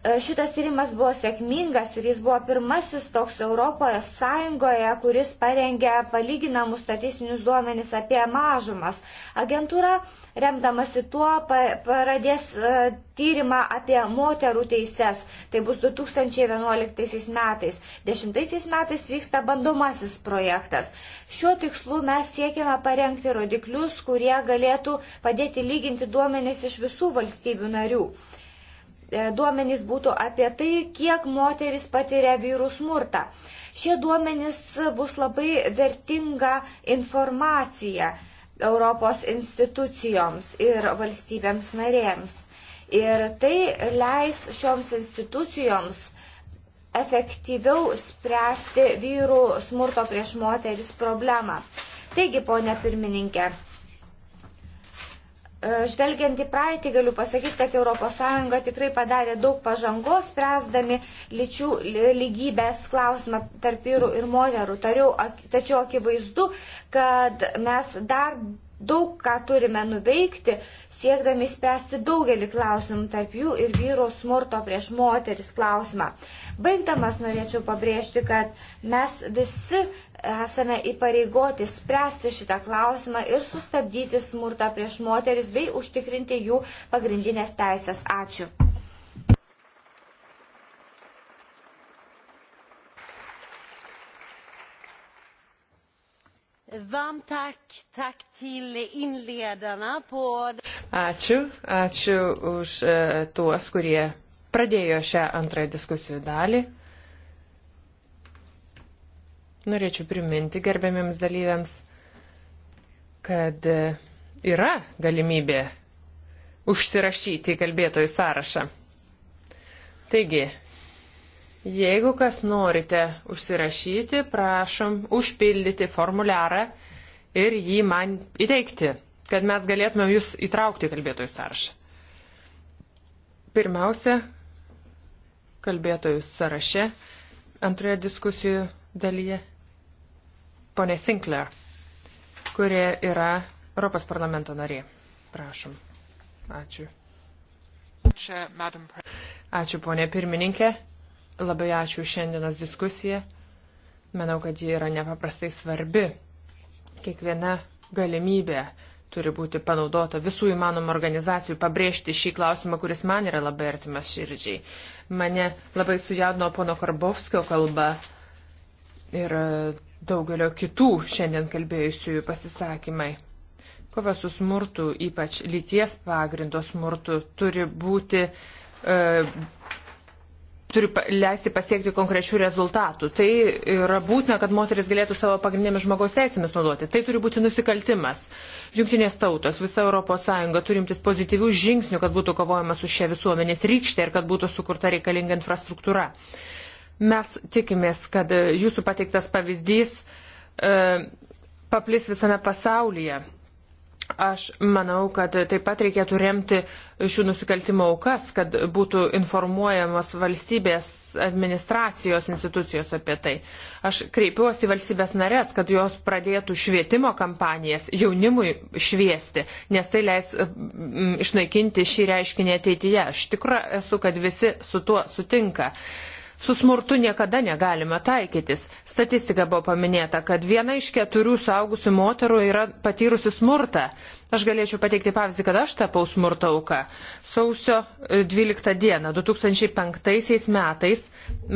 E, šitas tyrimas buvo sėkmingas ir jis buvo pirmasis toks Europoje sąjungoje, kuris parengė palyginamus statistinius duomenis apie mažumas. Agentūra, remdamasi tuo, pradės e, tyrimą apie moterų teises. Tai bus 2011 metais. Dešimtaisiais metais vyksta bandomasis projektas. Šiuo tikslu mes siekiame parengti rodiklius, kurie galėtų padėti lyginti duomenis iš visų valstybių narių. E, duomenys būtų apie tai, kiek moteris patiria vyrų smurtą. Šie duomenys bus labai vertinga informacija Europos institucijoms ir valstybėms narėms. Ir tai leis šioms institucijoms efektyviau spręsti vyrų smurto prieš moteris problemą. Taigi, ponė pirmininkė, E, žvelgiant į praeitį, galiu pasakyti, kad ES tikrai padarė daug pažangos, spręsdami lyčių lygybės klausimą tarp vyrų ir moterų. Tariau, tačiau akivaizdu, kad mes dar daug ką turime nuveikti, siekdami spręsti daugelį klausimų, tarp jų ir vyro smurto prieš moteris klausimą. Baigdamas norėčiau pabrėžti, kad mes visi esame įpareigoti spręsti šitą klausimą ir sustabdyti smurtą prieš moteris bei užtikrinti jų pagrindinės teisės. Ačiū. Ačiū, ačiū už eh, tuos, kurie pradėjo šią antrąją diskusijų dalį. Norėčiau priminti gerbiamiems dalyviams, kad yra galimybė užsirašyti į kalbėtojų sąrašą. Taigi, jeigu kas norite užsirašyti, prašom užpildyti formuliarą ir jį man įteikti, kad mes galėtumėm jūs įtraukti į kalbėtojų sąrašą. Pirmiausia, kalbėtojų sąraše antroje diskusijų dalyje ponė Sinclair, kurie yra Europos parlamento narė. Prašom. Ačiū. Ačiū, ponė pirmininkė. Labai ačiū šiandienos diskusiją. Manau, kad ji yra nepaprastai svarbi. Kiekviena galimybė turi būti panaudota visų įmanomų organizacijų pabrėžti šį klausimą, kuris man yra labai artimas širdžiai. Mane labai sujaudino pono Karbovskio kalba ir daugelio kitų šiandien kalbėjusiųjų pasisakymai. Kova su smurtu, ypač lyties pagrindo smurtu, turi būti. E, turi leisti pasiekti konkrečių rezultatų. Tai yra būtina, kad moteris galėtų savo pagrindinėmis žmogaus teisėmis naudoti. Tai turi būti nusikaltimas. Junktinės tautos, visa ES turimtis pozityvių žingsnių, kad būtų kovojama su šia visuomenės rykšte ir kad būtų sukurta reikalinga infrastruktūra. Mes tikimės, kad e, jūsų pateiktas pavyzdys e, paplis visame pasaulyje. Aš manau, kad taip pat reikėtų remti šių nusikaltimo aukas, kad būtų informuojamos valstybės administracijos institucijos apie tai. Aš kreipiuosi valstybės narės, kad jos pradėtų švietimo kampanijas jaunimui šviesti, nes tai leis e, išnaikinti šį reiškinį ateityje. Aš tikra esu, kad visi su tuo sutinka. Su smurtu niekada negalime taikytis. Statistika buvo paminėta, kad viena iš keturių suaugusių moterų yra patyrusi smurtą. Aš galėčiau pateikti pavyzdį, kad aš tapau smurto auka. Sausio 12 e, dieną 2005 metais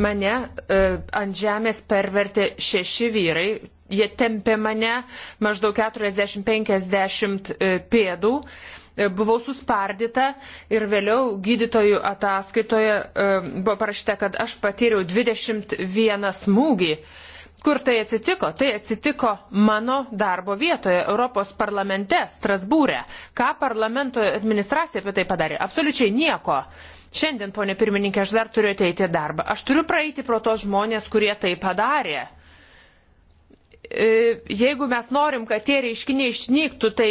mane e, ant žemės pervertė šeši vyrai. Jie tempė mane maždaug 40-50 e, pėdų. E, E, buvau suspardyta ir vėliau gydytojų ataskaitoje e, buvo parašyta, kad aš patyriau 21 smūgį. Kur tai atsitiko? Tai atsitiko mano darbo vietoje, Europos parlamente, Strasbūrė. Ką parlamento administracija apie tai padarė? Absoliučiai nieko. Šiandien, ponė pirmininkė, aš dar turiu ateiti į darbą. Aš turiu praeiti pro tos žmonės, kurie tai padarė. E, jeigu mes norim, kad tie reiškiniai išnyktų, tai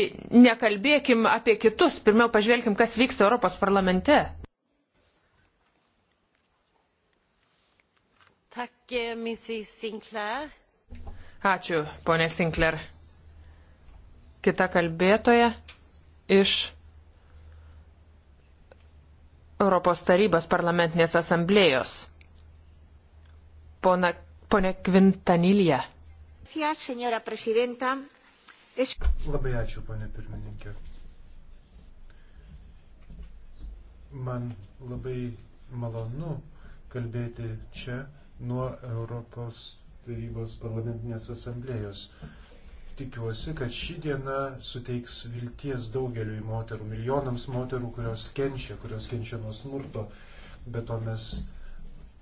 nekalbėkim apie kitus, pirmiau pažvelkim, kas vyksta Europos parlamente. E, Ačiū, ponė Sinclair. Kita kalbėtoja iš Europos tarybos parlamentinės asamblėjos. Pona, ponė Kvintanilija. Labai ačiū, ponė pirmininkė. Man labai malonu kalbėti čia nuo Europos tarybos parlamentinės asamblėjos. Tikiuosi, kad ši diena suteiks vilties daugeliui moterų, milijonams moterų, kurios kenčia, kurios kenčia nuo smurto. Be to mes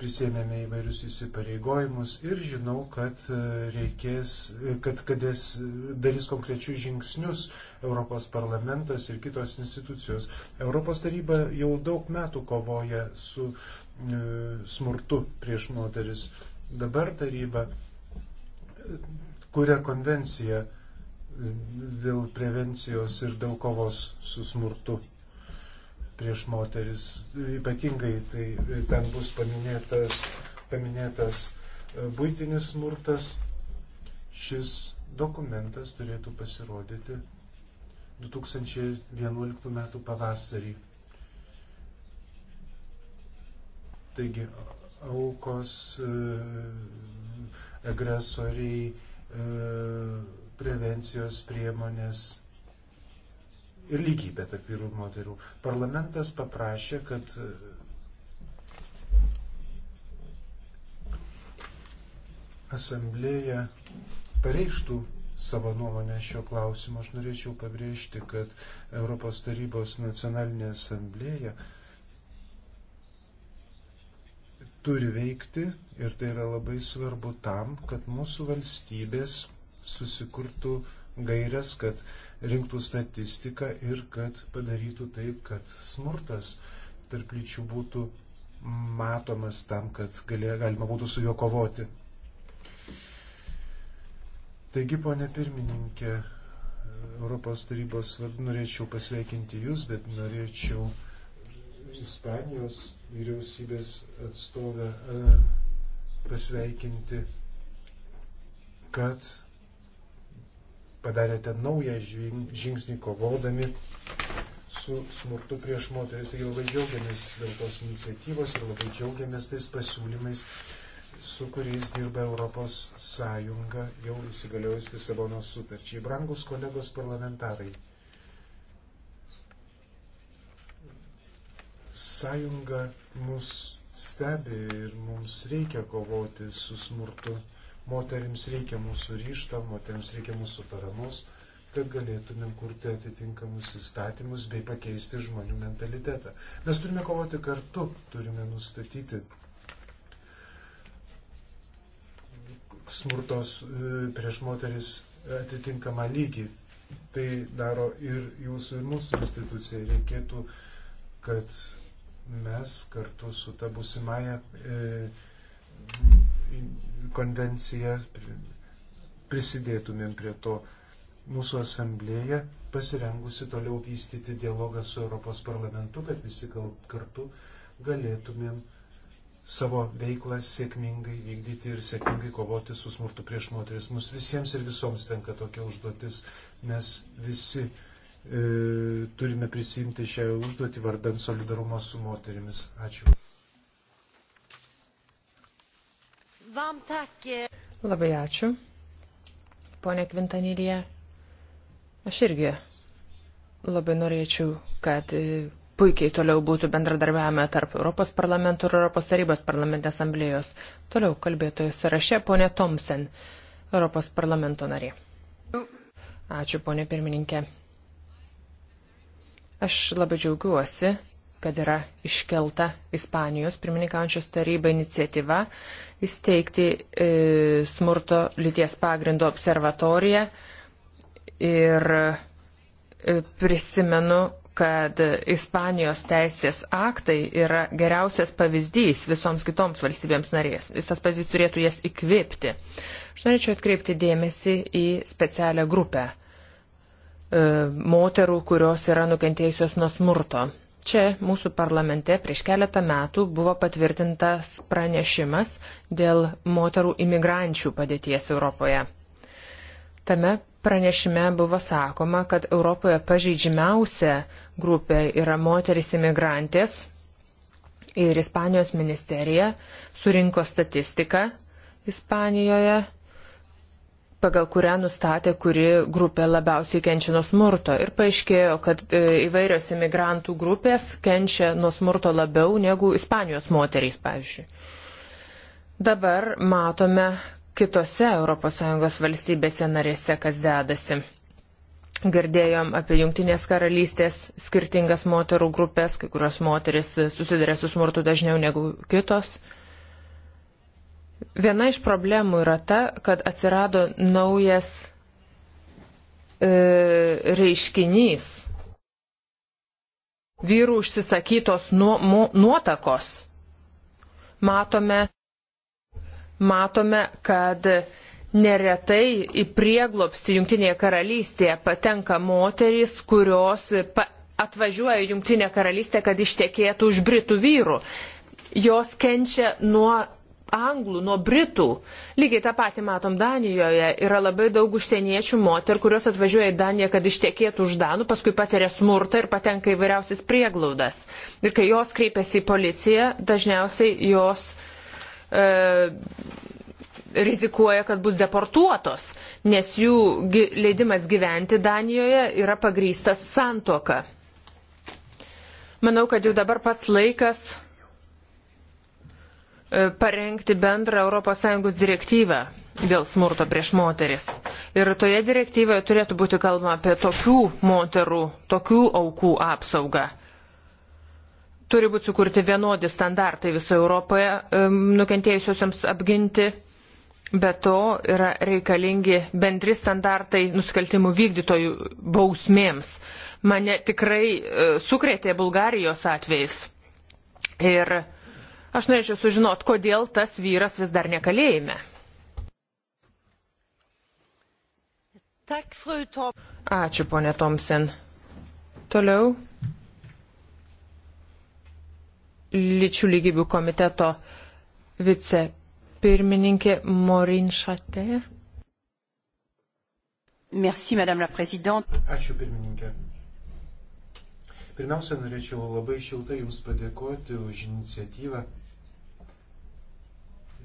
prisėmėme įvairius įsipareigojimus ir žinau, kad e, reikės, e, kad, kad es darys konkrečius žingsnius Europos parlamentas ir kitos institucijos. Europos taryba jau daug metų kovoja su e, smurtu prieš moteris. Dabar taryba e, kuria konvenciją dėl prevencijos ir dėl kovos su smurtu prieš moteris. Ypatingai tai ten bus paminėtas, paminėtas e, būtinis smurtas. Šis dokumentas turėtų pasirodyti 2011 m. pavasarį. Taigi aukos, e, agresoriai, e, prevencijos priemonės ir lygybę tarp vyrų ir moterų. Parlamentas paprašė, kad e, asamblėja pareikštų savo nuomonę šio klausimu. Aš norėčiau pabrėžti, kad Europos tarybos nacionalinė asamblėja turi veikti ir tai yra labai svarbu tam, kad mūsų valstybės susikurtų gairias, kad rinktų statistiką ir kad padarytų taip, kad smurtas tarp lyčių būtų matomas tam, kad galė, galima būtų su juo kovoti. Taigi, ponė pirmininkė, Europos tarybos vardu norėčiau pasveikinti Jūs, bet norėčiau Ispanijos vyriausybės atstovę e, pasveikinti, kad padarėte naują žingsnį kovodami su smurtu prieš moteris. Ir labai džiaugiamės dėl tos iniciatyvos ir labai džiaugiamės tais pasiūlymais, su kuriais dirba Europos Sąjunga jau įsigaliojus Lisabonos sutarčiai. Brangus kolegos parlamentarai. Sąjunga mus stebi ir mums reikia kovoti su smurtu Moterims reikia mūsų ryšto, moterims reikia mūsų paramos, kad galėtumėm kurti atitinkamus įstatymus bei pakeisti žmonių mentalitetą. Mes turime kovoti kartu, turime nustatyti smurtos e, prieš moteris atitinkamą lygį. Tai daro ir jūsų, ir mūsų institucija. Reikėtų, kad mes kartu su ta busimaja e, konvenciją, prisidėtumėm prie to. Mūsų asamblėje pasirengusi toliau vystyti dialogą su Europos parlamentu, kad visi kartu galėtumėm savo veiklą sėkmingai vykdyti ir sėkmingai kovoti su smurtu prieš moteris. Mums visiems ir visoms tenka tokia užduotis. Mes visi e, turime prisimti šią užduotį vardant solidarumo su moterimis. Ačiū. Eh. Labai ačiū. Pone Kvintanylyje, aš irgi labai norėčiau, kad e, puikiai toliau būtų bendradarbiavime tarp Europos parlamento ir Europos tarybos parlamente asamblėjos. Toliau kalbėtojų sąraše ponė Thompson, Europos parlamento narė. Ačiū, ponė pirmininkė. Aš labai džiaugiuosi kad yra iškelta Ispanijos pirmininkaujančios taryba iniciatyva įsteigti e, smurto lyties pagrindo observatoriją. Ir e, prisimenu, kad Ispanijos teisės aktai yra geriausias pavyzdys visoms kitoms valstybėms narės. Visas pavyzdys turėtų jas įkvėpti. Aš norėčiau atkreipti dėmesį į specialią grupę e, moterų, kurios yra nukentėjusios nuo smurto. Čia mūsų parlamente prieš keletą metų buvo patvirtintas pranešimas dėl moterų imigrančių padėties Europoje. Tame pranešime buvo sakoma, kad Europoje pažeidžiamiausia grupė yra moteris imigrantės ir Ispanijos ministerija surinko statistiką Ispanijoje pagal kurią nustatė, kuri grupė labiausiai kenčia nuo smurto. Ir paaiškėjo, kad e, įvairios imigrantų grupės kenčia nuo smurto labiau negu Ispanijos moterys, pavyzdžiui. Dabar matome kitose ES valstybėse narėse, kas dedasi. Girdėjom apie Junktinės karalystės skirtingas moterų grupės, kai kurios moteris susiduria su smurtu dažniau negu kitos. Uh, Viena iš problemų yra ta, kad atsirado naujas e, reiškinys. Vyrų užsisakytos nuo, mu, nuotakos. Matome, matome, kad neretai į prieglopstį Junktinėje karalystėje patenka moterys, kurios pa atvažiuoja į Junktinę karalystę, kad ištekėtų už Britų vyrų. Jos kenčia nuo anglų, nuo britų. Lygiai tą patį matom Danijoje. Yra labai daug užsieniečių moterų, kurios atvažiuoja į Daniją, kad ištekėtų už Danų, paskui patiria smurtą ir patenka į vairiausias prieglaudas. Ir kai jos kreipiasi į policiją, dažniausiai jos e, rizikuoja, kad bus deportuotos, nes jų leidimas gyventi Danijoje yra pagrystas santoka. Manau, kad jau dabar pats laikas E, parengti bendrą ES direktyvą dėl smurto prieš moteris. Ir toje direktyvoje turėtų būti kalbama apie tokių moterų, tokių aukų apsaugą. Turi būti sukurti vienodi standartai visoje Europoje e, nukentėjusiosiams apginti. Be to yra reikalingi bendri standartai nusikaltimų vykdytojų bausmėms. Mane tikrai e, sukrėtė Bulgarijos atvejais. Ir Aš norėčiau sužinot, kodėl tas vyras vis dar nekalėjime. Ačiū, ponė Tomsen. Toliau. Lyčių lygybių komiteto vicepirmininkė Morin Šate. Merci, Madame la Présidente. Ačiū, pirmininkė. Pirmiausia, norėčiau labai šiltai Jums padėkoti už iniciatyvą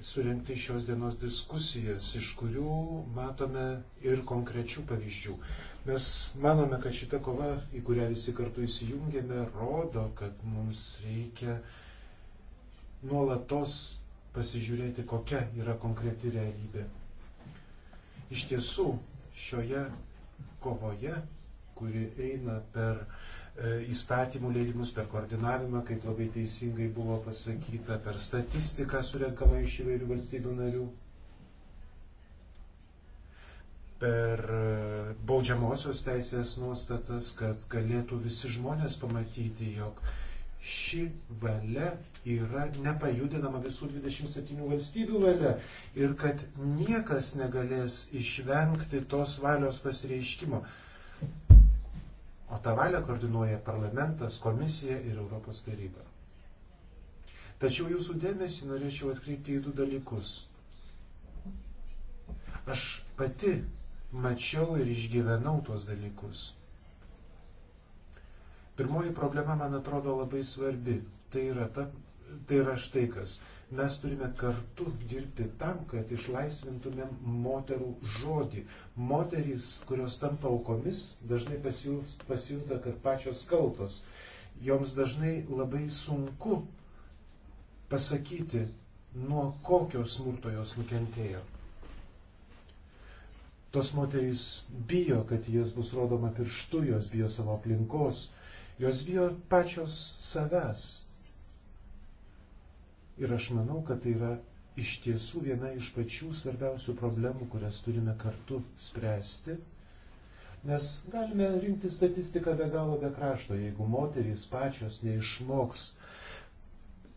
surenkti šios dienos diskusijas, iš kurių matome ir konkrečių pavyzdžių. Mes manome, kad šita kova, į kurią visi kartu įsijungėme, rodo, kad mums reikia nuolatos pasižiūrėti, kokia yra konkreti realybė. Iš tiesų, šioje kovoje, kuri eina per E, įstatymų leidimus, per koordinavimą, kaip labai teisingai buvo pasakyta, per statistiką surenkamą iš įvairių valstybių narių, per e, baudžiamosios teisės nuostatas, kad galėtų visi žmonės pamatyti, jog ši valia yra nepajudinama visų 27 valstybių valia ir kad niekas negalės išvengti tos valios pasireiškimo o tą valią koordinuoja parlamentas, komisija ir Europos taryba. Tačiau jūsų dėmesį norėčiau atkreipti į du dalykus. Aš pati mačiau ir išgyvenau tuos dalykus. Pirmoji problema man atrodo labai svarbi. Tai yra, ta, tai yra štai kas. Mes turime kartu dirbti tam, kad išlaisvintumėm moterų žodį. Moterys, kurios tampa aukomis, dažnai pasijunta, kad pačios kaltos. Joms dažnai labai sunku pasakyti, nuo kokio smurto jos nukentėjo. Tos moterys bijo, kad jas bus rodoma pirštu, jos bijo savo aplinkos, jos bijo pačios savęs. Ir aš manau, kad tai yra iš tiesų viena iš pačių svarbiausių problemų, kurias turime kartu spręsti. Nes galime rinkti statistiką be galo be krašto, jeigu moterys pačios neišmoks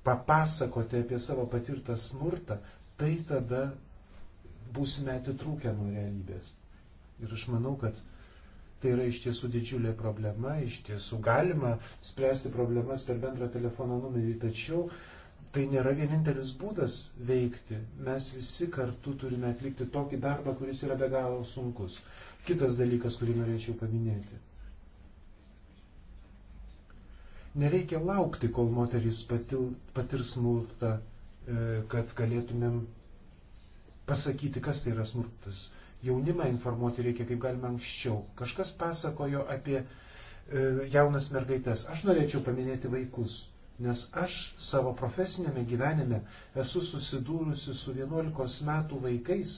papasakoti apie savo patirtą smurtą, tai tada būsime atitrūkę nuo realybės. Ir aš manau, kad tai yra iš tiesų didžiulė problema, iš tiesų galima spręsti problemas per bendrą telefono numerį, tačiau uh, tai nėra vienintelis būdas veikti. Mes visi kartu turime atlikti tokį darbą, kuris yra be galo sunkus. Kitas dalykas, kurį norėčiau paminėti. Nereikia laukti, kol moteris patirs smurtą, e, kad galėtumėm pasakyti, kas tai yra smurtas. Jaunimą informuoti reikia kaip galima anksčiau. Kažkas pasakojo apie e, jaunas mergaitės. Aš norėčiau paminėti vaikus nes aš savo profesinėme gyvenime esu susidūrusi su 11 metų vaikais,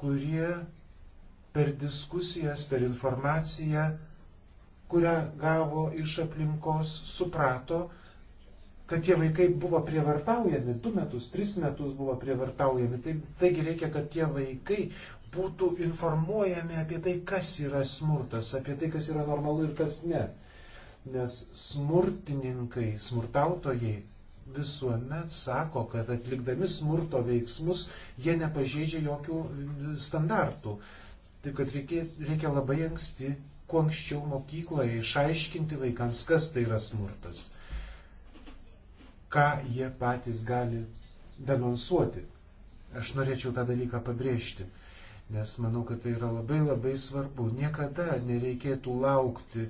kurie per diskusijas, per informaciją, kurią gavo iš aplinkos, suprato, kad tie vaikai buvo prievartaujami, du metus, tris metus buvo prievartaujami. Tai, taigi reikia, kad tie vaikai būtų informuojami apie tai, kas yra smurtas, apie tai, kas yra normalu ir kas ne nes smurtininkai, smurtautojai visuomet sako, kad atlikdami smurto veiksmus jie nepažeidžia jokių standartų. Taip kad reikia, reikia labai anksti, kuo anksčiau mokykloje išaiškinti vaikams, kas tai yra smurtas, ką jie patys gali denonsuoti. Aš norėčiau tą dalyką pabrėžti, nes manau, kad tai yra labai labai svarbu. Niekada nereikėtų laukti,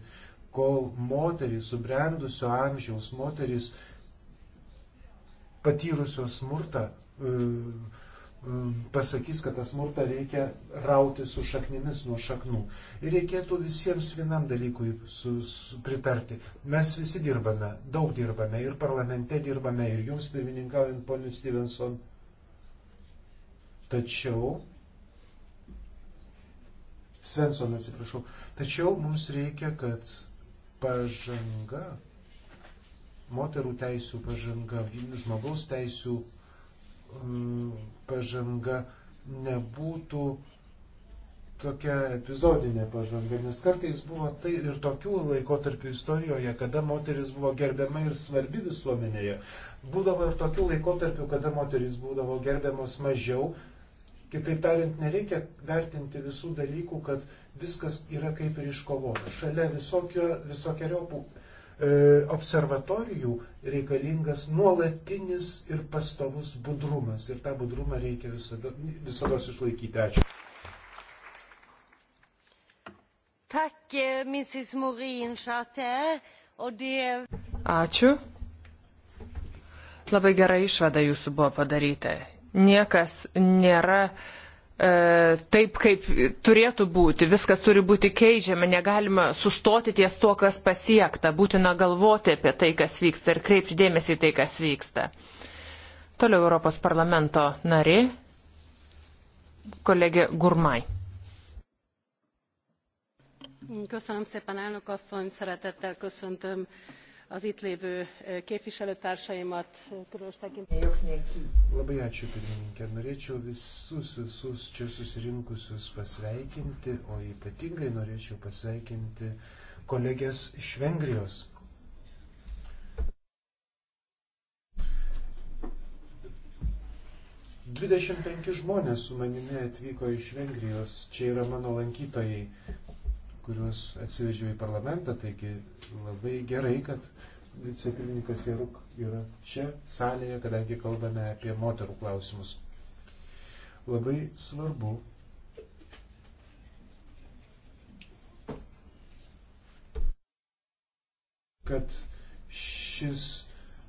kol moteris, subrendusio amžiaus moteris, patyrusios smurtą, e, e, pasakys, kad tą smurtą reikia rauti su šaknimis nuo šaknų. Ir reikėtų visiems vienam dalykui su, su, pritarti. Mes visi dirbame, daug dirbame, ir parlamente dirbame, ir jums pirmininkaujant, ponis Stevenson. Tačiau, Svensson atsiprašau, tačiau mums reikia, kad pažanga, moterų teisų pažanga, žmogaus teisų mm, pažanga nebūtų tokia epizodinė pažanga, nes kartais buvo tai ir tokių laikotarpių istorijoje, kada moteris buvo gerbiama ir svarbi visuomenėje. Būdavo ir tokių laikotarpių, kada moteris būdavo gerbiamos mažiau, Kitaip tariant, nereikia vertinti visų dalykų, kad viskas yra kaip ir iškovota. Šalia visokio, visokiojopų e, observatorijų reikalingas nuolatinis ir pastovus budrumas. Ir tą budrumą reikia visada, visada išlaikyti. Ačiū. Tack, eh, Mrs. Morin Charter. Ačiū. Labai gera išvada jūsų buvo padaryta. Niekas nėra e, taip, kaip turėtų būti. Viskas turi būti keičiama, negalima sustoti ties to, kas pasiekta. Būtina galvoti apie tai, kas vyksta ir kreipti dėmesį į tai, kas vyksta. Toliau Europos parlamento nari, kolegė Gurmai. Köszönöm szépen, elnök asszony, szeretettel köszöntöm az itt lévő képviselőtársaimat különös tekintetben. Labai ačiū, pirmininkė. Norėčiau visus, visus čia susirinkusius pasveikinti, o ypatingai norėčiau pasveikinti kolegės iš Vengrijos. Dvidešimt penki žmonės su manimi atvyko iš Vengrijos, čia yra mano lankytojai kuriuos atsivežiau į parlamentą, taigi labai gerai, kad vicepirmininkas Jeruk yra čia salėje, kadangi kalbame apie moterų klausimus. Labai svarbu. kad šis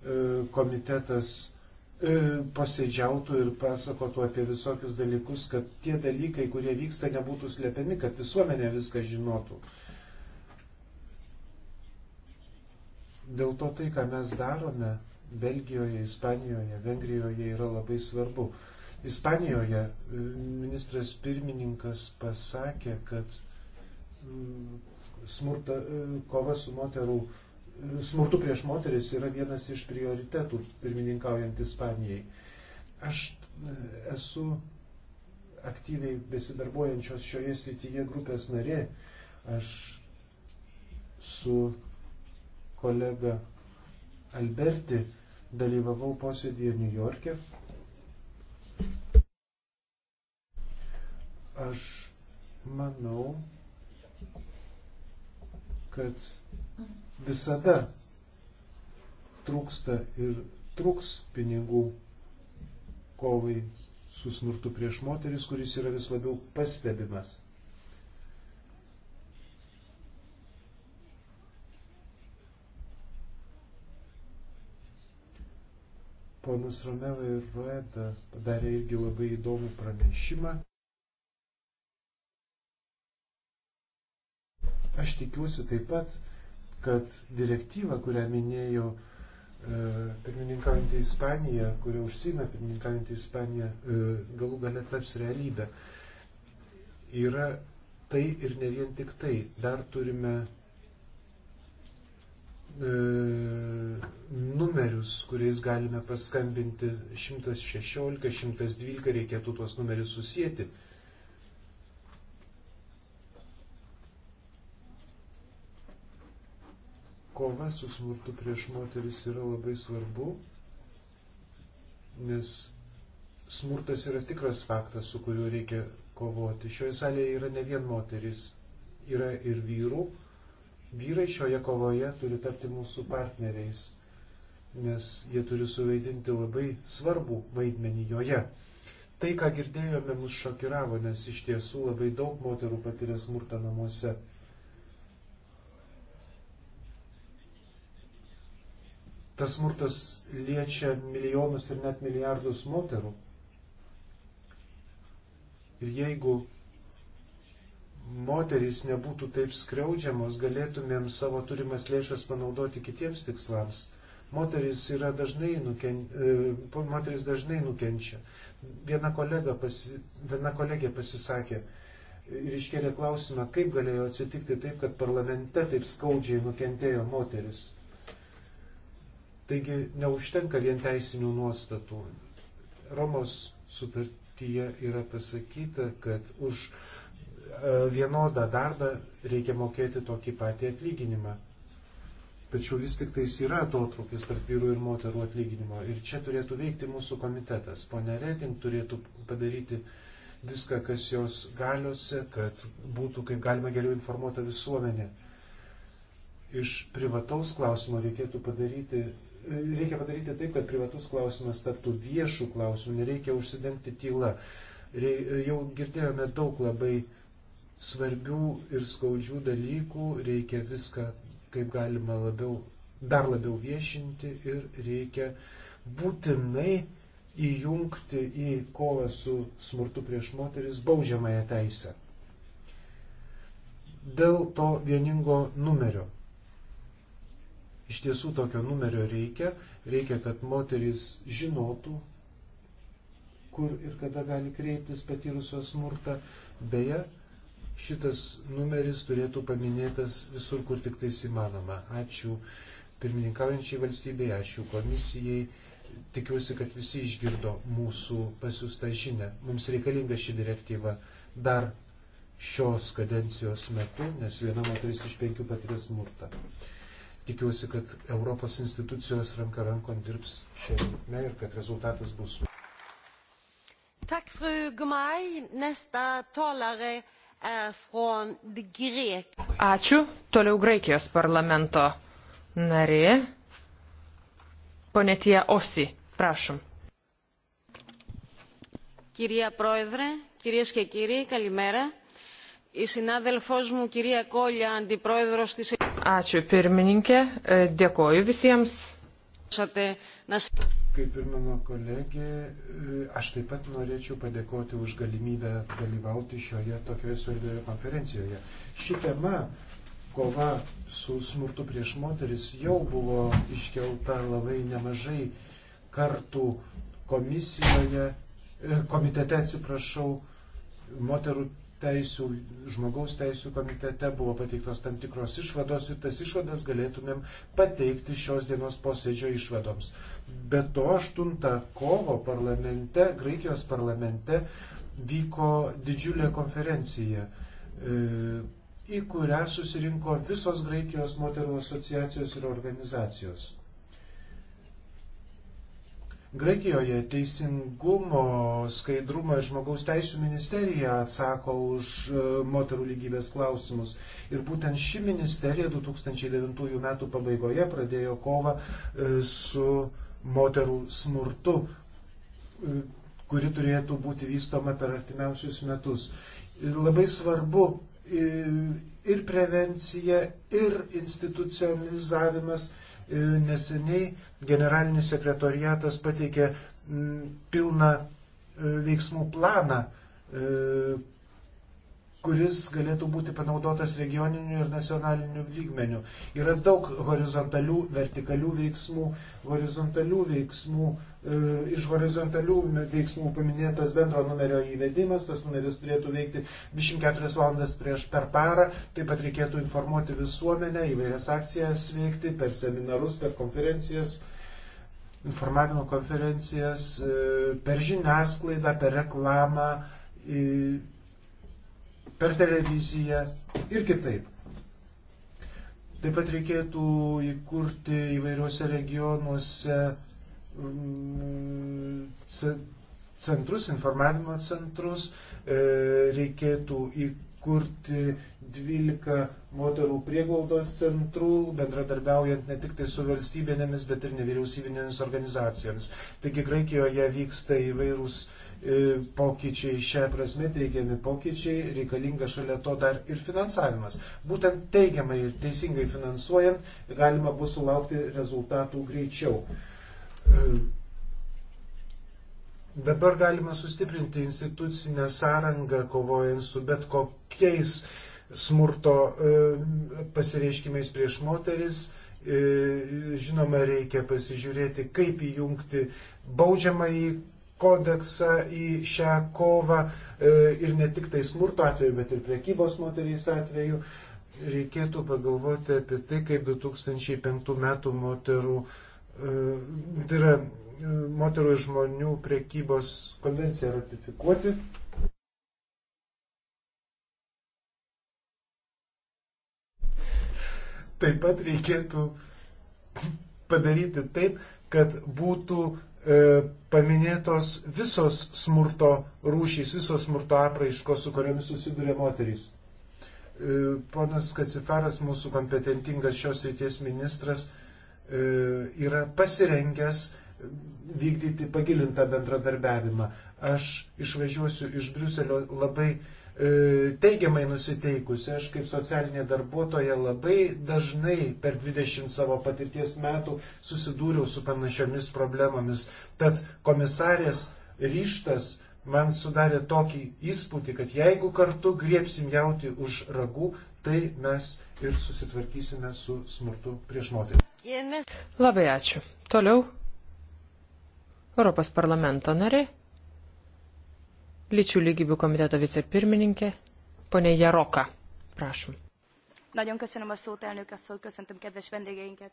e, komitetas E, posėdžiautų ir pasakotų apie visokius dalykus, kad tie dalykai, kurie vyksta, nebūtų slepiami, kad visuomenė viską žinotų. Dėl to tai, ką mes darome Belgijoje, Ispanijoje, Vengrijoje yra labai svarbu. Ispanijoje e, ministras pirmininkas pasakė, kad mm, smurta, e, kova su moterų smurtu prieš moteris yra vienas iš prioritetų pirmininkaujant Ispanijai. Aš e, esu aktyviai besidarbuojančios šioje srityje grupės narė. Aš su kolega Alberti dalyvavau posėdėje New York'e. Aš manau, kad visada trūksta ir trūks pinigų kovai su smurtu prieš moteris, kuris yra vis labiau pastebimas. Ponas Romeva ir Rueda padarė irgi labai įdomų pranešimą. Aš tikiuosi taip pat, kad direktyva, kurią minėjau, e, pirmininkaujantį Ispaniją, kurio užsima pirmininkaujantį Ispaniją, e, galų gale taps realybė. Yra tai ir ne vien tik tai. Dar turime e, numerius, kuriais galime paskambinti 116, 112, reikėtų tuos numerius susijęti. kova su smurtu prieš moteris yra labai svarbu, nes smurtas yra tikras faktas, su kuriuo reikia kovoti. Šioje salėje yra ne vien moteris, yra ir vyrų. Vyrai šioje kovoje turi tapti mūsų partneriais, nes jie turi suvaidinti labai svarbų vaidmenį joje. Tai, ką girdėjome, mus šokiravo, nes iš tiesų labai daug moterų patiria smurtą namuose. Tas smurtas liečia milijonus ir net milijardus moterų. Ir jeigu moterys nebūtų taip skriaudžiamos, galėtumėm savo turimas lėšas panaudoti kitiems tikslams. Moteris, dažnai nuken... E, moteris dažnai nukenčia. Viena, pasi... Viena kolegė pasisakė ir iškėlė klausimą, kaip galėjo atsitikti taip, kad parlamente taip skaudžiai nukentėjo moteris. Taigi neužtenka vien teisinių nuostatų. Romos sutartyje yra pasakyta, kad už e, vienodą darbą reikia mokėti tokį patį atlyginimą. Tačiau vis tik tais yra atotrukis tarp vyrų ir moterų atlyginimo. Ir čia turėtų veikti mūsų komitetas. Pone Reting turėtų padaryti viską, kas jos galiuose, kad būtų kaip galima geriau informuota visuomenė. Iš privataus klausimo reikėtų padaryti reikia padaryti taip, kad privatus klausimas taptų viešų klausimų, nereikia užsidengti tyla. Jau girdėjome daug labai svarbių ir skaudžių dalykų, reikia viską kaip galima labiau, dar labiau viešinti ir reikia būtinai įjungti į kovą su smurtu prieš moteris baudžiamąją teisę. Dėl to vieningo numerio Iš tiesų tokio numerio reikia, reikia, kad moteris žinotų, kur ir kada gali kreiptis patyrusios smurtą. Beje, šitas numeris turėtų paminėtas visur, kur tik tais įmanoma. Ačiū pirmininkaujančiai valstybei, ačiū komisijai. Tikiuosi, kad visi išgirdo mūsų pasiūstą žinę. Mums reikalinga ši direktyva dar šios kadencijos metu, nes viena moteris iš penkių patiria smurtą tikiuosi, kad Europos institucijos ranka rankon dirbs šią linkmę ir kad rezultatas bus. Tack fru Gumay. Nästa talare är er från det grek. Ačiū. Toliau Graikijos parlamento narė. Pone Tie Osi, prašom. Κυρία Πρόεδρε, κυρίες και κύριοι, καλημέρα η συνάδελφός μου κυρία Κόλια, αντιπρόεδρος της... Ačiū pirmininkė, e, dėkoju visiems. Kaip ir mano kolegė, e, aš taip pat norėčiau padėkoti už galimybę dalyvauti šioje tokioje svarbioje konferencijoje. Ši tema, kova su smurtu prieš moteris, jau buvo iškelta labai nemažai kartų komisijoje, e, komitete atsiprašau, moterų teisų, žmogaus teisų komitete buvo pateiktos tam tikros išvados ir tas išvadas galėtumėm pateikti šios dienos posėdžio išvadoms. Be to 8 kovo parlamente, Graikijos parlamente vyko didžiulė konferencija, e, į kurią susirinko visos Graikijos moterų asociacijos ir organizacijos. Graikijoje teisingumo, skaidrumo ir žmogaus teisų ministerija atsako už e, moterų lygybės klausimus. Ir būtent ši ministerija 2009 metų pabaigoje pradėjo kovą e, su moterų smurtu, e, kuri turėtų būti vystoma per artimiausius metus. Ir labai svarbu ir prevencija, ir institucionalizavimas Neseniai generalinis sekretoriatas pateikė mm, pilną e, veiksmų planą, e, kuris galėtų būti panaudotas regioniniu ir nacionaliniu lygmeniu. Yra daug horizontalių, vertikalių veiksmų, horizontalių veiksmų E, iš horizontalių veiksmų paminėtas bendro numerio įvedimas, tas numeris turėtų veikti 24 valandas prieš per parą, taip pat reikėtų informuoti visuomenę, įvairias akcijas veikti per seminarus, per konferencijas, informavimo konferencijas, e, per žiniasklaidą, per reklamą, per televiziją ir kitaip. Taip pat reikėtų įkurti įvairiuose regionuose centrus, informavimo centrus, e, reikėtų įkurti 12 moterų prieglaudos centrų, bendradarbiaujant ne tik tai su valstybinėmis, bet ir nevyriausybinėmis organizacijomis. Taigi Graikijoje vyksta įvairūs e, pokyčiai šią prasme, teigiami pokyčiai, reikalinga šalia to dar ir finansavimas. Būtent teigiamai ir teisingai finansuojant galima bus sulaukti rezultatų greičiau. Ehm, dabar galima sustiprinti institucinę sąrangą, kovojant su bet kokiais smurto ehm, pasireiškimais prieš moteris. E, žinoma, reikia pasižiūrėti, kaip įjungti baudžiamąjį kodeksą į šią kovą e, ir ne tik tai smurto atveju, bet ir priekybos moteriais atveju. Reikėtų pagalvoti apie tai, kaip 2005 metų moterų E, tai yra e, moterų ir žmonių priekybos konvenciją ratifikuoti. Taip pat reikėtų padaryti taip, kad būtų e, paminėtos visos smurto rūšys, visos smurto apraiškos, su kuriamis susiduria moterys. E, ponas Kacifaras, mūsų kompetentingas šios ryties ministras, e, E, yra pasirengęs vykdyti pagilintą bendradarbiavimą. Aš išvažiuosiu iš Briuselio labai e, teigiamai nusiteikusi. Aš kaip socialinė darbuotoja labai dažnai per 20 savo patirties metų susidūriau su panašiomis problemomis. Tad komisarės ryštas man sudarė tokį įspūdį, kad jeigu kartu griepsim jauti už ragų, tai mes ir susitvarkysime su smurtu prieš moterį. Labai ačiū. Toliau. Europos parlamento nari. Lyčių lygybių komiteto vicepirmininkė. Pone Jaroka. Prašom. Nagyon köszönöm a szót, elnök asszony, köszöntöm kedves vendégeinket.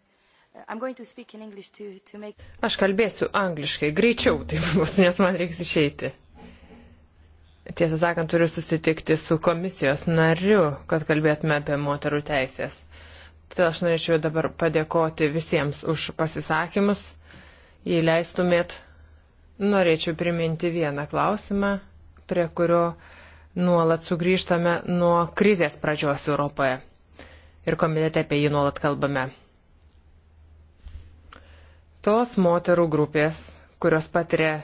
I'm going to speak in English to, to make... Aš kalbėsiu angliškai, greičiau tai bus, nes man reiks išeiti. Tiesą sakant, turiu susitikti su komisijos nariu, kad kalbėtume apie moterų teisės. Tai aš norėčiau dabar padėkoti visiems už pasisakymus. Jei leistumėt, norėčiau priminti vieną klausimą, prie kurio nuolat sugrįžtame nuo krizės pradžios Europoje. Ir komitete apie jį nuolat kalbame. Tos moterų grupės, kurios patiria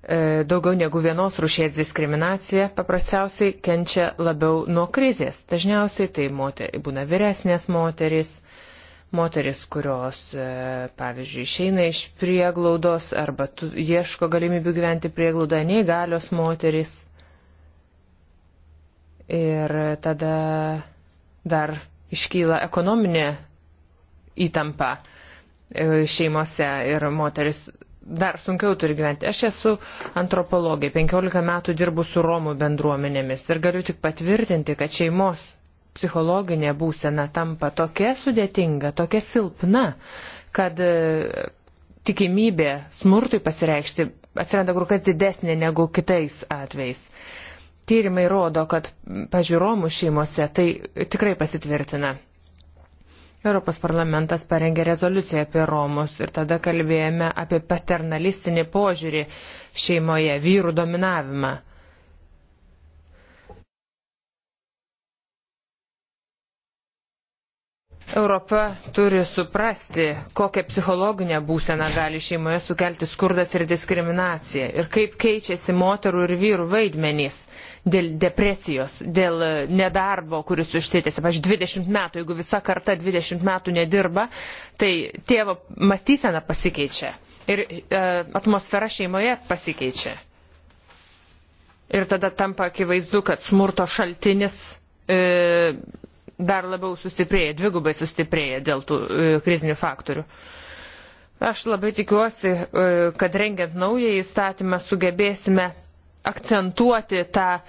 E, daugiau negu vienos rušies diskriminacija paprasčiausiai kenčia labiau nuo krizės. Dažniausiai tai moter, būna vyresnės moteris, moteris, kurios, e, pavyzdžiui, išeina iš prieglaudos arba tu, ieško galimybių gyventi prieglaudoje, neįgalios moteris. Ir tada dar iškyla ekonominė įtampa e, šeimose ir moteris dar sunkiau turi gyventi. Aš esu antropologė, 15 metų dirbu su Romų bendruomenėmis ir galiu tik patvirtinti, kad šeimos psichologinė būsena tampa tokia sudėtinga, tokia silpna, kad e, tikimybė smurtui pasireikšti atsiranda kur kas didesnė negu kitais atvejais. Tyrimai rodo, kad pažiūromų šeimose tai tikrai pasitvirtina. Europos parlamentas parengė rezoliuciją apie Romus ir tada kalbėjome apie paternalistinį požiūrį šeimoje, vyrų dominavimą. Europa turi suprasti, kokią psichologinę būseną gali šeimoje sukelti skurdas ir diskriminacija ir kaip keičiasi moterų ir vyrų vaidmenys dėl depresijos, dėl nedarbo, kuris užsitėsi. Pavyzdžiui, 20 metų, jeigu visa karta 20 metų nedirba, tai tėvo mąstysena pasikeičia ir e, atmosfera šeimoje pasikeičia. Ir tada tampa akivaizdu, kad smurto šaltinis e, dar labiau sustiprėja, dvigubai sustiprėja dėl tų e, krizinių faktorių. Aš labai tikiuosi, e, kad rengiant naują įstatymą sugebėsime akcentuoti tą e,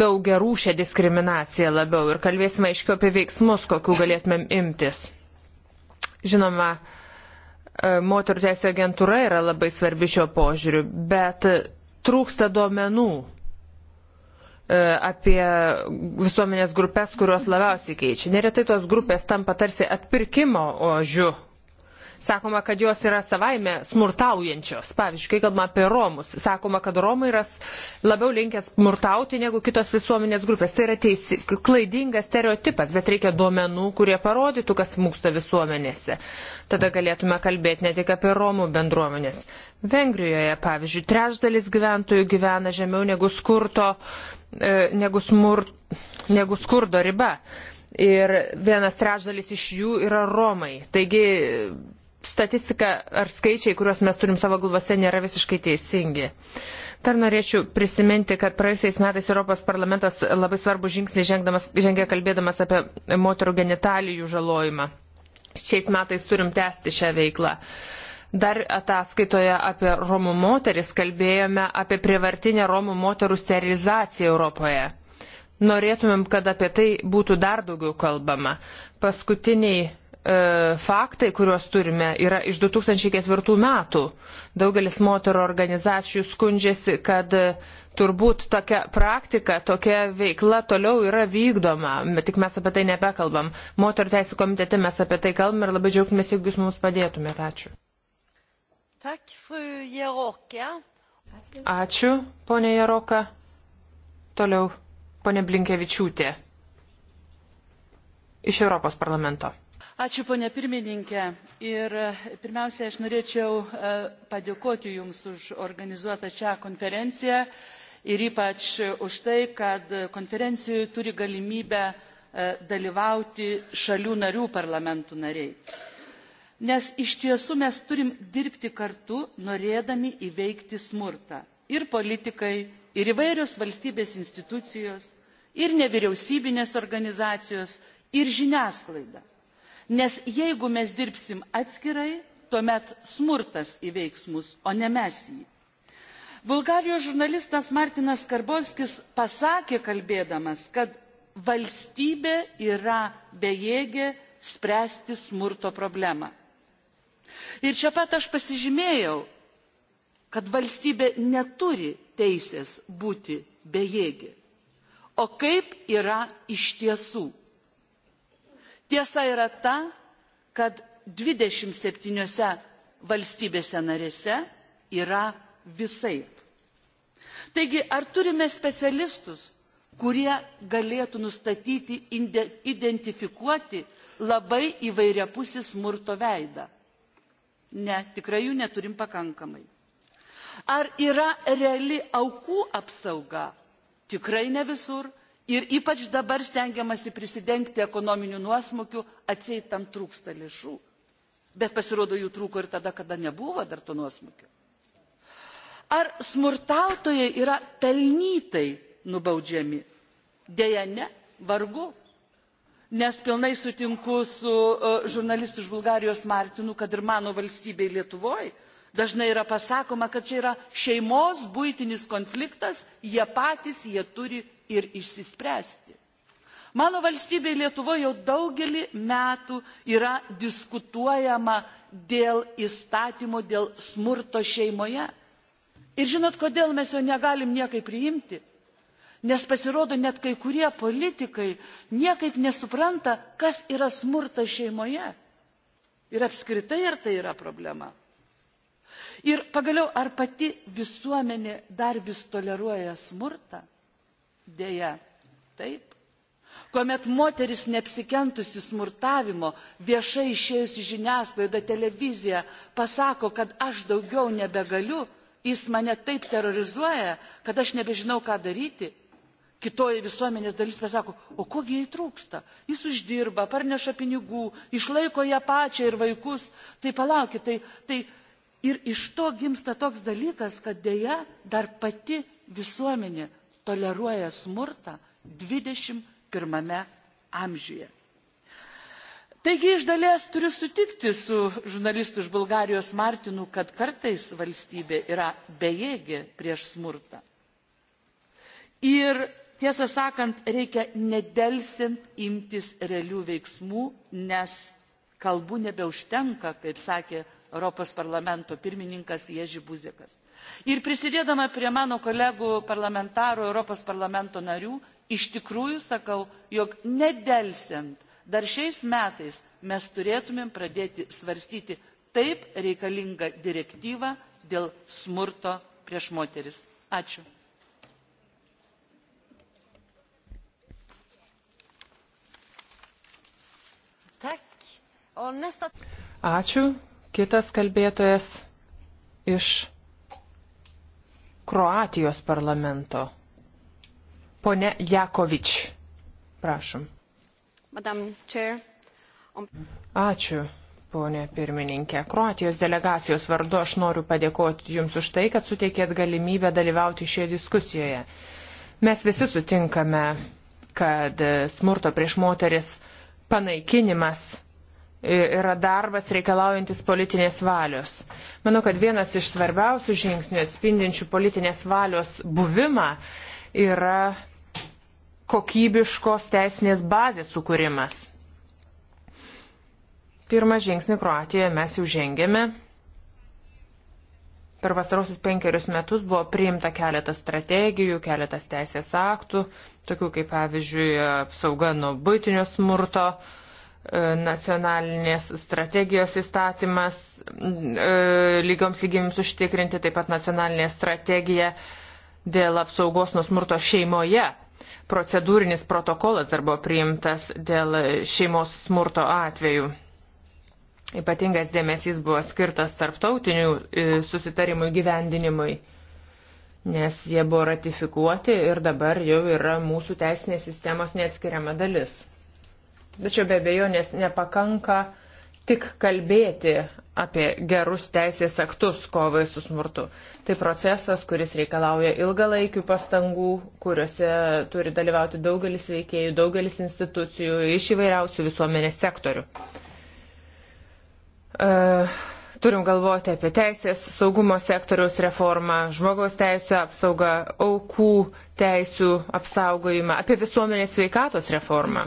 daugia rūšę diskriminaciją labiau ir kalbėsime aiškiau apie veiksmus, kokiu galėtumėm imtis. Žinoma, moterų teisų agentūra yra labai svarbi šio požiūriu, bet trūksta duomenų E, apie visuomenės grupės, kurios labiausiai keičia. Neretai tos grupės tampa tarsi atpirkimo ožiu. Sakoma, kad jos yra savaime smurtaujančios. Pavyzdžiui, kai kalbame apie Romus, sakoma, kad Romai yra labiau linkęs smurtauti negu kitos visuomenės grupės. Tai yra teisi, klaidingas stereotipas, bet reikia duomenų, kurie parodytų, kas mūksta visuomenėse. Tada galėtume kalbėti ne tik apie Romų bendruomenės. Vengrijoje, pavyzdžiui, trečdalis gyventojų gyvena žemiau negu skurto E, negu, smur, negu skurdo riba. Ir vienas trečdalis iš jų yra Romai. Taigi statistika ar skaičiai, kuriuos mes turim savo galvose, nėra visiškai teisingi. Dar norėčiau prisiminti, kad praėjusiais metais Europos parlamentas labai svarbu žingsnį žengė kalbėdamas apie moterų genitalijų žalojimą. Šiais metais turim tęsti šią veiklą. Uh, Dar ataskaitoje apie Romų moteris kalbėjome apie privartinę Romų moterų sterilizaciją Europoje. Norėtumėm, kad apie tai būtų dar daugiau kalbama. Paskutiniai e, faktai, kuriuos turime, yra iš 2004 metų. Daugelis moterų organizacijų skundžiasi, kad e, turbūt tokia praktika, tokia veikla toliau yra vykdoma, bet tik mes apie tai nebekalbam. Moterų teisų komitete mes apie tai kalbam ir labai džiaugtumės, jeigu jūs mums padėtumėte. Ačiū. Ačiū, ponė Jaroka. Toliau, ponė Blinkevičiūtė iš Europos parlamento. Ačiū, ponė pirmininkė. Ir e, pirmiausia, aš norėčiau e, padėkoti Jums už organizuotą šią konferenciją ir ypač už tai, kad konferencijoje turi galimybę e, dalyvauti šalių narių parlamentų nariai nes iš tiesų mes turim dirbti kartu, norėdami įveikti smurtą. Ir politikai, ir įvairios valstybės institucijos, ir nevyriausybinės organizacijos, ir žiniasklaida. Nes jeigu mes dirbsim atskirai, tuomet smurtas įveiks mus, o ne mes jį. Bulgarijos žurnalistas Martinas Karbovskis pasakė kalbėdamas, kad valstybė yra bejėgė spręsti smurto problemą. Ir čia pat aš pasižymėjau, kad valstybė neturi teisės būti bejėgi. O kaip yra iš tiesų? Tiesa yra ta, kad 27 valstybėse narėse yra visai. Taigi, ar turime specialistus, kurie galėtų nustatyti, identifikuoti labai įvairiapusį smurto veidą? Ne, tikrai jų neturim pakankamai. Ar yra reali aukų apsauga? Tikrai ne visur. Ir ypač dabar stengiamasi prisidengti ekonominių nuosmukių, atsieit tam trūksta lėšų. Bet pasirodo, jų trūko ir tada, kada nebuvo dar to nuosmukio. Ar smurtautojai yra pelnytai nubaudžiami? Deja ne, vargu nes pilnai sutinku su e, žurnalistu iš Bulgarijos Martinu, kad ir mano valstybei Lietuvoje dažnai yra pasakoma, kad čia yra šeimos būtinis konfliktas, jie patys jie turi ir išsispręsti. Mano valstybė Lietuvoje jau daugelį metų yra diskutuojama dėl įstatymo, dėl smurto šeimoje. Ir žinot, kodėl mes jo negalim niekaip priimti? nes pasirodo net kai kurie politikai niekaip nesupranta, kas yra smurtas šeimoje. Ir apskritai ir tai yra problema. Ir pagaliau, ar pati visuomenė dar vis toleruoja smurtą? Deja, taip. Kuomet moteris neapsikentusi smurtavimo, viešai išėjusi žiniasklaida, televizija, pasako, kad aš daugiau nebegaliu, jis mane taip terrorizuoja, kad aš nebežinau, ką daryti, kitoji visuomenės dalis pasako, o kogi jai trūksta, jis uždirba, parneša pinigų, išlaiko ją pačią ir vaikus, tai palaukit, tai, tai ir iš to gimsta toks dalykas, kad dėja dar pati visuomenė toleruoja smurtą 21 amžiuje. Taigi iš dalies turiu sutikti su žurnalistu iš Bulgarijos Martinu, kad kartais valstybė yra bejėgė prieš smurtą. Ir tiesą sakant reikia nedelsiant imtis realių veiksmų nes kalbų nebeužtenka kaip sakė europos parlamento pirmininkas jerzy buzekas. ir prisidėdama prie mano kolegų parlamentarų europos parlamento narių iš tikrųjų sakau jog nedelsiant dar šiais metais mes turėtumėm pradėti svarstyti taip reikalingą direktyvą dėl smurto prieš moteris. ačiū. Ačiū. Kitas kalbėtojas iš Kroatijos parlamento. Pone Jakovič. Prašom. Ačiū. Pone pirmininkė, Kroatijos delegacijos vardu aš noriu padėkoti Jums už tai, kad suteikėt galimybę dalyvauti šioje diskusijoje. Mes visi sutinkame, kad smurto prieš moteris panaikinimas yra darbas reikalaujantis politinės valios. Manau, kad vienas iš svarbiausių žingsnių atspindinčių politinės valios buvimą yra kokybiškos teisinės bazės sukūrimas. Pirmą žingsnį Kroatijoje mes jau žengėme. Per vasarosius penkerius metus buvo priimta keletas strategijų, keletas teisės aktų, tokių kaip pavyzdžiui apsauga nuo būtinio smurto, uh, nacionalinės strategijos įstatymas e, lygioms lygims užtikrinti, taip pat nacionalinė strategija dėl apsaugos nuo smurto šeimoje. Procedūrinis protokolas dar buvo priimtas dėl šeimos smurto atveju. Ypatingas dėmesys buvo skirtas tarptautinių e, susitarimų gyvendinimui, nes jie buvo ratifikuoti ir dabar jau yra mūsų teisinės sistemos neatskiriama dalis. Tačiau be abejonės nepakanka tik kalbėti apie gerus teisės aktus kovai su smurtu. Tai procesas, kuris reikalauja ilgalaikių pastangų, kuriuose turi dalyvauti daugelis veikėjų, daugelis institucijų iš įvairiausių visuomenės sektorių. E, turim galvoti apie teisės, saugumo sektoriaus reformą, žmogaus teisų apsaugą, aukų teisų apsaugojimą, apie visuomenės sveikatos reformą.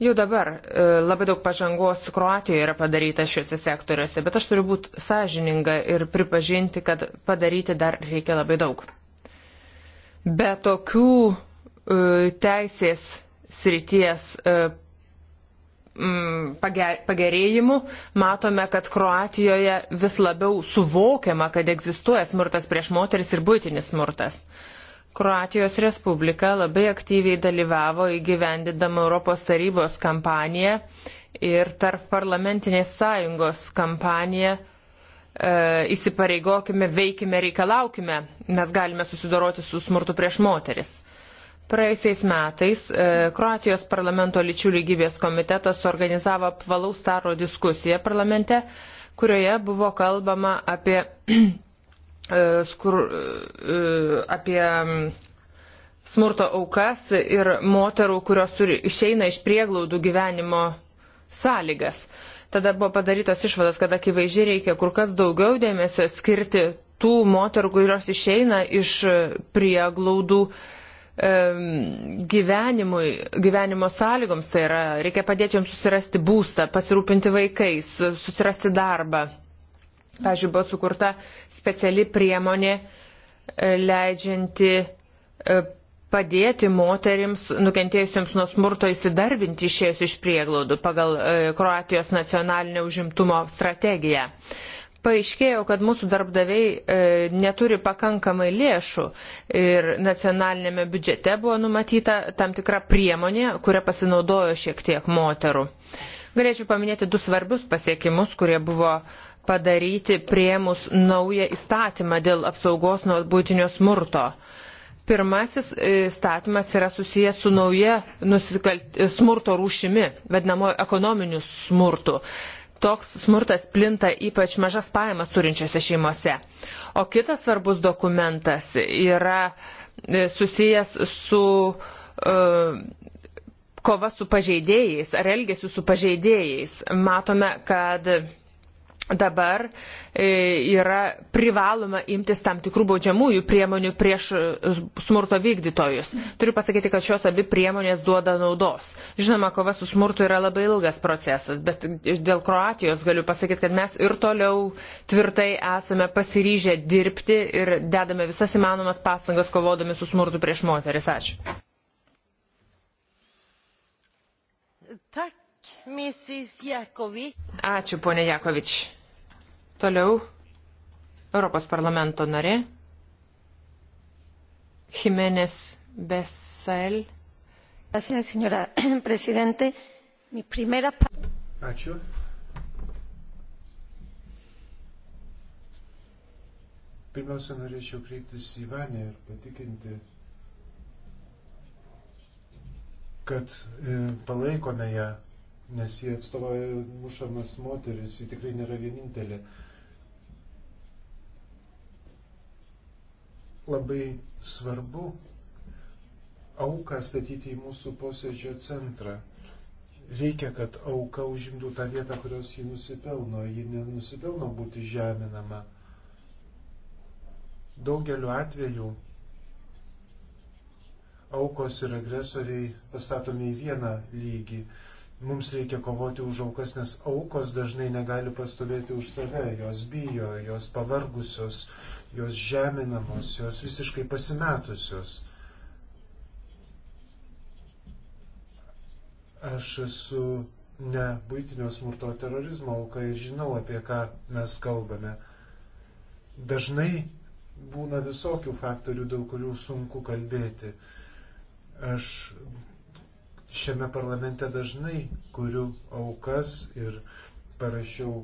Jau dabar e, labai daug pažangos Kroatijoje yra padaryta šiuose sektoriuose, bet aš turiu būti sąžininga ir pripažinti, kad padaryti dar reikia labai daug. Be tokių e, teisės srities e, pagerėjimų matome, kad Kroatijoje vis labiau suvokiama, kad egzistuoja smurtas prieš moteris ir būtinis smurtas. Uh, Kroatijos Respublika labai aktyviai dalyvavo įgyvendindama Europos tarybos kampaniją ir tarp parlamentinės sąjungos kampaniją e, įsipareigokime, veikime, reikalaukime, mes galime susidoroti su smurtu prieš moteris. Praėjusiais metais e, Kroatijos parlamento lyčių lygybės komitetas organizavo apvalaus taro diskusiją parlamente, kurioje buvo kalbama apie E, skur, e, apie smurto aukas ir moterų, kurios turi, išeina iš prieglaudų gyvenimo sąlygas. Tada buvo padarytos išvados, kad akivaizdžiai reikia kur kas daugiau dėmesio skirti tų moterų, kurios išeina iš prieglaudų e, gyvenimui, gyvenimo sąlygoms. Tai yra, reikia padėti joms susirasti būstą, pasirūpinti vaikais, susirasti darbą. Pavyzdžiui, buvo sukurta speciali priemonė e, leidžianti e, padėti moterims nukentėjusiems nuo smurto įsidarbinti išėjus iš prieglaudų pagal e, Kroatijos nacionalinę užimtumo strategiją. Paaiškėjo, kad mūsų darbdaviai neturi pakankamai lėšų ir nacionalinėme biudžete buvo numatyta tam tikra priemonė, kurią pasinaudojo šiek tiek moterų. Galėčiau paminėti du svarbius pasiekimus, kurie buvo uh, padaryti priemus naują įstatymą dėl apsaugos nuo būtinio smurto. Pirmasis įstatymas yra susijęs su nauja nusikalt... smurto rūšimi, vadinamoju ekonominiu smurtu. Toks smurtas plinta ypač mažas pajamas turinčiose šeimose. O kitas svarbus dokumentas yra e, susijęs su uh, kova su pažeidėjais ar elgesiu su pažeidėjais. Matome, kad uh, dabar e, yra privaloma imtis tam tikrų baudžiamųjų priemonių prieš e, smurto vykdytojus. Turiu pasakyti, kad šios abi priemonės duoda naudos. Žinoma, kova su smurtu yra labai ilgas procesas, bet dėl Kroatijos galiu pasakyti, kad mes ir toliau tvirtai esame pasiryžę dirbti ir dedame visas įmanomas pastangas kovodami su smurtu prieš moteris. Ačiū. Tak, Ačiū, ponė Jakovič. Toliau Europos parlamento narė Jiménez Besel. Ačiū. Pirmiausia, norėčiau kreiptis į Vanę ir patikinti, kad e, palaikome ją, nes jie atstovauja mušamas moteris, ji tikrai nėra vienintelė. labai svarbu auką statyti į mūsų posėdžio centrą. Reikia, kad auka užimtų tą vietą, kurios ji nusipelno. Ji nenusipelno būti žeminama. Daugeliu atveju aukos ir agresoriai pastatomi į vieną lygį. Mums reikia kovoti už aukas, nes aukos dažnai negali pastovėti už save, jos bijo, jos pavargusios, jos žeminamos, jos visiškai pasimetusios. Aš esu ne būtinio smurto terorizmo auka ir žinau, apie ką mes kalbame. Dažnai būna visokių faktorių, dėl kurių sunku kalbėti. Aš šiame parlamente dažnai kuriu aukas ir parašiau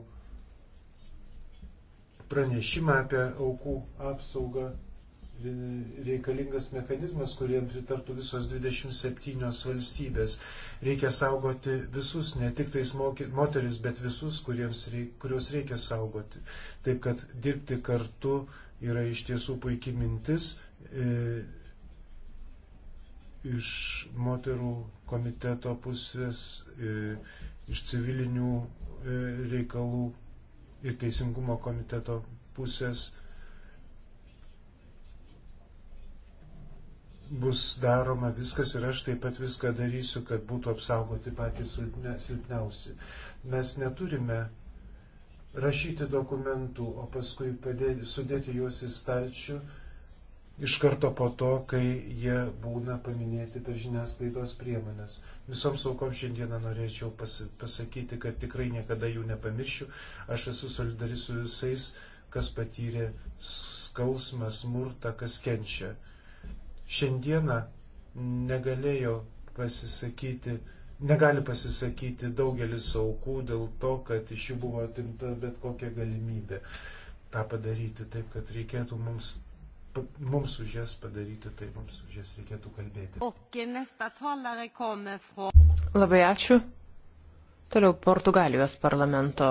pranešimą apie aukų apsaugą reikalingas mechanizmas, kuriem pritartų visos 27 valstybės. Reikia saugoti visus, ne tik tais moteris, bet visus, reik, kuriuos reikia saugoti. Taip kad dirbti kartu yra iš tiesų puikiai mintis. E, iš moterų komiteto pusės, e, iš civilinių e, reikalų ir teisingumo komiteto pusės bus daroma viskas ir aš taip pat viską darysiu, kad būtų apsaugoti patys silpniausi. Mes neturime rašyti dokumentų, o paskui padėti, sudėti juos į stalčių iš karto po to, kai jie būna paminėti per žiniasklaidos priemonės. Visoms aukoms šiandieną norėčiau pasi pasakyti, kad tikrai niekada jų nepamiršiu. Aš esu solidari su visais, kas patyrė skausmą, smurtą, kas kenčia. Šiandieną negalėjo pasisakyti negali pasisakyti daugelis aukų dėl to, kad iš jų buvo atimta bet kokia galimybė tą padaryti. Taip, kad reikėtų mums mums už jas padaryti, tai mums už jas reikėtų kalbėti. Labai ačiū. Toliau Portugalijos parlamento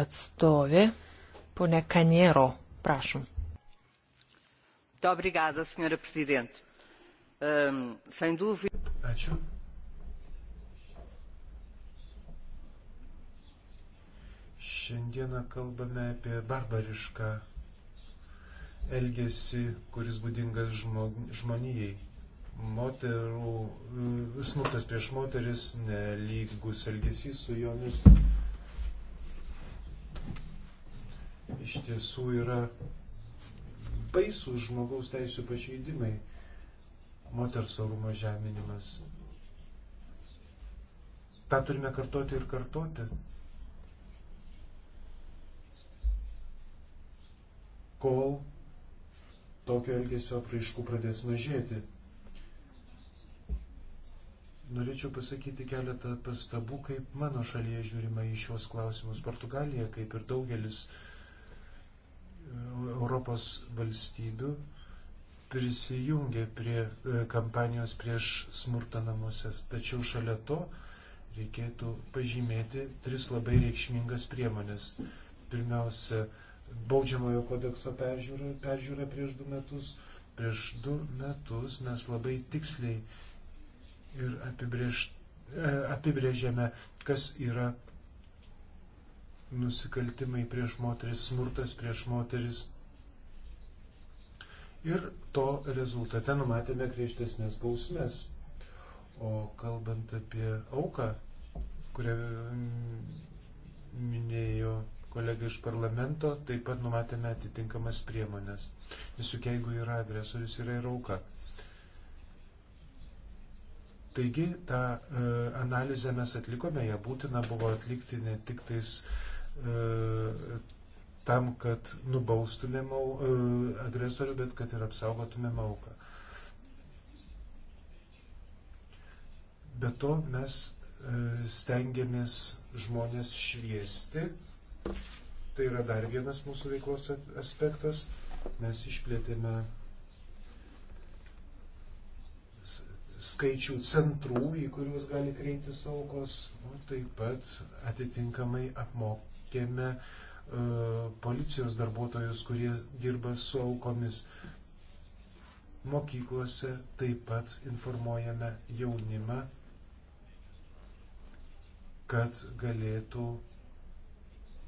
atstovė, ponė Kaniero, prašom. Obrigada, senhora Presidente. Um, sem dúvida. Ačiū. Šiandieną kalbame apie barbarišką elgesį, kuris būdingas žmonijai. Moterų e, smurtas prieš moteris, nelygus elgesys su jomis iš tiesų yra baisūs žmogaus teisų pažeidimai, moters orumo žeminimas. Ta turime kartoti ir kartoti. Kol tokio elgesio apraiškų pradės mažėti. Norėčiau pasakyti keletą pastabų, kaip mano šalyje žiūrima į šios klausimus. Portugalija, kaip ir daugelis e, Europos valstybių, prisijungė prie e, kampanijos prieš smurtą namuose. Tačiau šalia to reikėtų pažymėti tris labai reikšmingas priemonės. Pirmiausia, baudžiamojo kodekso peržiūra, peržiūra prieš du metus. Prieš du metus mes labai tiksliai ir apibrėž, e, apibrėžėme, kas yra nusikaltimai prieš moteris, smurtas prieš moteris. Ir to rezultate numatėme griežtesnės bausmės. O kalbant apie auką, kurią minėjo kolegai iš parlamento, taip pat numatėme atitinkamas priemonės. Visuk jeigu yra agresorius, yra ir auka. Taigi tą e, analizę mes atlikome, ją būtina buvo atlikti ne tik tais e, tam, kad nubaustumėm e, agresorių, bet kad ir apsaugotumėm auką. Be to mes e, stengiamės žmonės šviesti, Tai yra dar vienas mūsų veiklos aspektas. Mes išplėtėme skaičių centrų, į kuriuos gali kreiptis aukos. O taip pat atitinkamai apmokėme e, policijos darbuotojus, kurie dirba su aukomis. Mokyklose taip pat informuojame jaunimą, kad galėtų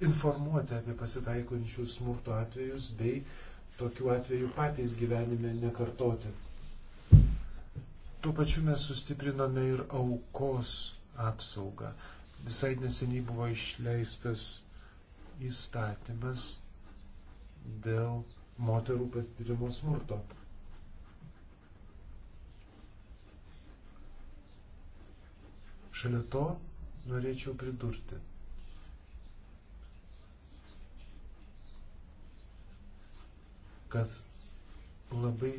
informuoti apie pasitaikančių smurto atvejus bei tokių atvejų patys gyvenime nekartoti. Tuo pačiu mes sustiprinome ir aukos apsaugą. Visai neseniai buvo išleistas įstatymas dėl moterų patirimo smurto. Šalia to norėčiau pridurti, kad labai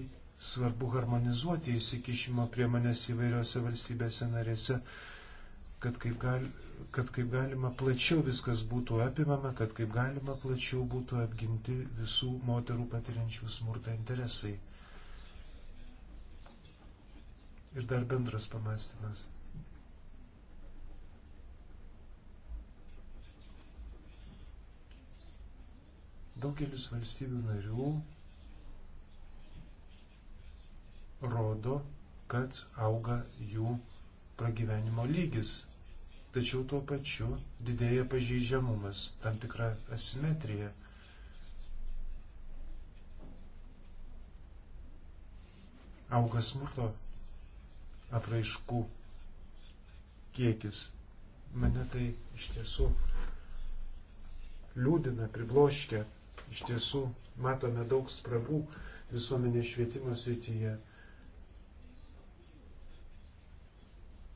svarbu harmonizuoti įsikišimo priemonės įvairiose valstybėse narėse, kad kaip, gal, kad kaip galima plačiau viskas būtų apimama, kad kaip galima plačiau būtų apginti visų moterų patiriančių smurtą interesai. Ir dar bendras pamastymas. Daugelis valstybių narių rodo, kad auga jų pragyvenimo lygis. Tačiau tuo pačiu didėja pažeidžiamumas, tam tikra asimetrija. Auga smurto apraiškų kiekis. Mane tai iš tiesų liūdina, pribloškia. Iš tiesų matome daug spragų visuomenės švietimo srityje. Tai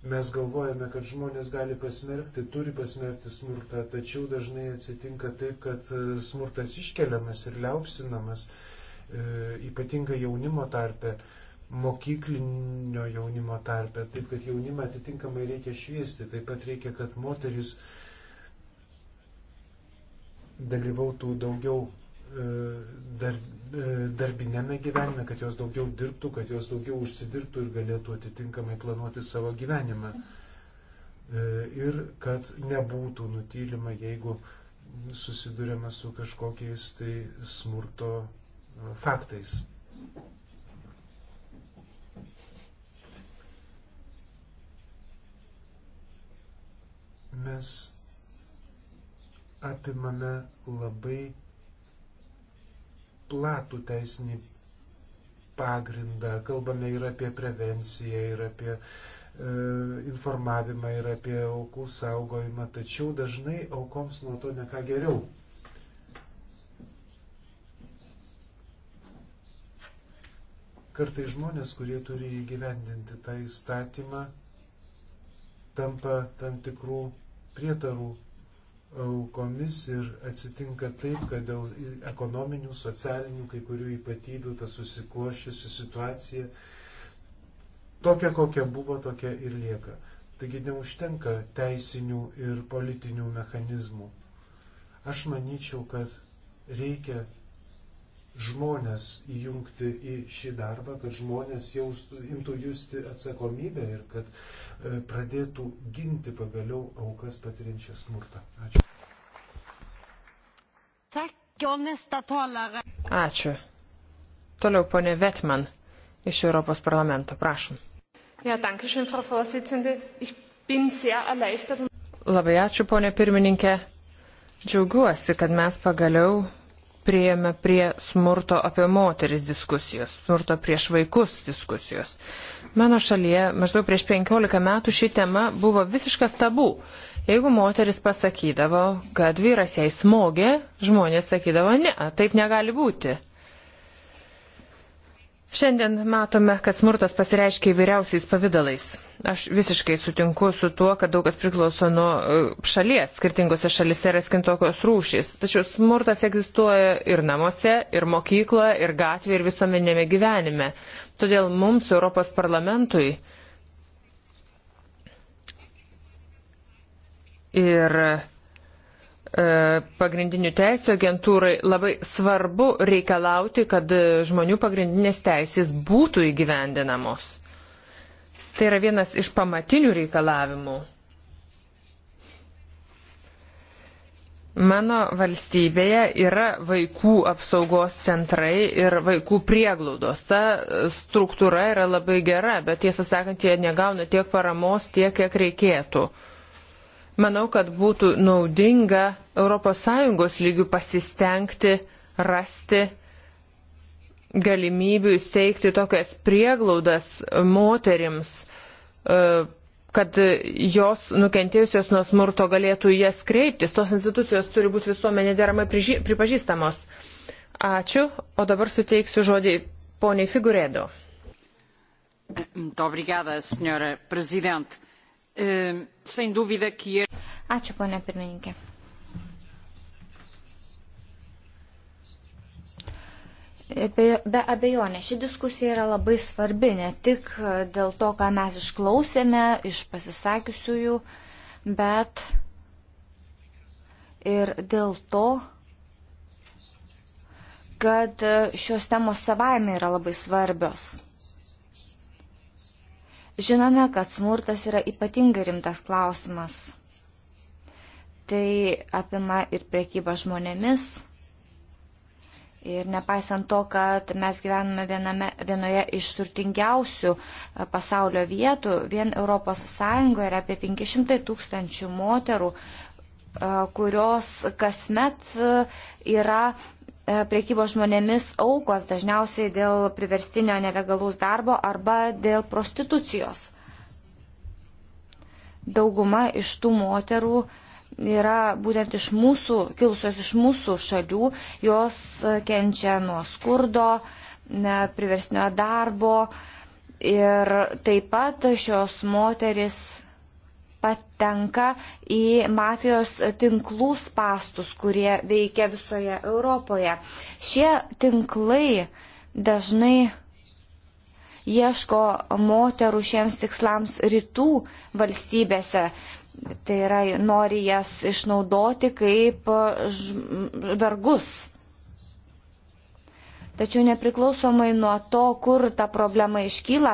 Mes galvojame, kad žmonės gali pasmerkti, turi pasmerkti smurtą, tačiau dažnai atsitinka taip, kad e, smurtas iškeliamas ir liaupsinamas, e, ypatingai jaunimo tarpe, mokyklinio jaunimo tarpe, taip kad jaunimą atitinkamai reikia šviesti, taip pat reikia, kad moteris dalyvautų daugiau e, dar, E, darbinėme gyvenime, kad jos daugiau dirbtų, kad jos daugiau užsidirbtų ir galėtų atitinkamai planuoti savo gyvenimą. E, ir kad nebūtų nutylima, jeigu susidurėme su kažkokiais tai smurto e, faktais. Mes apimame labai platų teisinį pagrindą. Kalbame ir apie prevenciją, ir apie e, informavimą, ir apie aukų saugojimą, tačiau dažnai aukoms nuo to neką geriau. Kartai žmonės, kurie turi įgyvendinti tą įstatymą, tampa tam tikrų prietarų aukomis ir atsitinka taip, kad dėl ekonominių, socialinių, kai kurių ypatybių ta susikloščiusi situacija tokia, kokia buvo, tokia ir lieka. Taigi neužtenka teisinių ir politinių mechanizmų. Aš manyčiau, kad reikia žmonės įjungti į šį darbą, kad žmonės jaustų, imtų justi atsakomybę ir kad e, pradėtų ginti pagaliau aukas patiriančią smurtą. Ačiū. Ačiū. Toliau ponė Vetman iš Europos parlamento, prašom. Ja, dankeschön, Frau Vorsitzende. Ich bin sehr erleichtert. Labai ačiū, ponė pirmininkė. Džiaugiuosi, kad mes pagaliau prieėmė prie smurto apie moteris diskusijos, smurto prieš vaikus diskusijos. Mano šalyje maždaug prieš 15 metų ši tema buvo visiškas tabu. Jeigu moteris pasakydavo, kad vyras jai smogė, žmonės sakydavo, ne, taip negali būti. Šiandien matome, kad smurtas pasireiškia įvairiausiais pavydalais. Aš visiškai sutinku su tuo, kad daug kas priklauso nuo e, šalies. Skirtingose šalise yra skintokios rūšys. Tačiau smurtas egzistuoja ir namuose, ir mokykloje, ir gatvėje, ir visuomenėme gyvenime. Todėl mums, Europos parlamentui ir E, pagrindinių teisų agentūrai labai svarbu reikalauti, kad žmonių pagrindinės teisės būtų įgyvendinamos. Tai yra vienas iš pamatinių reikalavimų. Mano valstybėje yra vaikų apsaugos centrai ir vaikų prieglaudos. Ta struktūra yra labai gera, bet tiesą sakant, jie negauna tiek paramos, tiek, kiek reikėtų. Uh, Manau, kad būtų naudinga ES lygių pasistengti rasti galimybių įsteigti tokias prieglaudas moterims, e, kad jos nukentėjusios nuo smurto galėtų į jas kreiptis. Tos institucijos turi būti visuomenė deramai pripažįstamos. Ačiū, o dabar suteiksiu žodį poniai Figuredo. Obrigada, senhora Presidente. Eh, sem dúvida que. Ačiū, ponia pirmininkė. Be, be abejonės, ši diskusija yra labai svarbi, ne tik e, dėl to, ką mes išklausėme iš pasisakiusiųjų, bet ir dėl to, kad e, šios temos savaime yra labai svarbios. Žinome, kad smurtas yra ypatingai rimtas klausimas. Tai apima ir priekybą žmonėmis. Ir nepaisant to, kad mes gyvename viename, vienoje iš turtingiausių e, pasaulio vietų, vien ES yra apie 500 tūkstančių moterų, e, kurios kasmet e, yra E, priekybos žmonėmis aukos dažniausiai dėl priverstinio nelegalaus darbo arba dėl prostitucijos. Dauguma iš tų moterų yra būtent iš mūsų, kilusios iš mūsų šalių, jos e, kenčia nuo skurdo, e, priverstinio darbo ir taip pat šios moteris patenka į mafijos tinklų spastus, kurie veikia visoje Europoje. Šie tinklai dažnai ieško moterų šiems tikslams rytų valstybėse. Tai yra, nori jas išnaudoti kaip vergus. Ž Tačiau nepriklausomai nuo to, kur ta problema iškyla,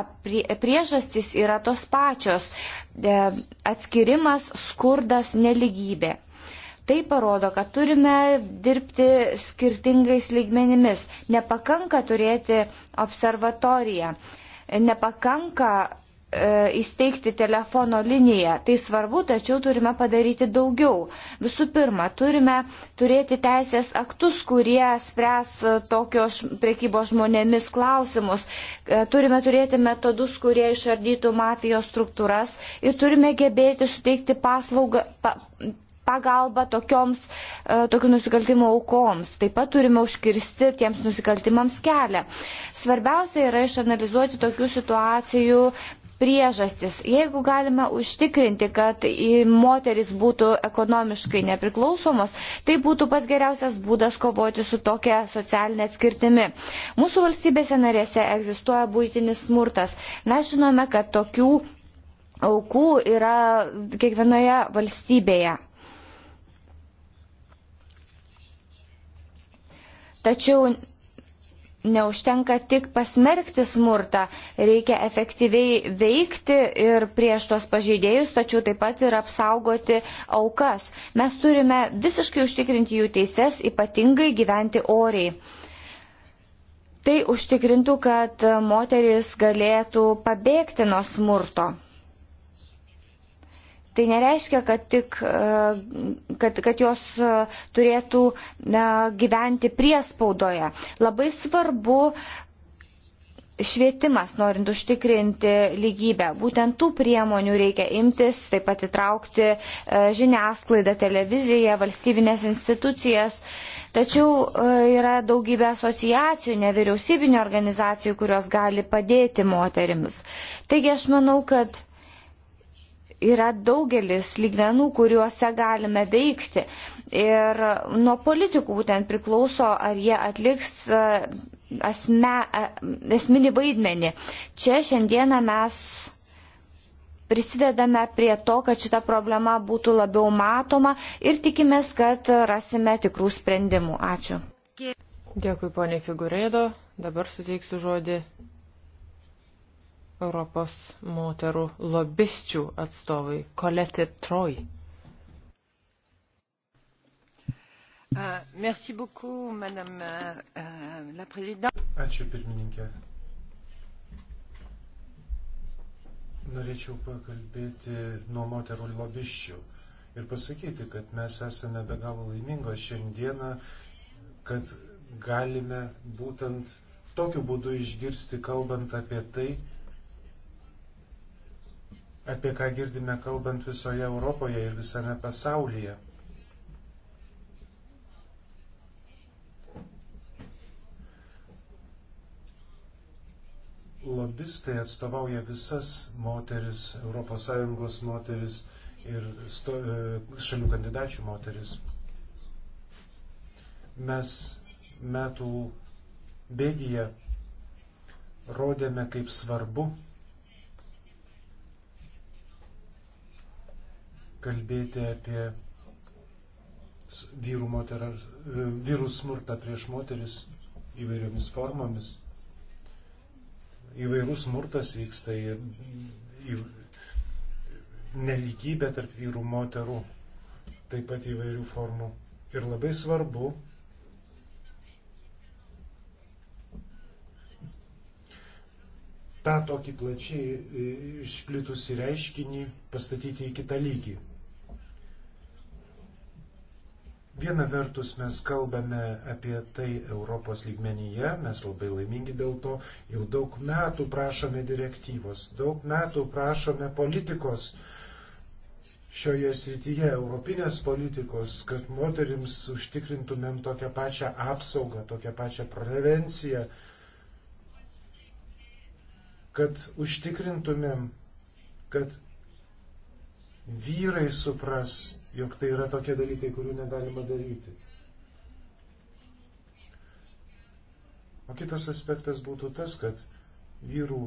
priežastys yra tos pačios e, - atskirimas, skurdas, neligybė. Tai parodo, kad turime dirbti skirtingais lygmenimis. Nepakanka turėti observatoriją. Nepakanka E, įsteigti telefono liniją. Tai svarbu, tačiau turime padaryti daugiau. Visų pirma, turime turėti teisės aktus, kurie spręs tokios priekybos žmonėmis klausimus. E, turime turėti metodus, kurie išardytų mafijos struktūras ir turime gebėti suteikti paslaugą. Pa, pagalba tokioms, e, tokių nusikaltimų aukoms. Taip pat turime užkirsti tiems nusikaltimams kelią. Svarbiausia yra išanalizuoti tokių situacijų priežastis. Jeigu galime užtikrinti, kad moteris būtų ekonomiškai nepriklausomos, tai būtų pats geriausias būdas kovoti su tokia socialinė atskirtimi. Mūsų valstybėse narėse egzistuoja būtinis smurtas. Mes žinome, kad tokių aukų yra kiekvienoje valstybėje. Tačiau neužtenka tik pasmerkti smurtą, reikia efektyviai veikti ir prieš tos pažeidėjus, tačiau taip pat ir apsaugoti aukas. Mes turime visiškai užtikrinti jų teises, ypatingai gyventi oriai. Tai užtikrintų, kad moteris galėtų pabėgti nuo smurto. Tai nereiškia, kad, tik, e, kad, kad jos e, turėtų e, gyventi priespaudoje. Labai svarbu švietimas, norint užtikrinti lygybę. Būtent tų priemonių reikia imtis, taip pat įtraukti žiniasklaidą, televiziją, valstybinės institucijas. Tačiau yra daugybė asociacijų, nevyriausybinio organizacijų, kurios gali padėti moterims. Taigi aš manau, kad yra daugelis lygmenų, kuriuose galime veikti. Ir nuo politikų būtent priklauso, ar jie atliks e, asme, e, esminį vaidmenį. Čia šiandieną mes prisidedame prie to, kad šita problema būtų labiau matoma ir tikimės, kad rasime tikrų sprendimų. Ačiū. Dėkui, ponė Figurėdo. Dabar suteiksiu žodį Europos moterų lobisčių atstovai Kolete Troj. Uh, uh, uh, Ačiū pirmininkė. Norėčiau pakalbėti nuo moterų lobiščių ir pasakyti, kad mes esame be galo laimingos šiandieną, kad galime būtent tokiu būdu išgirsti, kalbant apie tai, apie ką girdime kalbant visoje Europoje ir visame pasaulyje. Lobistai atstovauja visas moteris, ES moteris ir sto, e, šalių kandidačių moteris. Mes metų bėgyje rodėme, kaip svarbu kalbėti apie vyrų, moterą, e, vyrų smurtą prieš moteris įvairiomis formomis. Įvairus smurtas vyksta ir neligybė tarp vyrų moterų, taip pat įvairių formų. Ir labai svarbu tą tokį plačiai e, išplitusį reiškinį pastatyti į kitą lygį. Viena vertus mes kalbame apie tai Europos lygmenyje, mes labai laimingi dėl to, jau daug metų prašome direktyvos, daug metų prašome politikos šioje srityje, europinės politikos, kad moterims užtikrintumėm tokią pačią apsaugą, tokią pačią prevenciją, kad užtikrintumėm, kad vyrai supras jog tai yra tokie dalykai, kurių negalima daryti. O kitas aspektas būtų tas, kad vyrų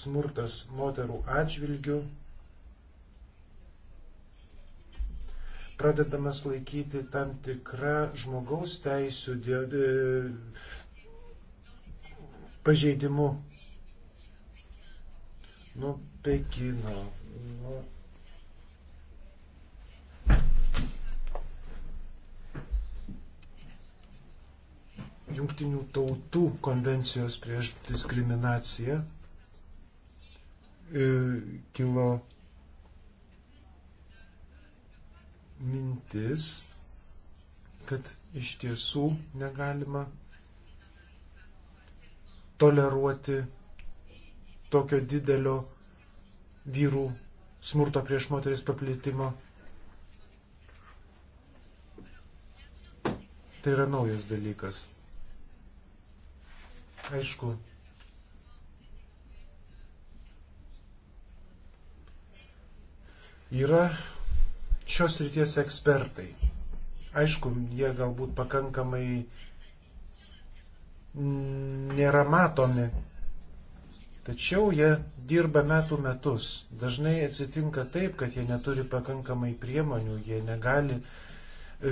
smurtas moterų atžvilgių pradedamas laikyti tam tikrą žmogaus teisų e, pažeidimu nuo Pekino, nuo Jungtinių tautų konvencijos prieš diskriminaciją e, kilo mintis, kad iš tiesų negalima toleruoti tokio didelio vyrų smurto prieš moteris paplitimo. Tai yra naujas dalykas. Aišku, yra šios ryties ekspertai. Aišku, jie galbūt pakankamai nėra matomi, tačiau jie dirba metų metus. Dažnai atsitinka taip, kad jie neturi pakankamai priemonių, jie negali uh, E,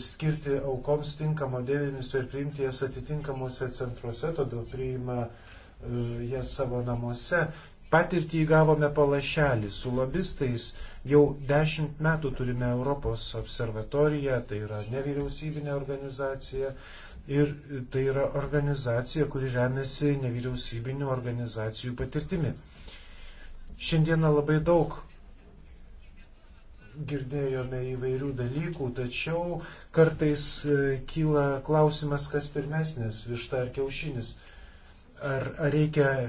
skirti aukoms tinkamo dėmesio ir priimti jas atitinkamuose centruose, todėl priima e, jas savo namuose. Patirtį įgavome palašelį su lobistais. Jau dešimt metų turime Europos observatoriją, tai yra nevyriausybinė organizacija ir tai yra organizacija, kuri remiasi nevyriausybinių organizacijų patirtimi. Šiandieną labai daug girdėjome įvairių dalykų, tačiau kartais e, kyla klausimas, kas pirmesnis - višta ar kiaušinis. Ar, ar reikia e,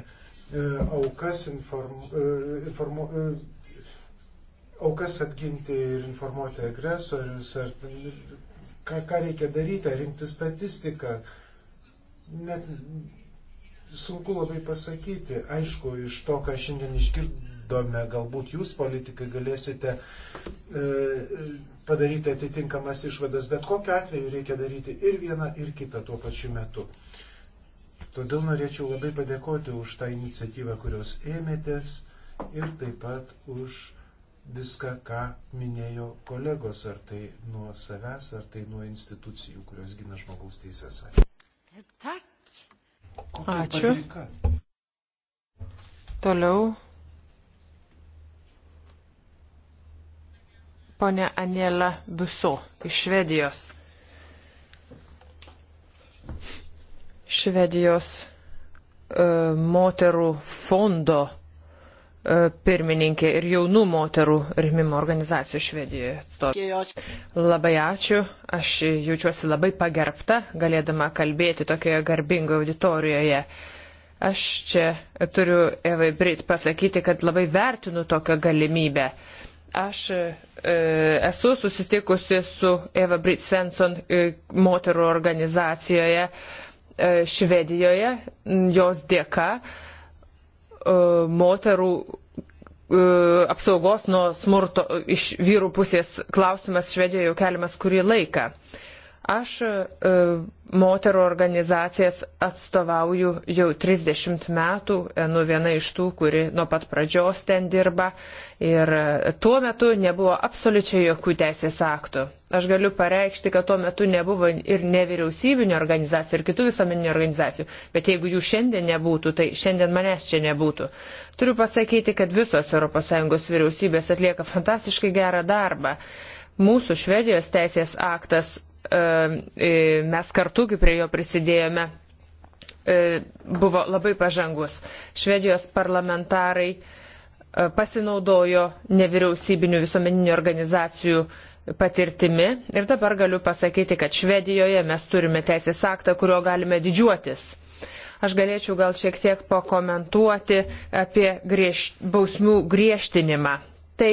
aukas, inform, e, informu, e, aukas apginti ir informuoti agresorius, ar ką, ką reikia daryti, ar rinkti statistiką. Net sunku labai pasakyti. Aišku, iš to, ką šiandien išgirdau vykdome. Galbūt jūs, politikai, galėsite e, e, padaryti atitinkamas išvadas, bet kokiu atveju reikia daryti ir vieną, ir kitą tuo pačiu metu. Todėl norėčiau labai padėkoti už tą iniciatyvą, kurios ėmėtės ir taip pat už viską, ką minėjo kolegos, ar tai nuo savęs, ar tai nuo institucijų, kurios gina žmogaus teisės. Ačiū. Ačiū. Toliau ponė Anela Buso iš Švedijos. Švedijos e, moterų fondo e, pirmininkė ir jaunų moterų rėmimo organizacijų Švedijoje. Labai ačiū, aš jaučiuosi labai pagerbta, galėdama kalbėti tokioje garbingoje auditorijoje. Aš čia turiu Evai Brit pasakyti, kad labai vertinu tokią galimybę Aš e, esu susitikusi su Eva Brit Svensson e, moterų organizacijoje e, Švedijoje, jos dėka e, moterų e, apsaugos nuo smurto iš vyrų pusės klausimas Švedijoje jau keliamas kurį laiką. Aš e, moterų organizacijas atstovauju jau 30 metų, nu viena iš tų, kuri nuo pat pradžios ten dirba ir e, tuo metu nebuvo absoliučiai jokių teisės aktų. Aš galiu pareikšti, kad tuo metu nebuvo ir nevyriausybinio organizacijų, ir kitų visuomeninių organizacijų, bet jeigu jų šiandien nebūtų, tai šiandien manęs čia nebūtų. Turiu pasakyti, kad visos ES vyriausybės atlieka fantastiškai gerą darbą mūsų Švedijos teisės aktas E, e, mes kartu, kaip prie jo prisidėjome, e, buvo labai pažangus. Švedijos parlamentarai pasinaudojo nevyriausybinių visuomeninių organizacijų patirtimi ir dabar galiu pasakyti, kad Švedijoje mes turime teisės aktą, kurio galime didžiuotis. Aš galėčiau gal šiek tiek pakomentuoti apie griež... bausmių griežtinimą tai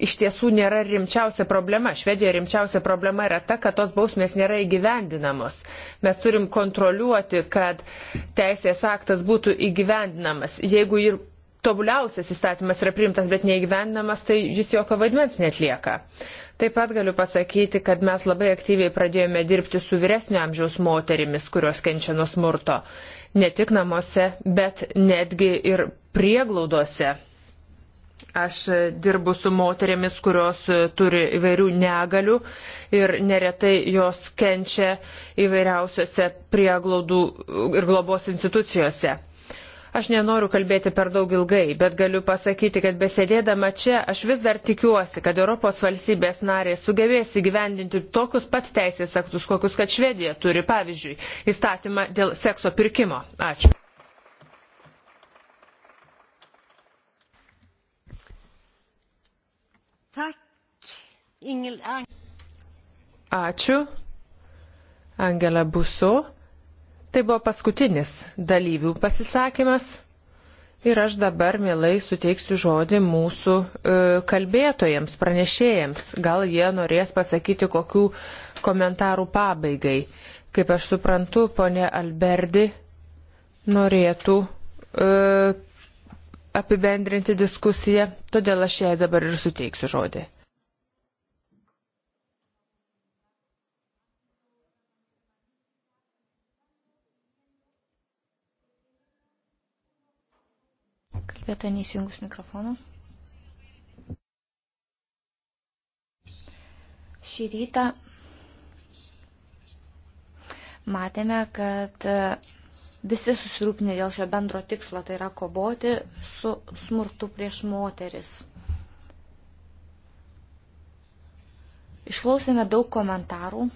iš tiesų nėra rimčiausia problema. Švedijoje rimčiausia problema yra ta, kad tos bausmės nėra įgyvendinamos. Mes turim kontroliuoti, kad teisės aktas būtų įgyvendinamas. Jeigu ir tobuliausias įstatymas yra priimtas, bet neįgyvendinamas, tai jis jokio vaidmens netlieka. Taip pat galiu pasakyti, kad mes labai aktyviai pradėjome dirbti su vyresnio amžiaus moterimis, kurios kenčia nuo smurto. Ne tik namuose, bet netgi ir prieglaudose Aš dirbu su moterėmis, kurios turi įvairių negalių ir neretai jos kenčia įvairiausiose prieglaudų ir globos institucijose. Aš nenoriu kalbėti per daug ilgai, bet galiu pasakyti, kad besėdėdama čia aš vis dar tikiuosi, kad Europos valstybės narė sugebės įgyvendinti tokius pat teisės aktus, kokius kad Švedija turi, pavyzdžiui, įstatymą dėl sekso pirkimo. Ačiū. Ačiū. Angela Busu. Tai buvo paskutinis dalyvių pasisakymas. Ir aš dabar mielai suteiksiu žodį mūsų e, kalbėtojams, pranešėjams. Gal jie norės pasakyti kokių komentarų pabaigai. Kaip aš suprantu, ponė Alberdi norėtų e, apibendrinti diskusiją, todėl aš jai dabar ir suteiksiu žodį. kalbėtoja neįsijungus mikrofoną. Šį rytą matėme, kad visi susirūpinę dėl šio bendro tikslo, tai yra kovoti su smurtu prieš moteris. Išklausėme daug komentarų,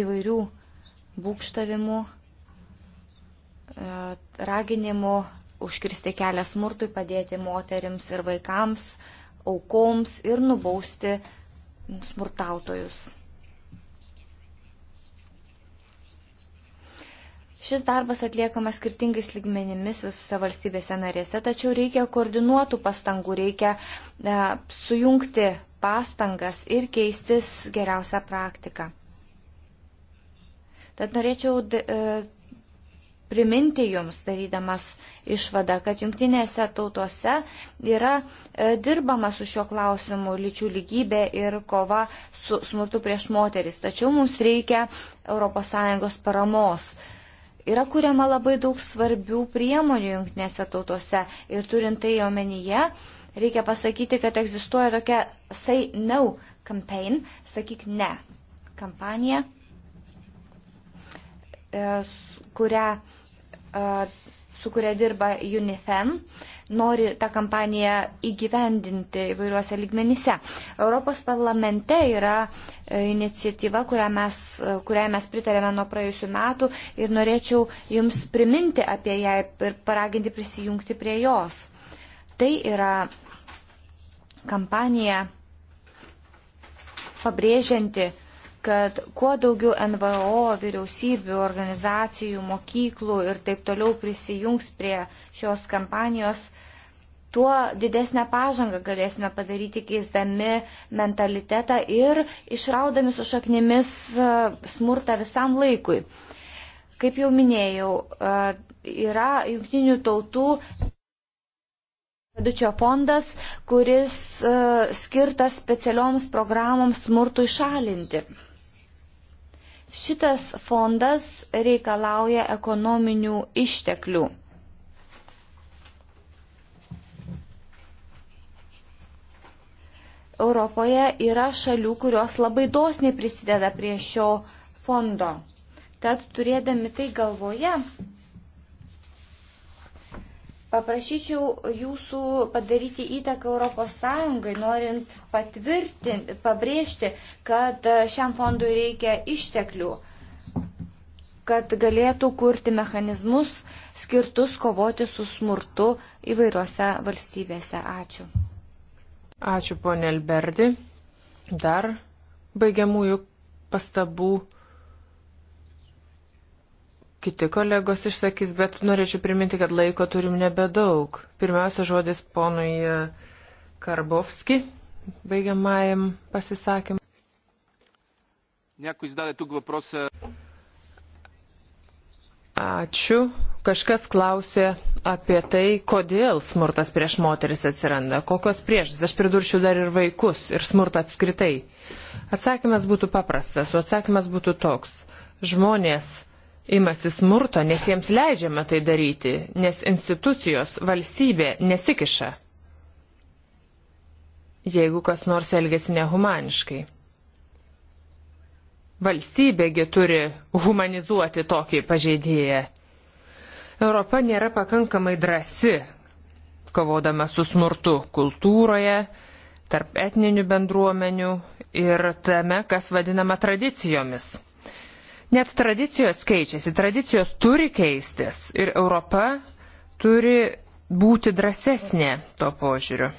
įvairių būkštavimų, raginimų užkirsti kelią smurtui, padėti moterims ir vaikams, aukoms ir nubausti smurtautojus. Šis darbas atliekamas skirtingais lygmenimis visose valstybėse narėse, tačiau reikia koordinuotų pastangų, reikia e, sujungti pastangas ir keistis geriausią praktiką. Tad norėčiau d, e, priminti jums, darydamas išvada, kad jungtinėse tautose yra e, dirbama su šiuo klausimu lyčių lygybė ir kova su smurtu prieš moteris. Tačiau mums reikia ES paramos. Yra kuriama labai daug svarbių priemonių jungtinėse tautose ir turint tai omenyje, reikia pasakyti, kad egzistuoja tokia say no campaign, sakyk ne kampanija, e, kurią e, su kuria dirba UNIFEM, nori tą kampaniją įgyvendinti įvairiuose lygmenyse. Europos parlamente yra e, iniciatyva, kurią mes, e, kurią mes pritarėme nuo praėjusių metų ir norėčiau Jums priminti apie ją ir paraginti prisijungti prie jos. Tai yra kampanija pabrėžianti kad kuo daugiau NVO, vyriausybių, organizacijų, mokyklų ir taip toliau prisijungs prie šios kampanijos, tuo didesnę pažangą galėsime padaryti keisdami mentalitetą ir išraudami su šaknimis e, smurtą visam laikui. Kaip jau minėjau, e, yra jungtinių tautų Dučio fondas, kuris e, skirtas specialioms programoms smurtui šalinti. Šitas fondas reikalauja ekonominių išteklių. Europoje yra šalių, kurios labai dosniai prisideda prie šio fondo. Tad turėdami tai galvoje, Paprašyčiau jūsų padaryti įtaką ES, norint patvirtinti, pabrėžti, kad e, šiam fondui reikia išteklių, kad galėtų kurti mechanizmus skirtus kovoti su smurtu įvairiuose valstybėse. Ačiū. Ačiū, ponė Alberdi. Dar baigiamųjų pastabų kiti kolegos išsakys, bet norėčiau priminti, kad laiko turim nebedaug. Pirmiausia žodis ponui e, Karbovski, baigiamajam pasisakymui. Някой зададе тук въпроса. Ačiū. Kažkas klausė apie tai, kodėl smurtas prieš moteris atsiranda, kokios priežastys. Aš pridurčiau dar ir vaikus, ir smurtą apskritai. Atsakymas būtų paprastas, o atsakymas būtų toks. Žmonės imasi smurto, nes jiems leidžiama tai daryti, nes institucijos, valstybė nesikiša, jeigu kas nors elgesi nehumaniškai. Valstybėgi turi humanizuoti tokį pažeidėją. Europa nėra pakankamai drasi, kovodama su smurtu kultūroje, tarp etninių bendruomenių ir tame, kas vadinama tradicijomis. Net tradicijos keičiasi, tradicijos turi keistis ir Europa turi būti drąsesnė to požiūriu.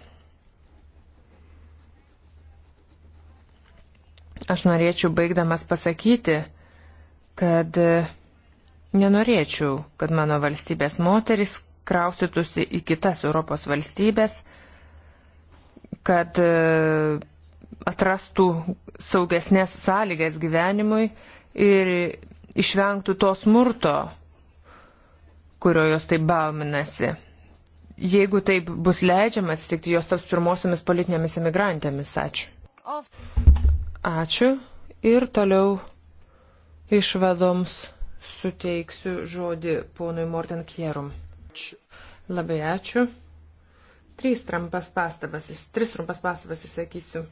Aš norėčiau baigdamas pasakyti, kad e, nenorėčiau, kad mano valstybės moteris kraustytųsi į kitas Europos valstybės, kad e, atrastų saugesnės sąlygas gyvenimui ir išvengtų to smurto, kurio jos taip bauminasi. Jeigu taip bus leidžiama atsitikti, jos taps pirmosiamis politinėmis emigrantėmis. Ačiū. Ačiū. Ir toliau išvadoms suteiksiu žodį ponui Morten Kierum. Labai ačiū. Trys trumpas pastabas, tris trumpas pastabas išsakysiu.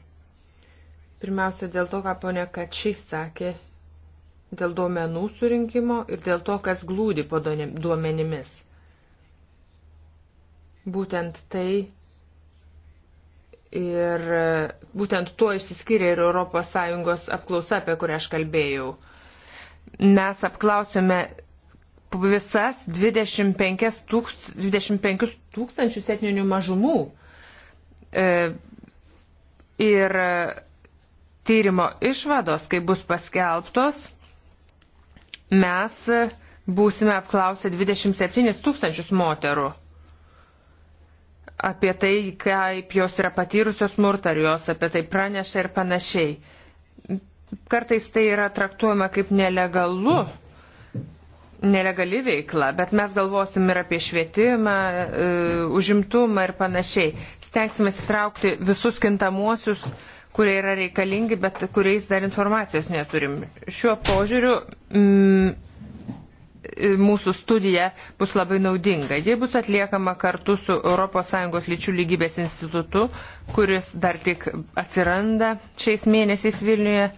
Pirmiausia, dėl to, ką ponia Kačiai sakė dėl duomenų surinkimo ir dėl to, kas glūdi po duomenimis. Būtent tai ir būtent tuo išsiskiria ir ES apklausa, apie kurią aš kalbėjau. Mes apklausėme visas 25, tūks, 25 tūkstančius etninių mažumų. E, ir e, tyrimo išvados, kai bus paskelbtos, mes būsime apklausę 27 tūkstančius moterų apie tai, kaip jos yra patyrusios smurtą, ar jos apie tai praneša ir panašiai. Kartais tai yra traktuojama kaip nelegalu, nelegali veikla, bet mes galvosim ir apie švietimą, e, užimtumą ir panašiai. Stengsime įtraukti visus kintamuosius kurie yra reikalingi, bet kuriais dar informacijos neturim. Šiuo požiūriu mm, mūsų studija bus labai naudinga. Jie bus atliekama kartu su ES lyčių lygybės institutu, kuris dar tik atsiranda šiais mėnesiais Vilniuje.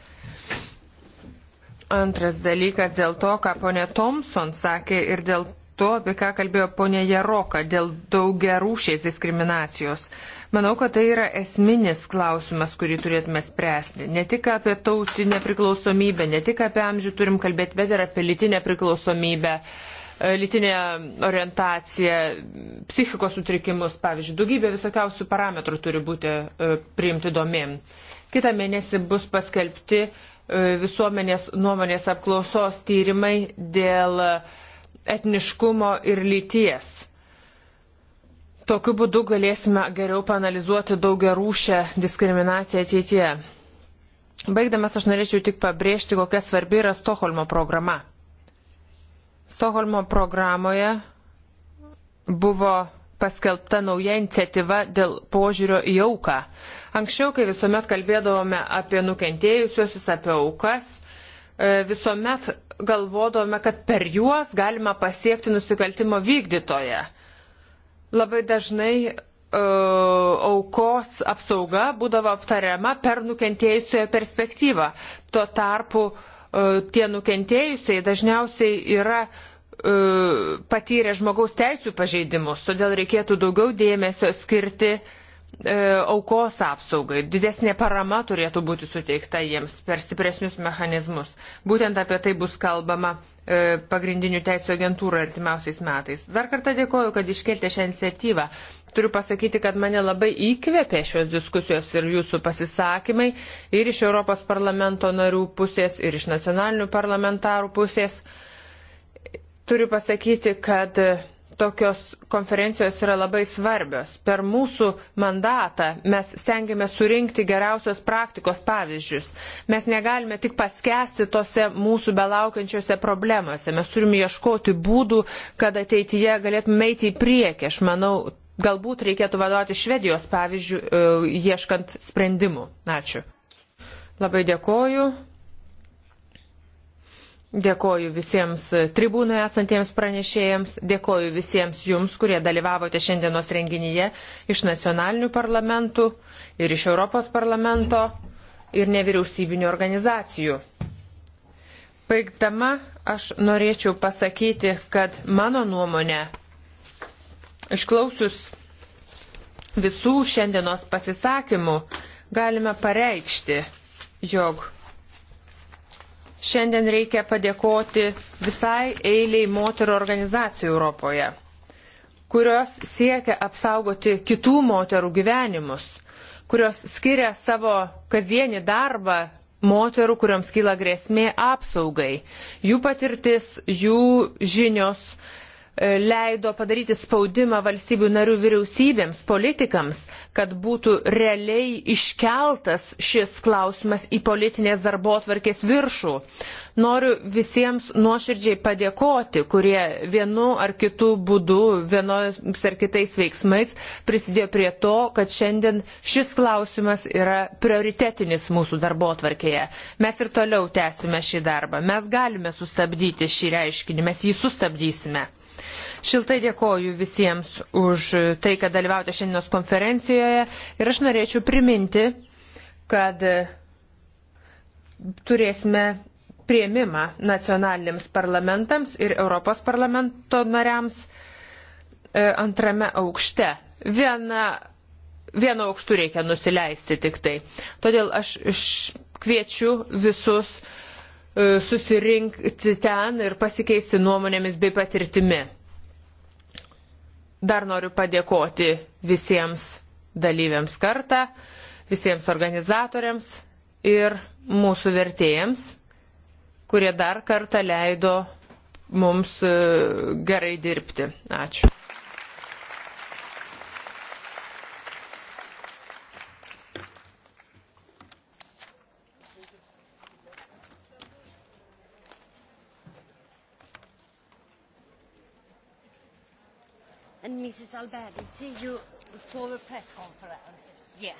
Antras dalykas dėl to, ką ponė Thompson sakė ir dėl to, apie ką kalbėjo ponė Jaroka, dėl daugiarūšės diskriminacijos. Manau, kad tai yra esminis klausimas, kurį turėtume spręsti. Ne tik apie tautinę priklausomybę, ne tik apie amžių turim kalbėti, bet ir apie lytinę priklausomybę, e, lytinę orientaciją, psichikos sutrikimus, pavyzdžiui, daugybė visokiausių parametrų turi būti e, priimti domėm. Kita mėnesį bus paskelbti e, visuomenės nuomonės apklausos tyrimai dėl uh, etniškumo ir lyties. Tokiu būdu galėsime geriau panalizuoti daugia rūšę diskriminaciją ateityje. Baigdamas aš norėčiau tik pabrėžti, kokia svarbi yra Stoholmo programa. Stoholmo programoje buvo paskelbta nauja iniciatyva dėl požiūrio į auką. Anksčiau, kai visuomet kalbėdavome apie nukentėjusiuosius, apie aukas, e, visuomet galvodavome, kad per juos galima pasiekti nusikaltimo vykdytoje. Labai dažnai e, aukos apsauga būdavo aptariama per nukentėjusiojo perspektyvą. Tuo tarpu e, tie nukentėjusiai dažniausiai yra e, patyrę žmogaus teisų pažeidimus, todėl reikėtų daugiau dėmesio skirti uh, E, aukos apsaugai, didesnė parama turėtų būti suteikta jiems per stipresnius mechanizmus. Būtent apie tai bus kalbama e, pagrindinių teisų agentūra artimiausiais metais. Dar kartą dėkoju, kad iškeltė šią iniciatyvą. Turiu pasakyti, kad mane labai įkvėpė šios diskusijos ir jūsų pasisakymai ir iš Europos parlamento narių pusės, ir iš nacionalinių parlamentarų pusės. Turiu pasakyti, kad tokios konferencijos yra labai svarbios. Per mūsų mandatą mes stengiame surinkti geriausios praktikos pavyzdžius. Mes negalime tik paskesti tose mūsų belaukiančiose problemose. Mes turime ieškoti būdų, kad ateityje galėtume eiti į priekį. Aš manau, galbūt reikėtų vadovauti Švedijos pavyzdžių, e, ieškant sprendimų. Ačiū. Labai dėkoju. Dėkoju visiems tribūnai esantiems pranešėjams, dėkoju visiems jums, kurie dalyvavote šiandienos renginyje iš nacionalinių parlamentų ir iš Europos parlamento ir nevyriausybinių organizacijų. Paigdama aš norėčiau pasakyti, kad mano nuomonė, išklausius visų šiandienos pasisakymų, galime pareikšti, jog Šiandien reikia padėkoti visai eiliai moterų organizacijų Europoje, kurios siekia apsaugoti kitų moterų gyvenimus, kurios skiria savo kasdienį darbą moterų, kuriams kyla grėsmė apsaugai. Jų patirtis, jų žinios E, leido padaryti spaudimą valstybių narių vyriausybėms, politikams, kad būtų realiai iškeltas šis klausimas į politinės darbo atvarkės viršų. Noriu visiems nuoširdžiai padėkoti, kurie vienu ar kitu būdu, vienojus ar kitais veiksmais prisidėjo prie to, kad šiandien šis klausimas yra prioritetinis mūsų darbo atvarkėje. Mes ir toliau tęsime šį darbą. Mes galime sustabdyti šį reiškinį, mes jį sustabdysime. Šiltai dėkoju visiems už tai, kad dalyvaujate šiandienos konferencijoje ir aš norėčiau priminti, kad turėsime prieimimą nacionaliniams parlamentams ir Europos parlamento nariams e, antrame aukšte. Viena, vieno aukštų reikia nusileisti tik tai. Todėl aš kviečiu visus E, susirinkti ten ir pasikeisti nuomonėmis bei patirtimi. Dar noriu padėkoti visiems dalyviams kartą, visiems organizatoriams ir mūsų vertėjams, kurie dar kartą leido mums e, gerai dirbti. Ačiū. Alberti, see you before the press conference. Yes.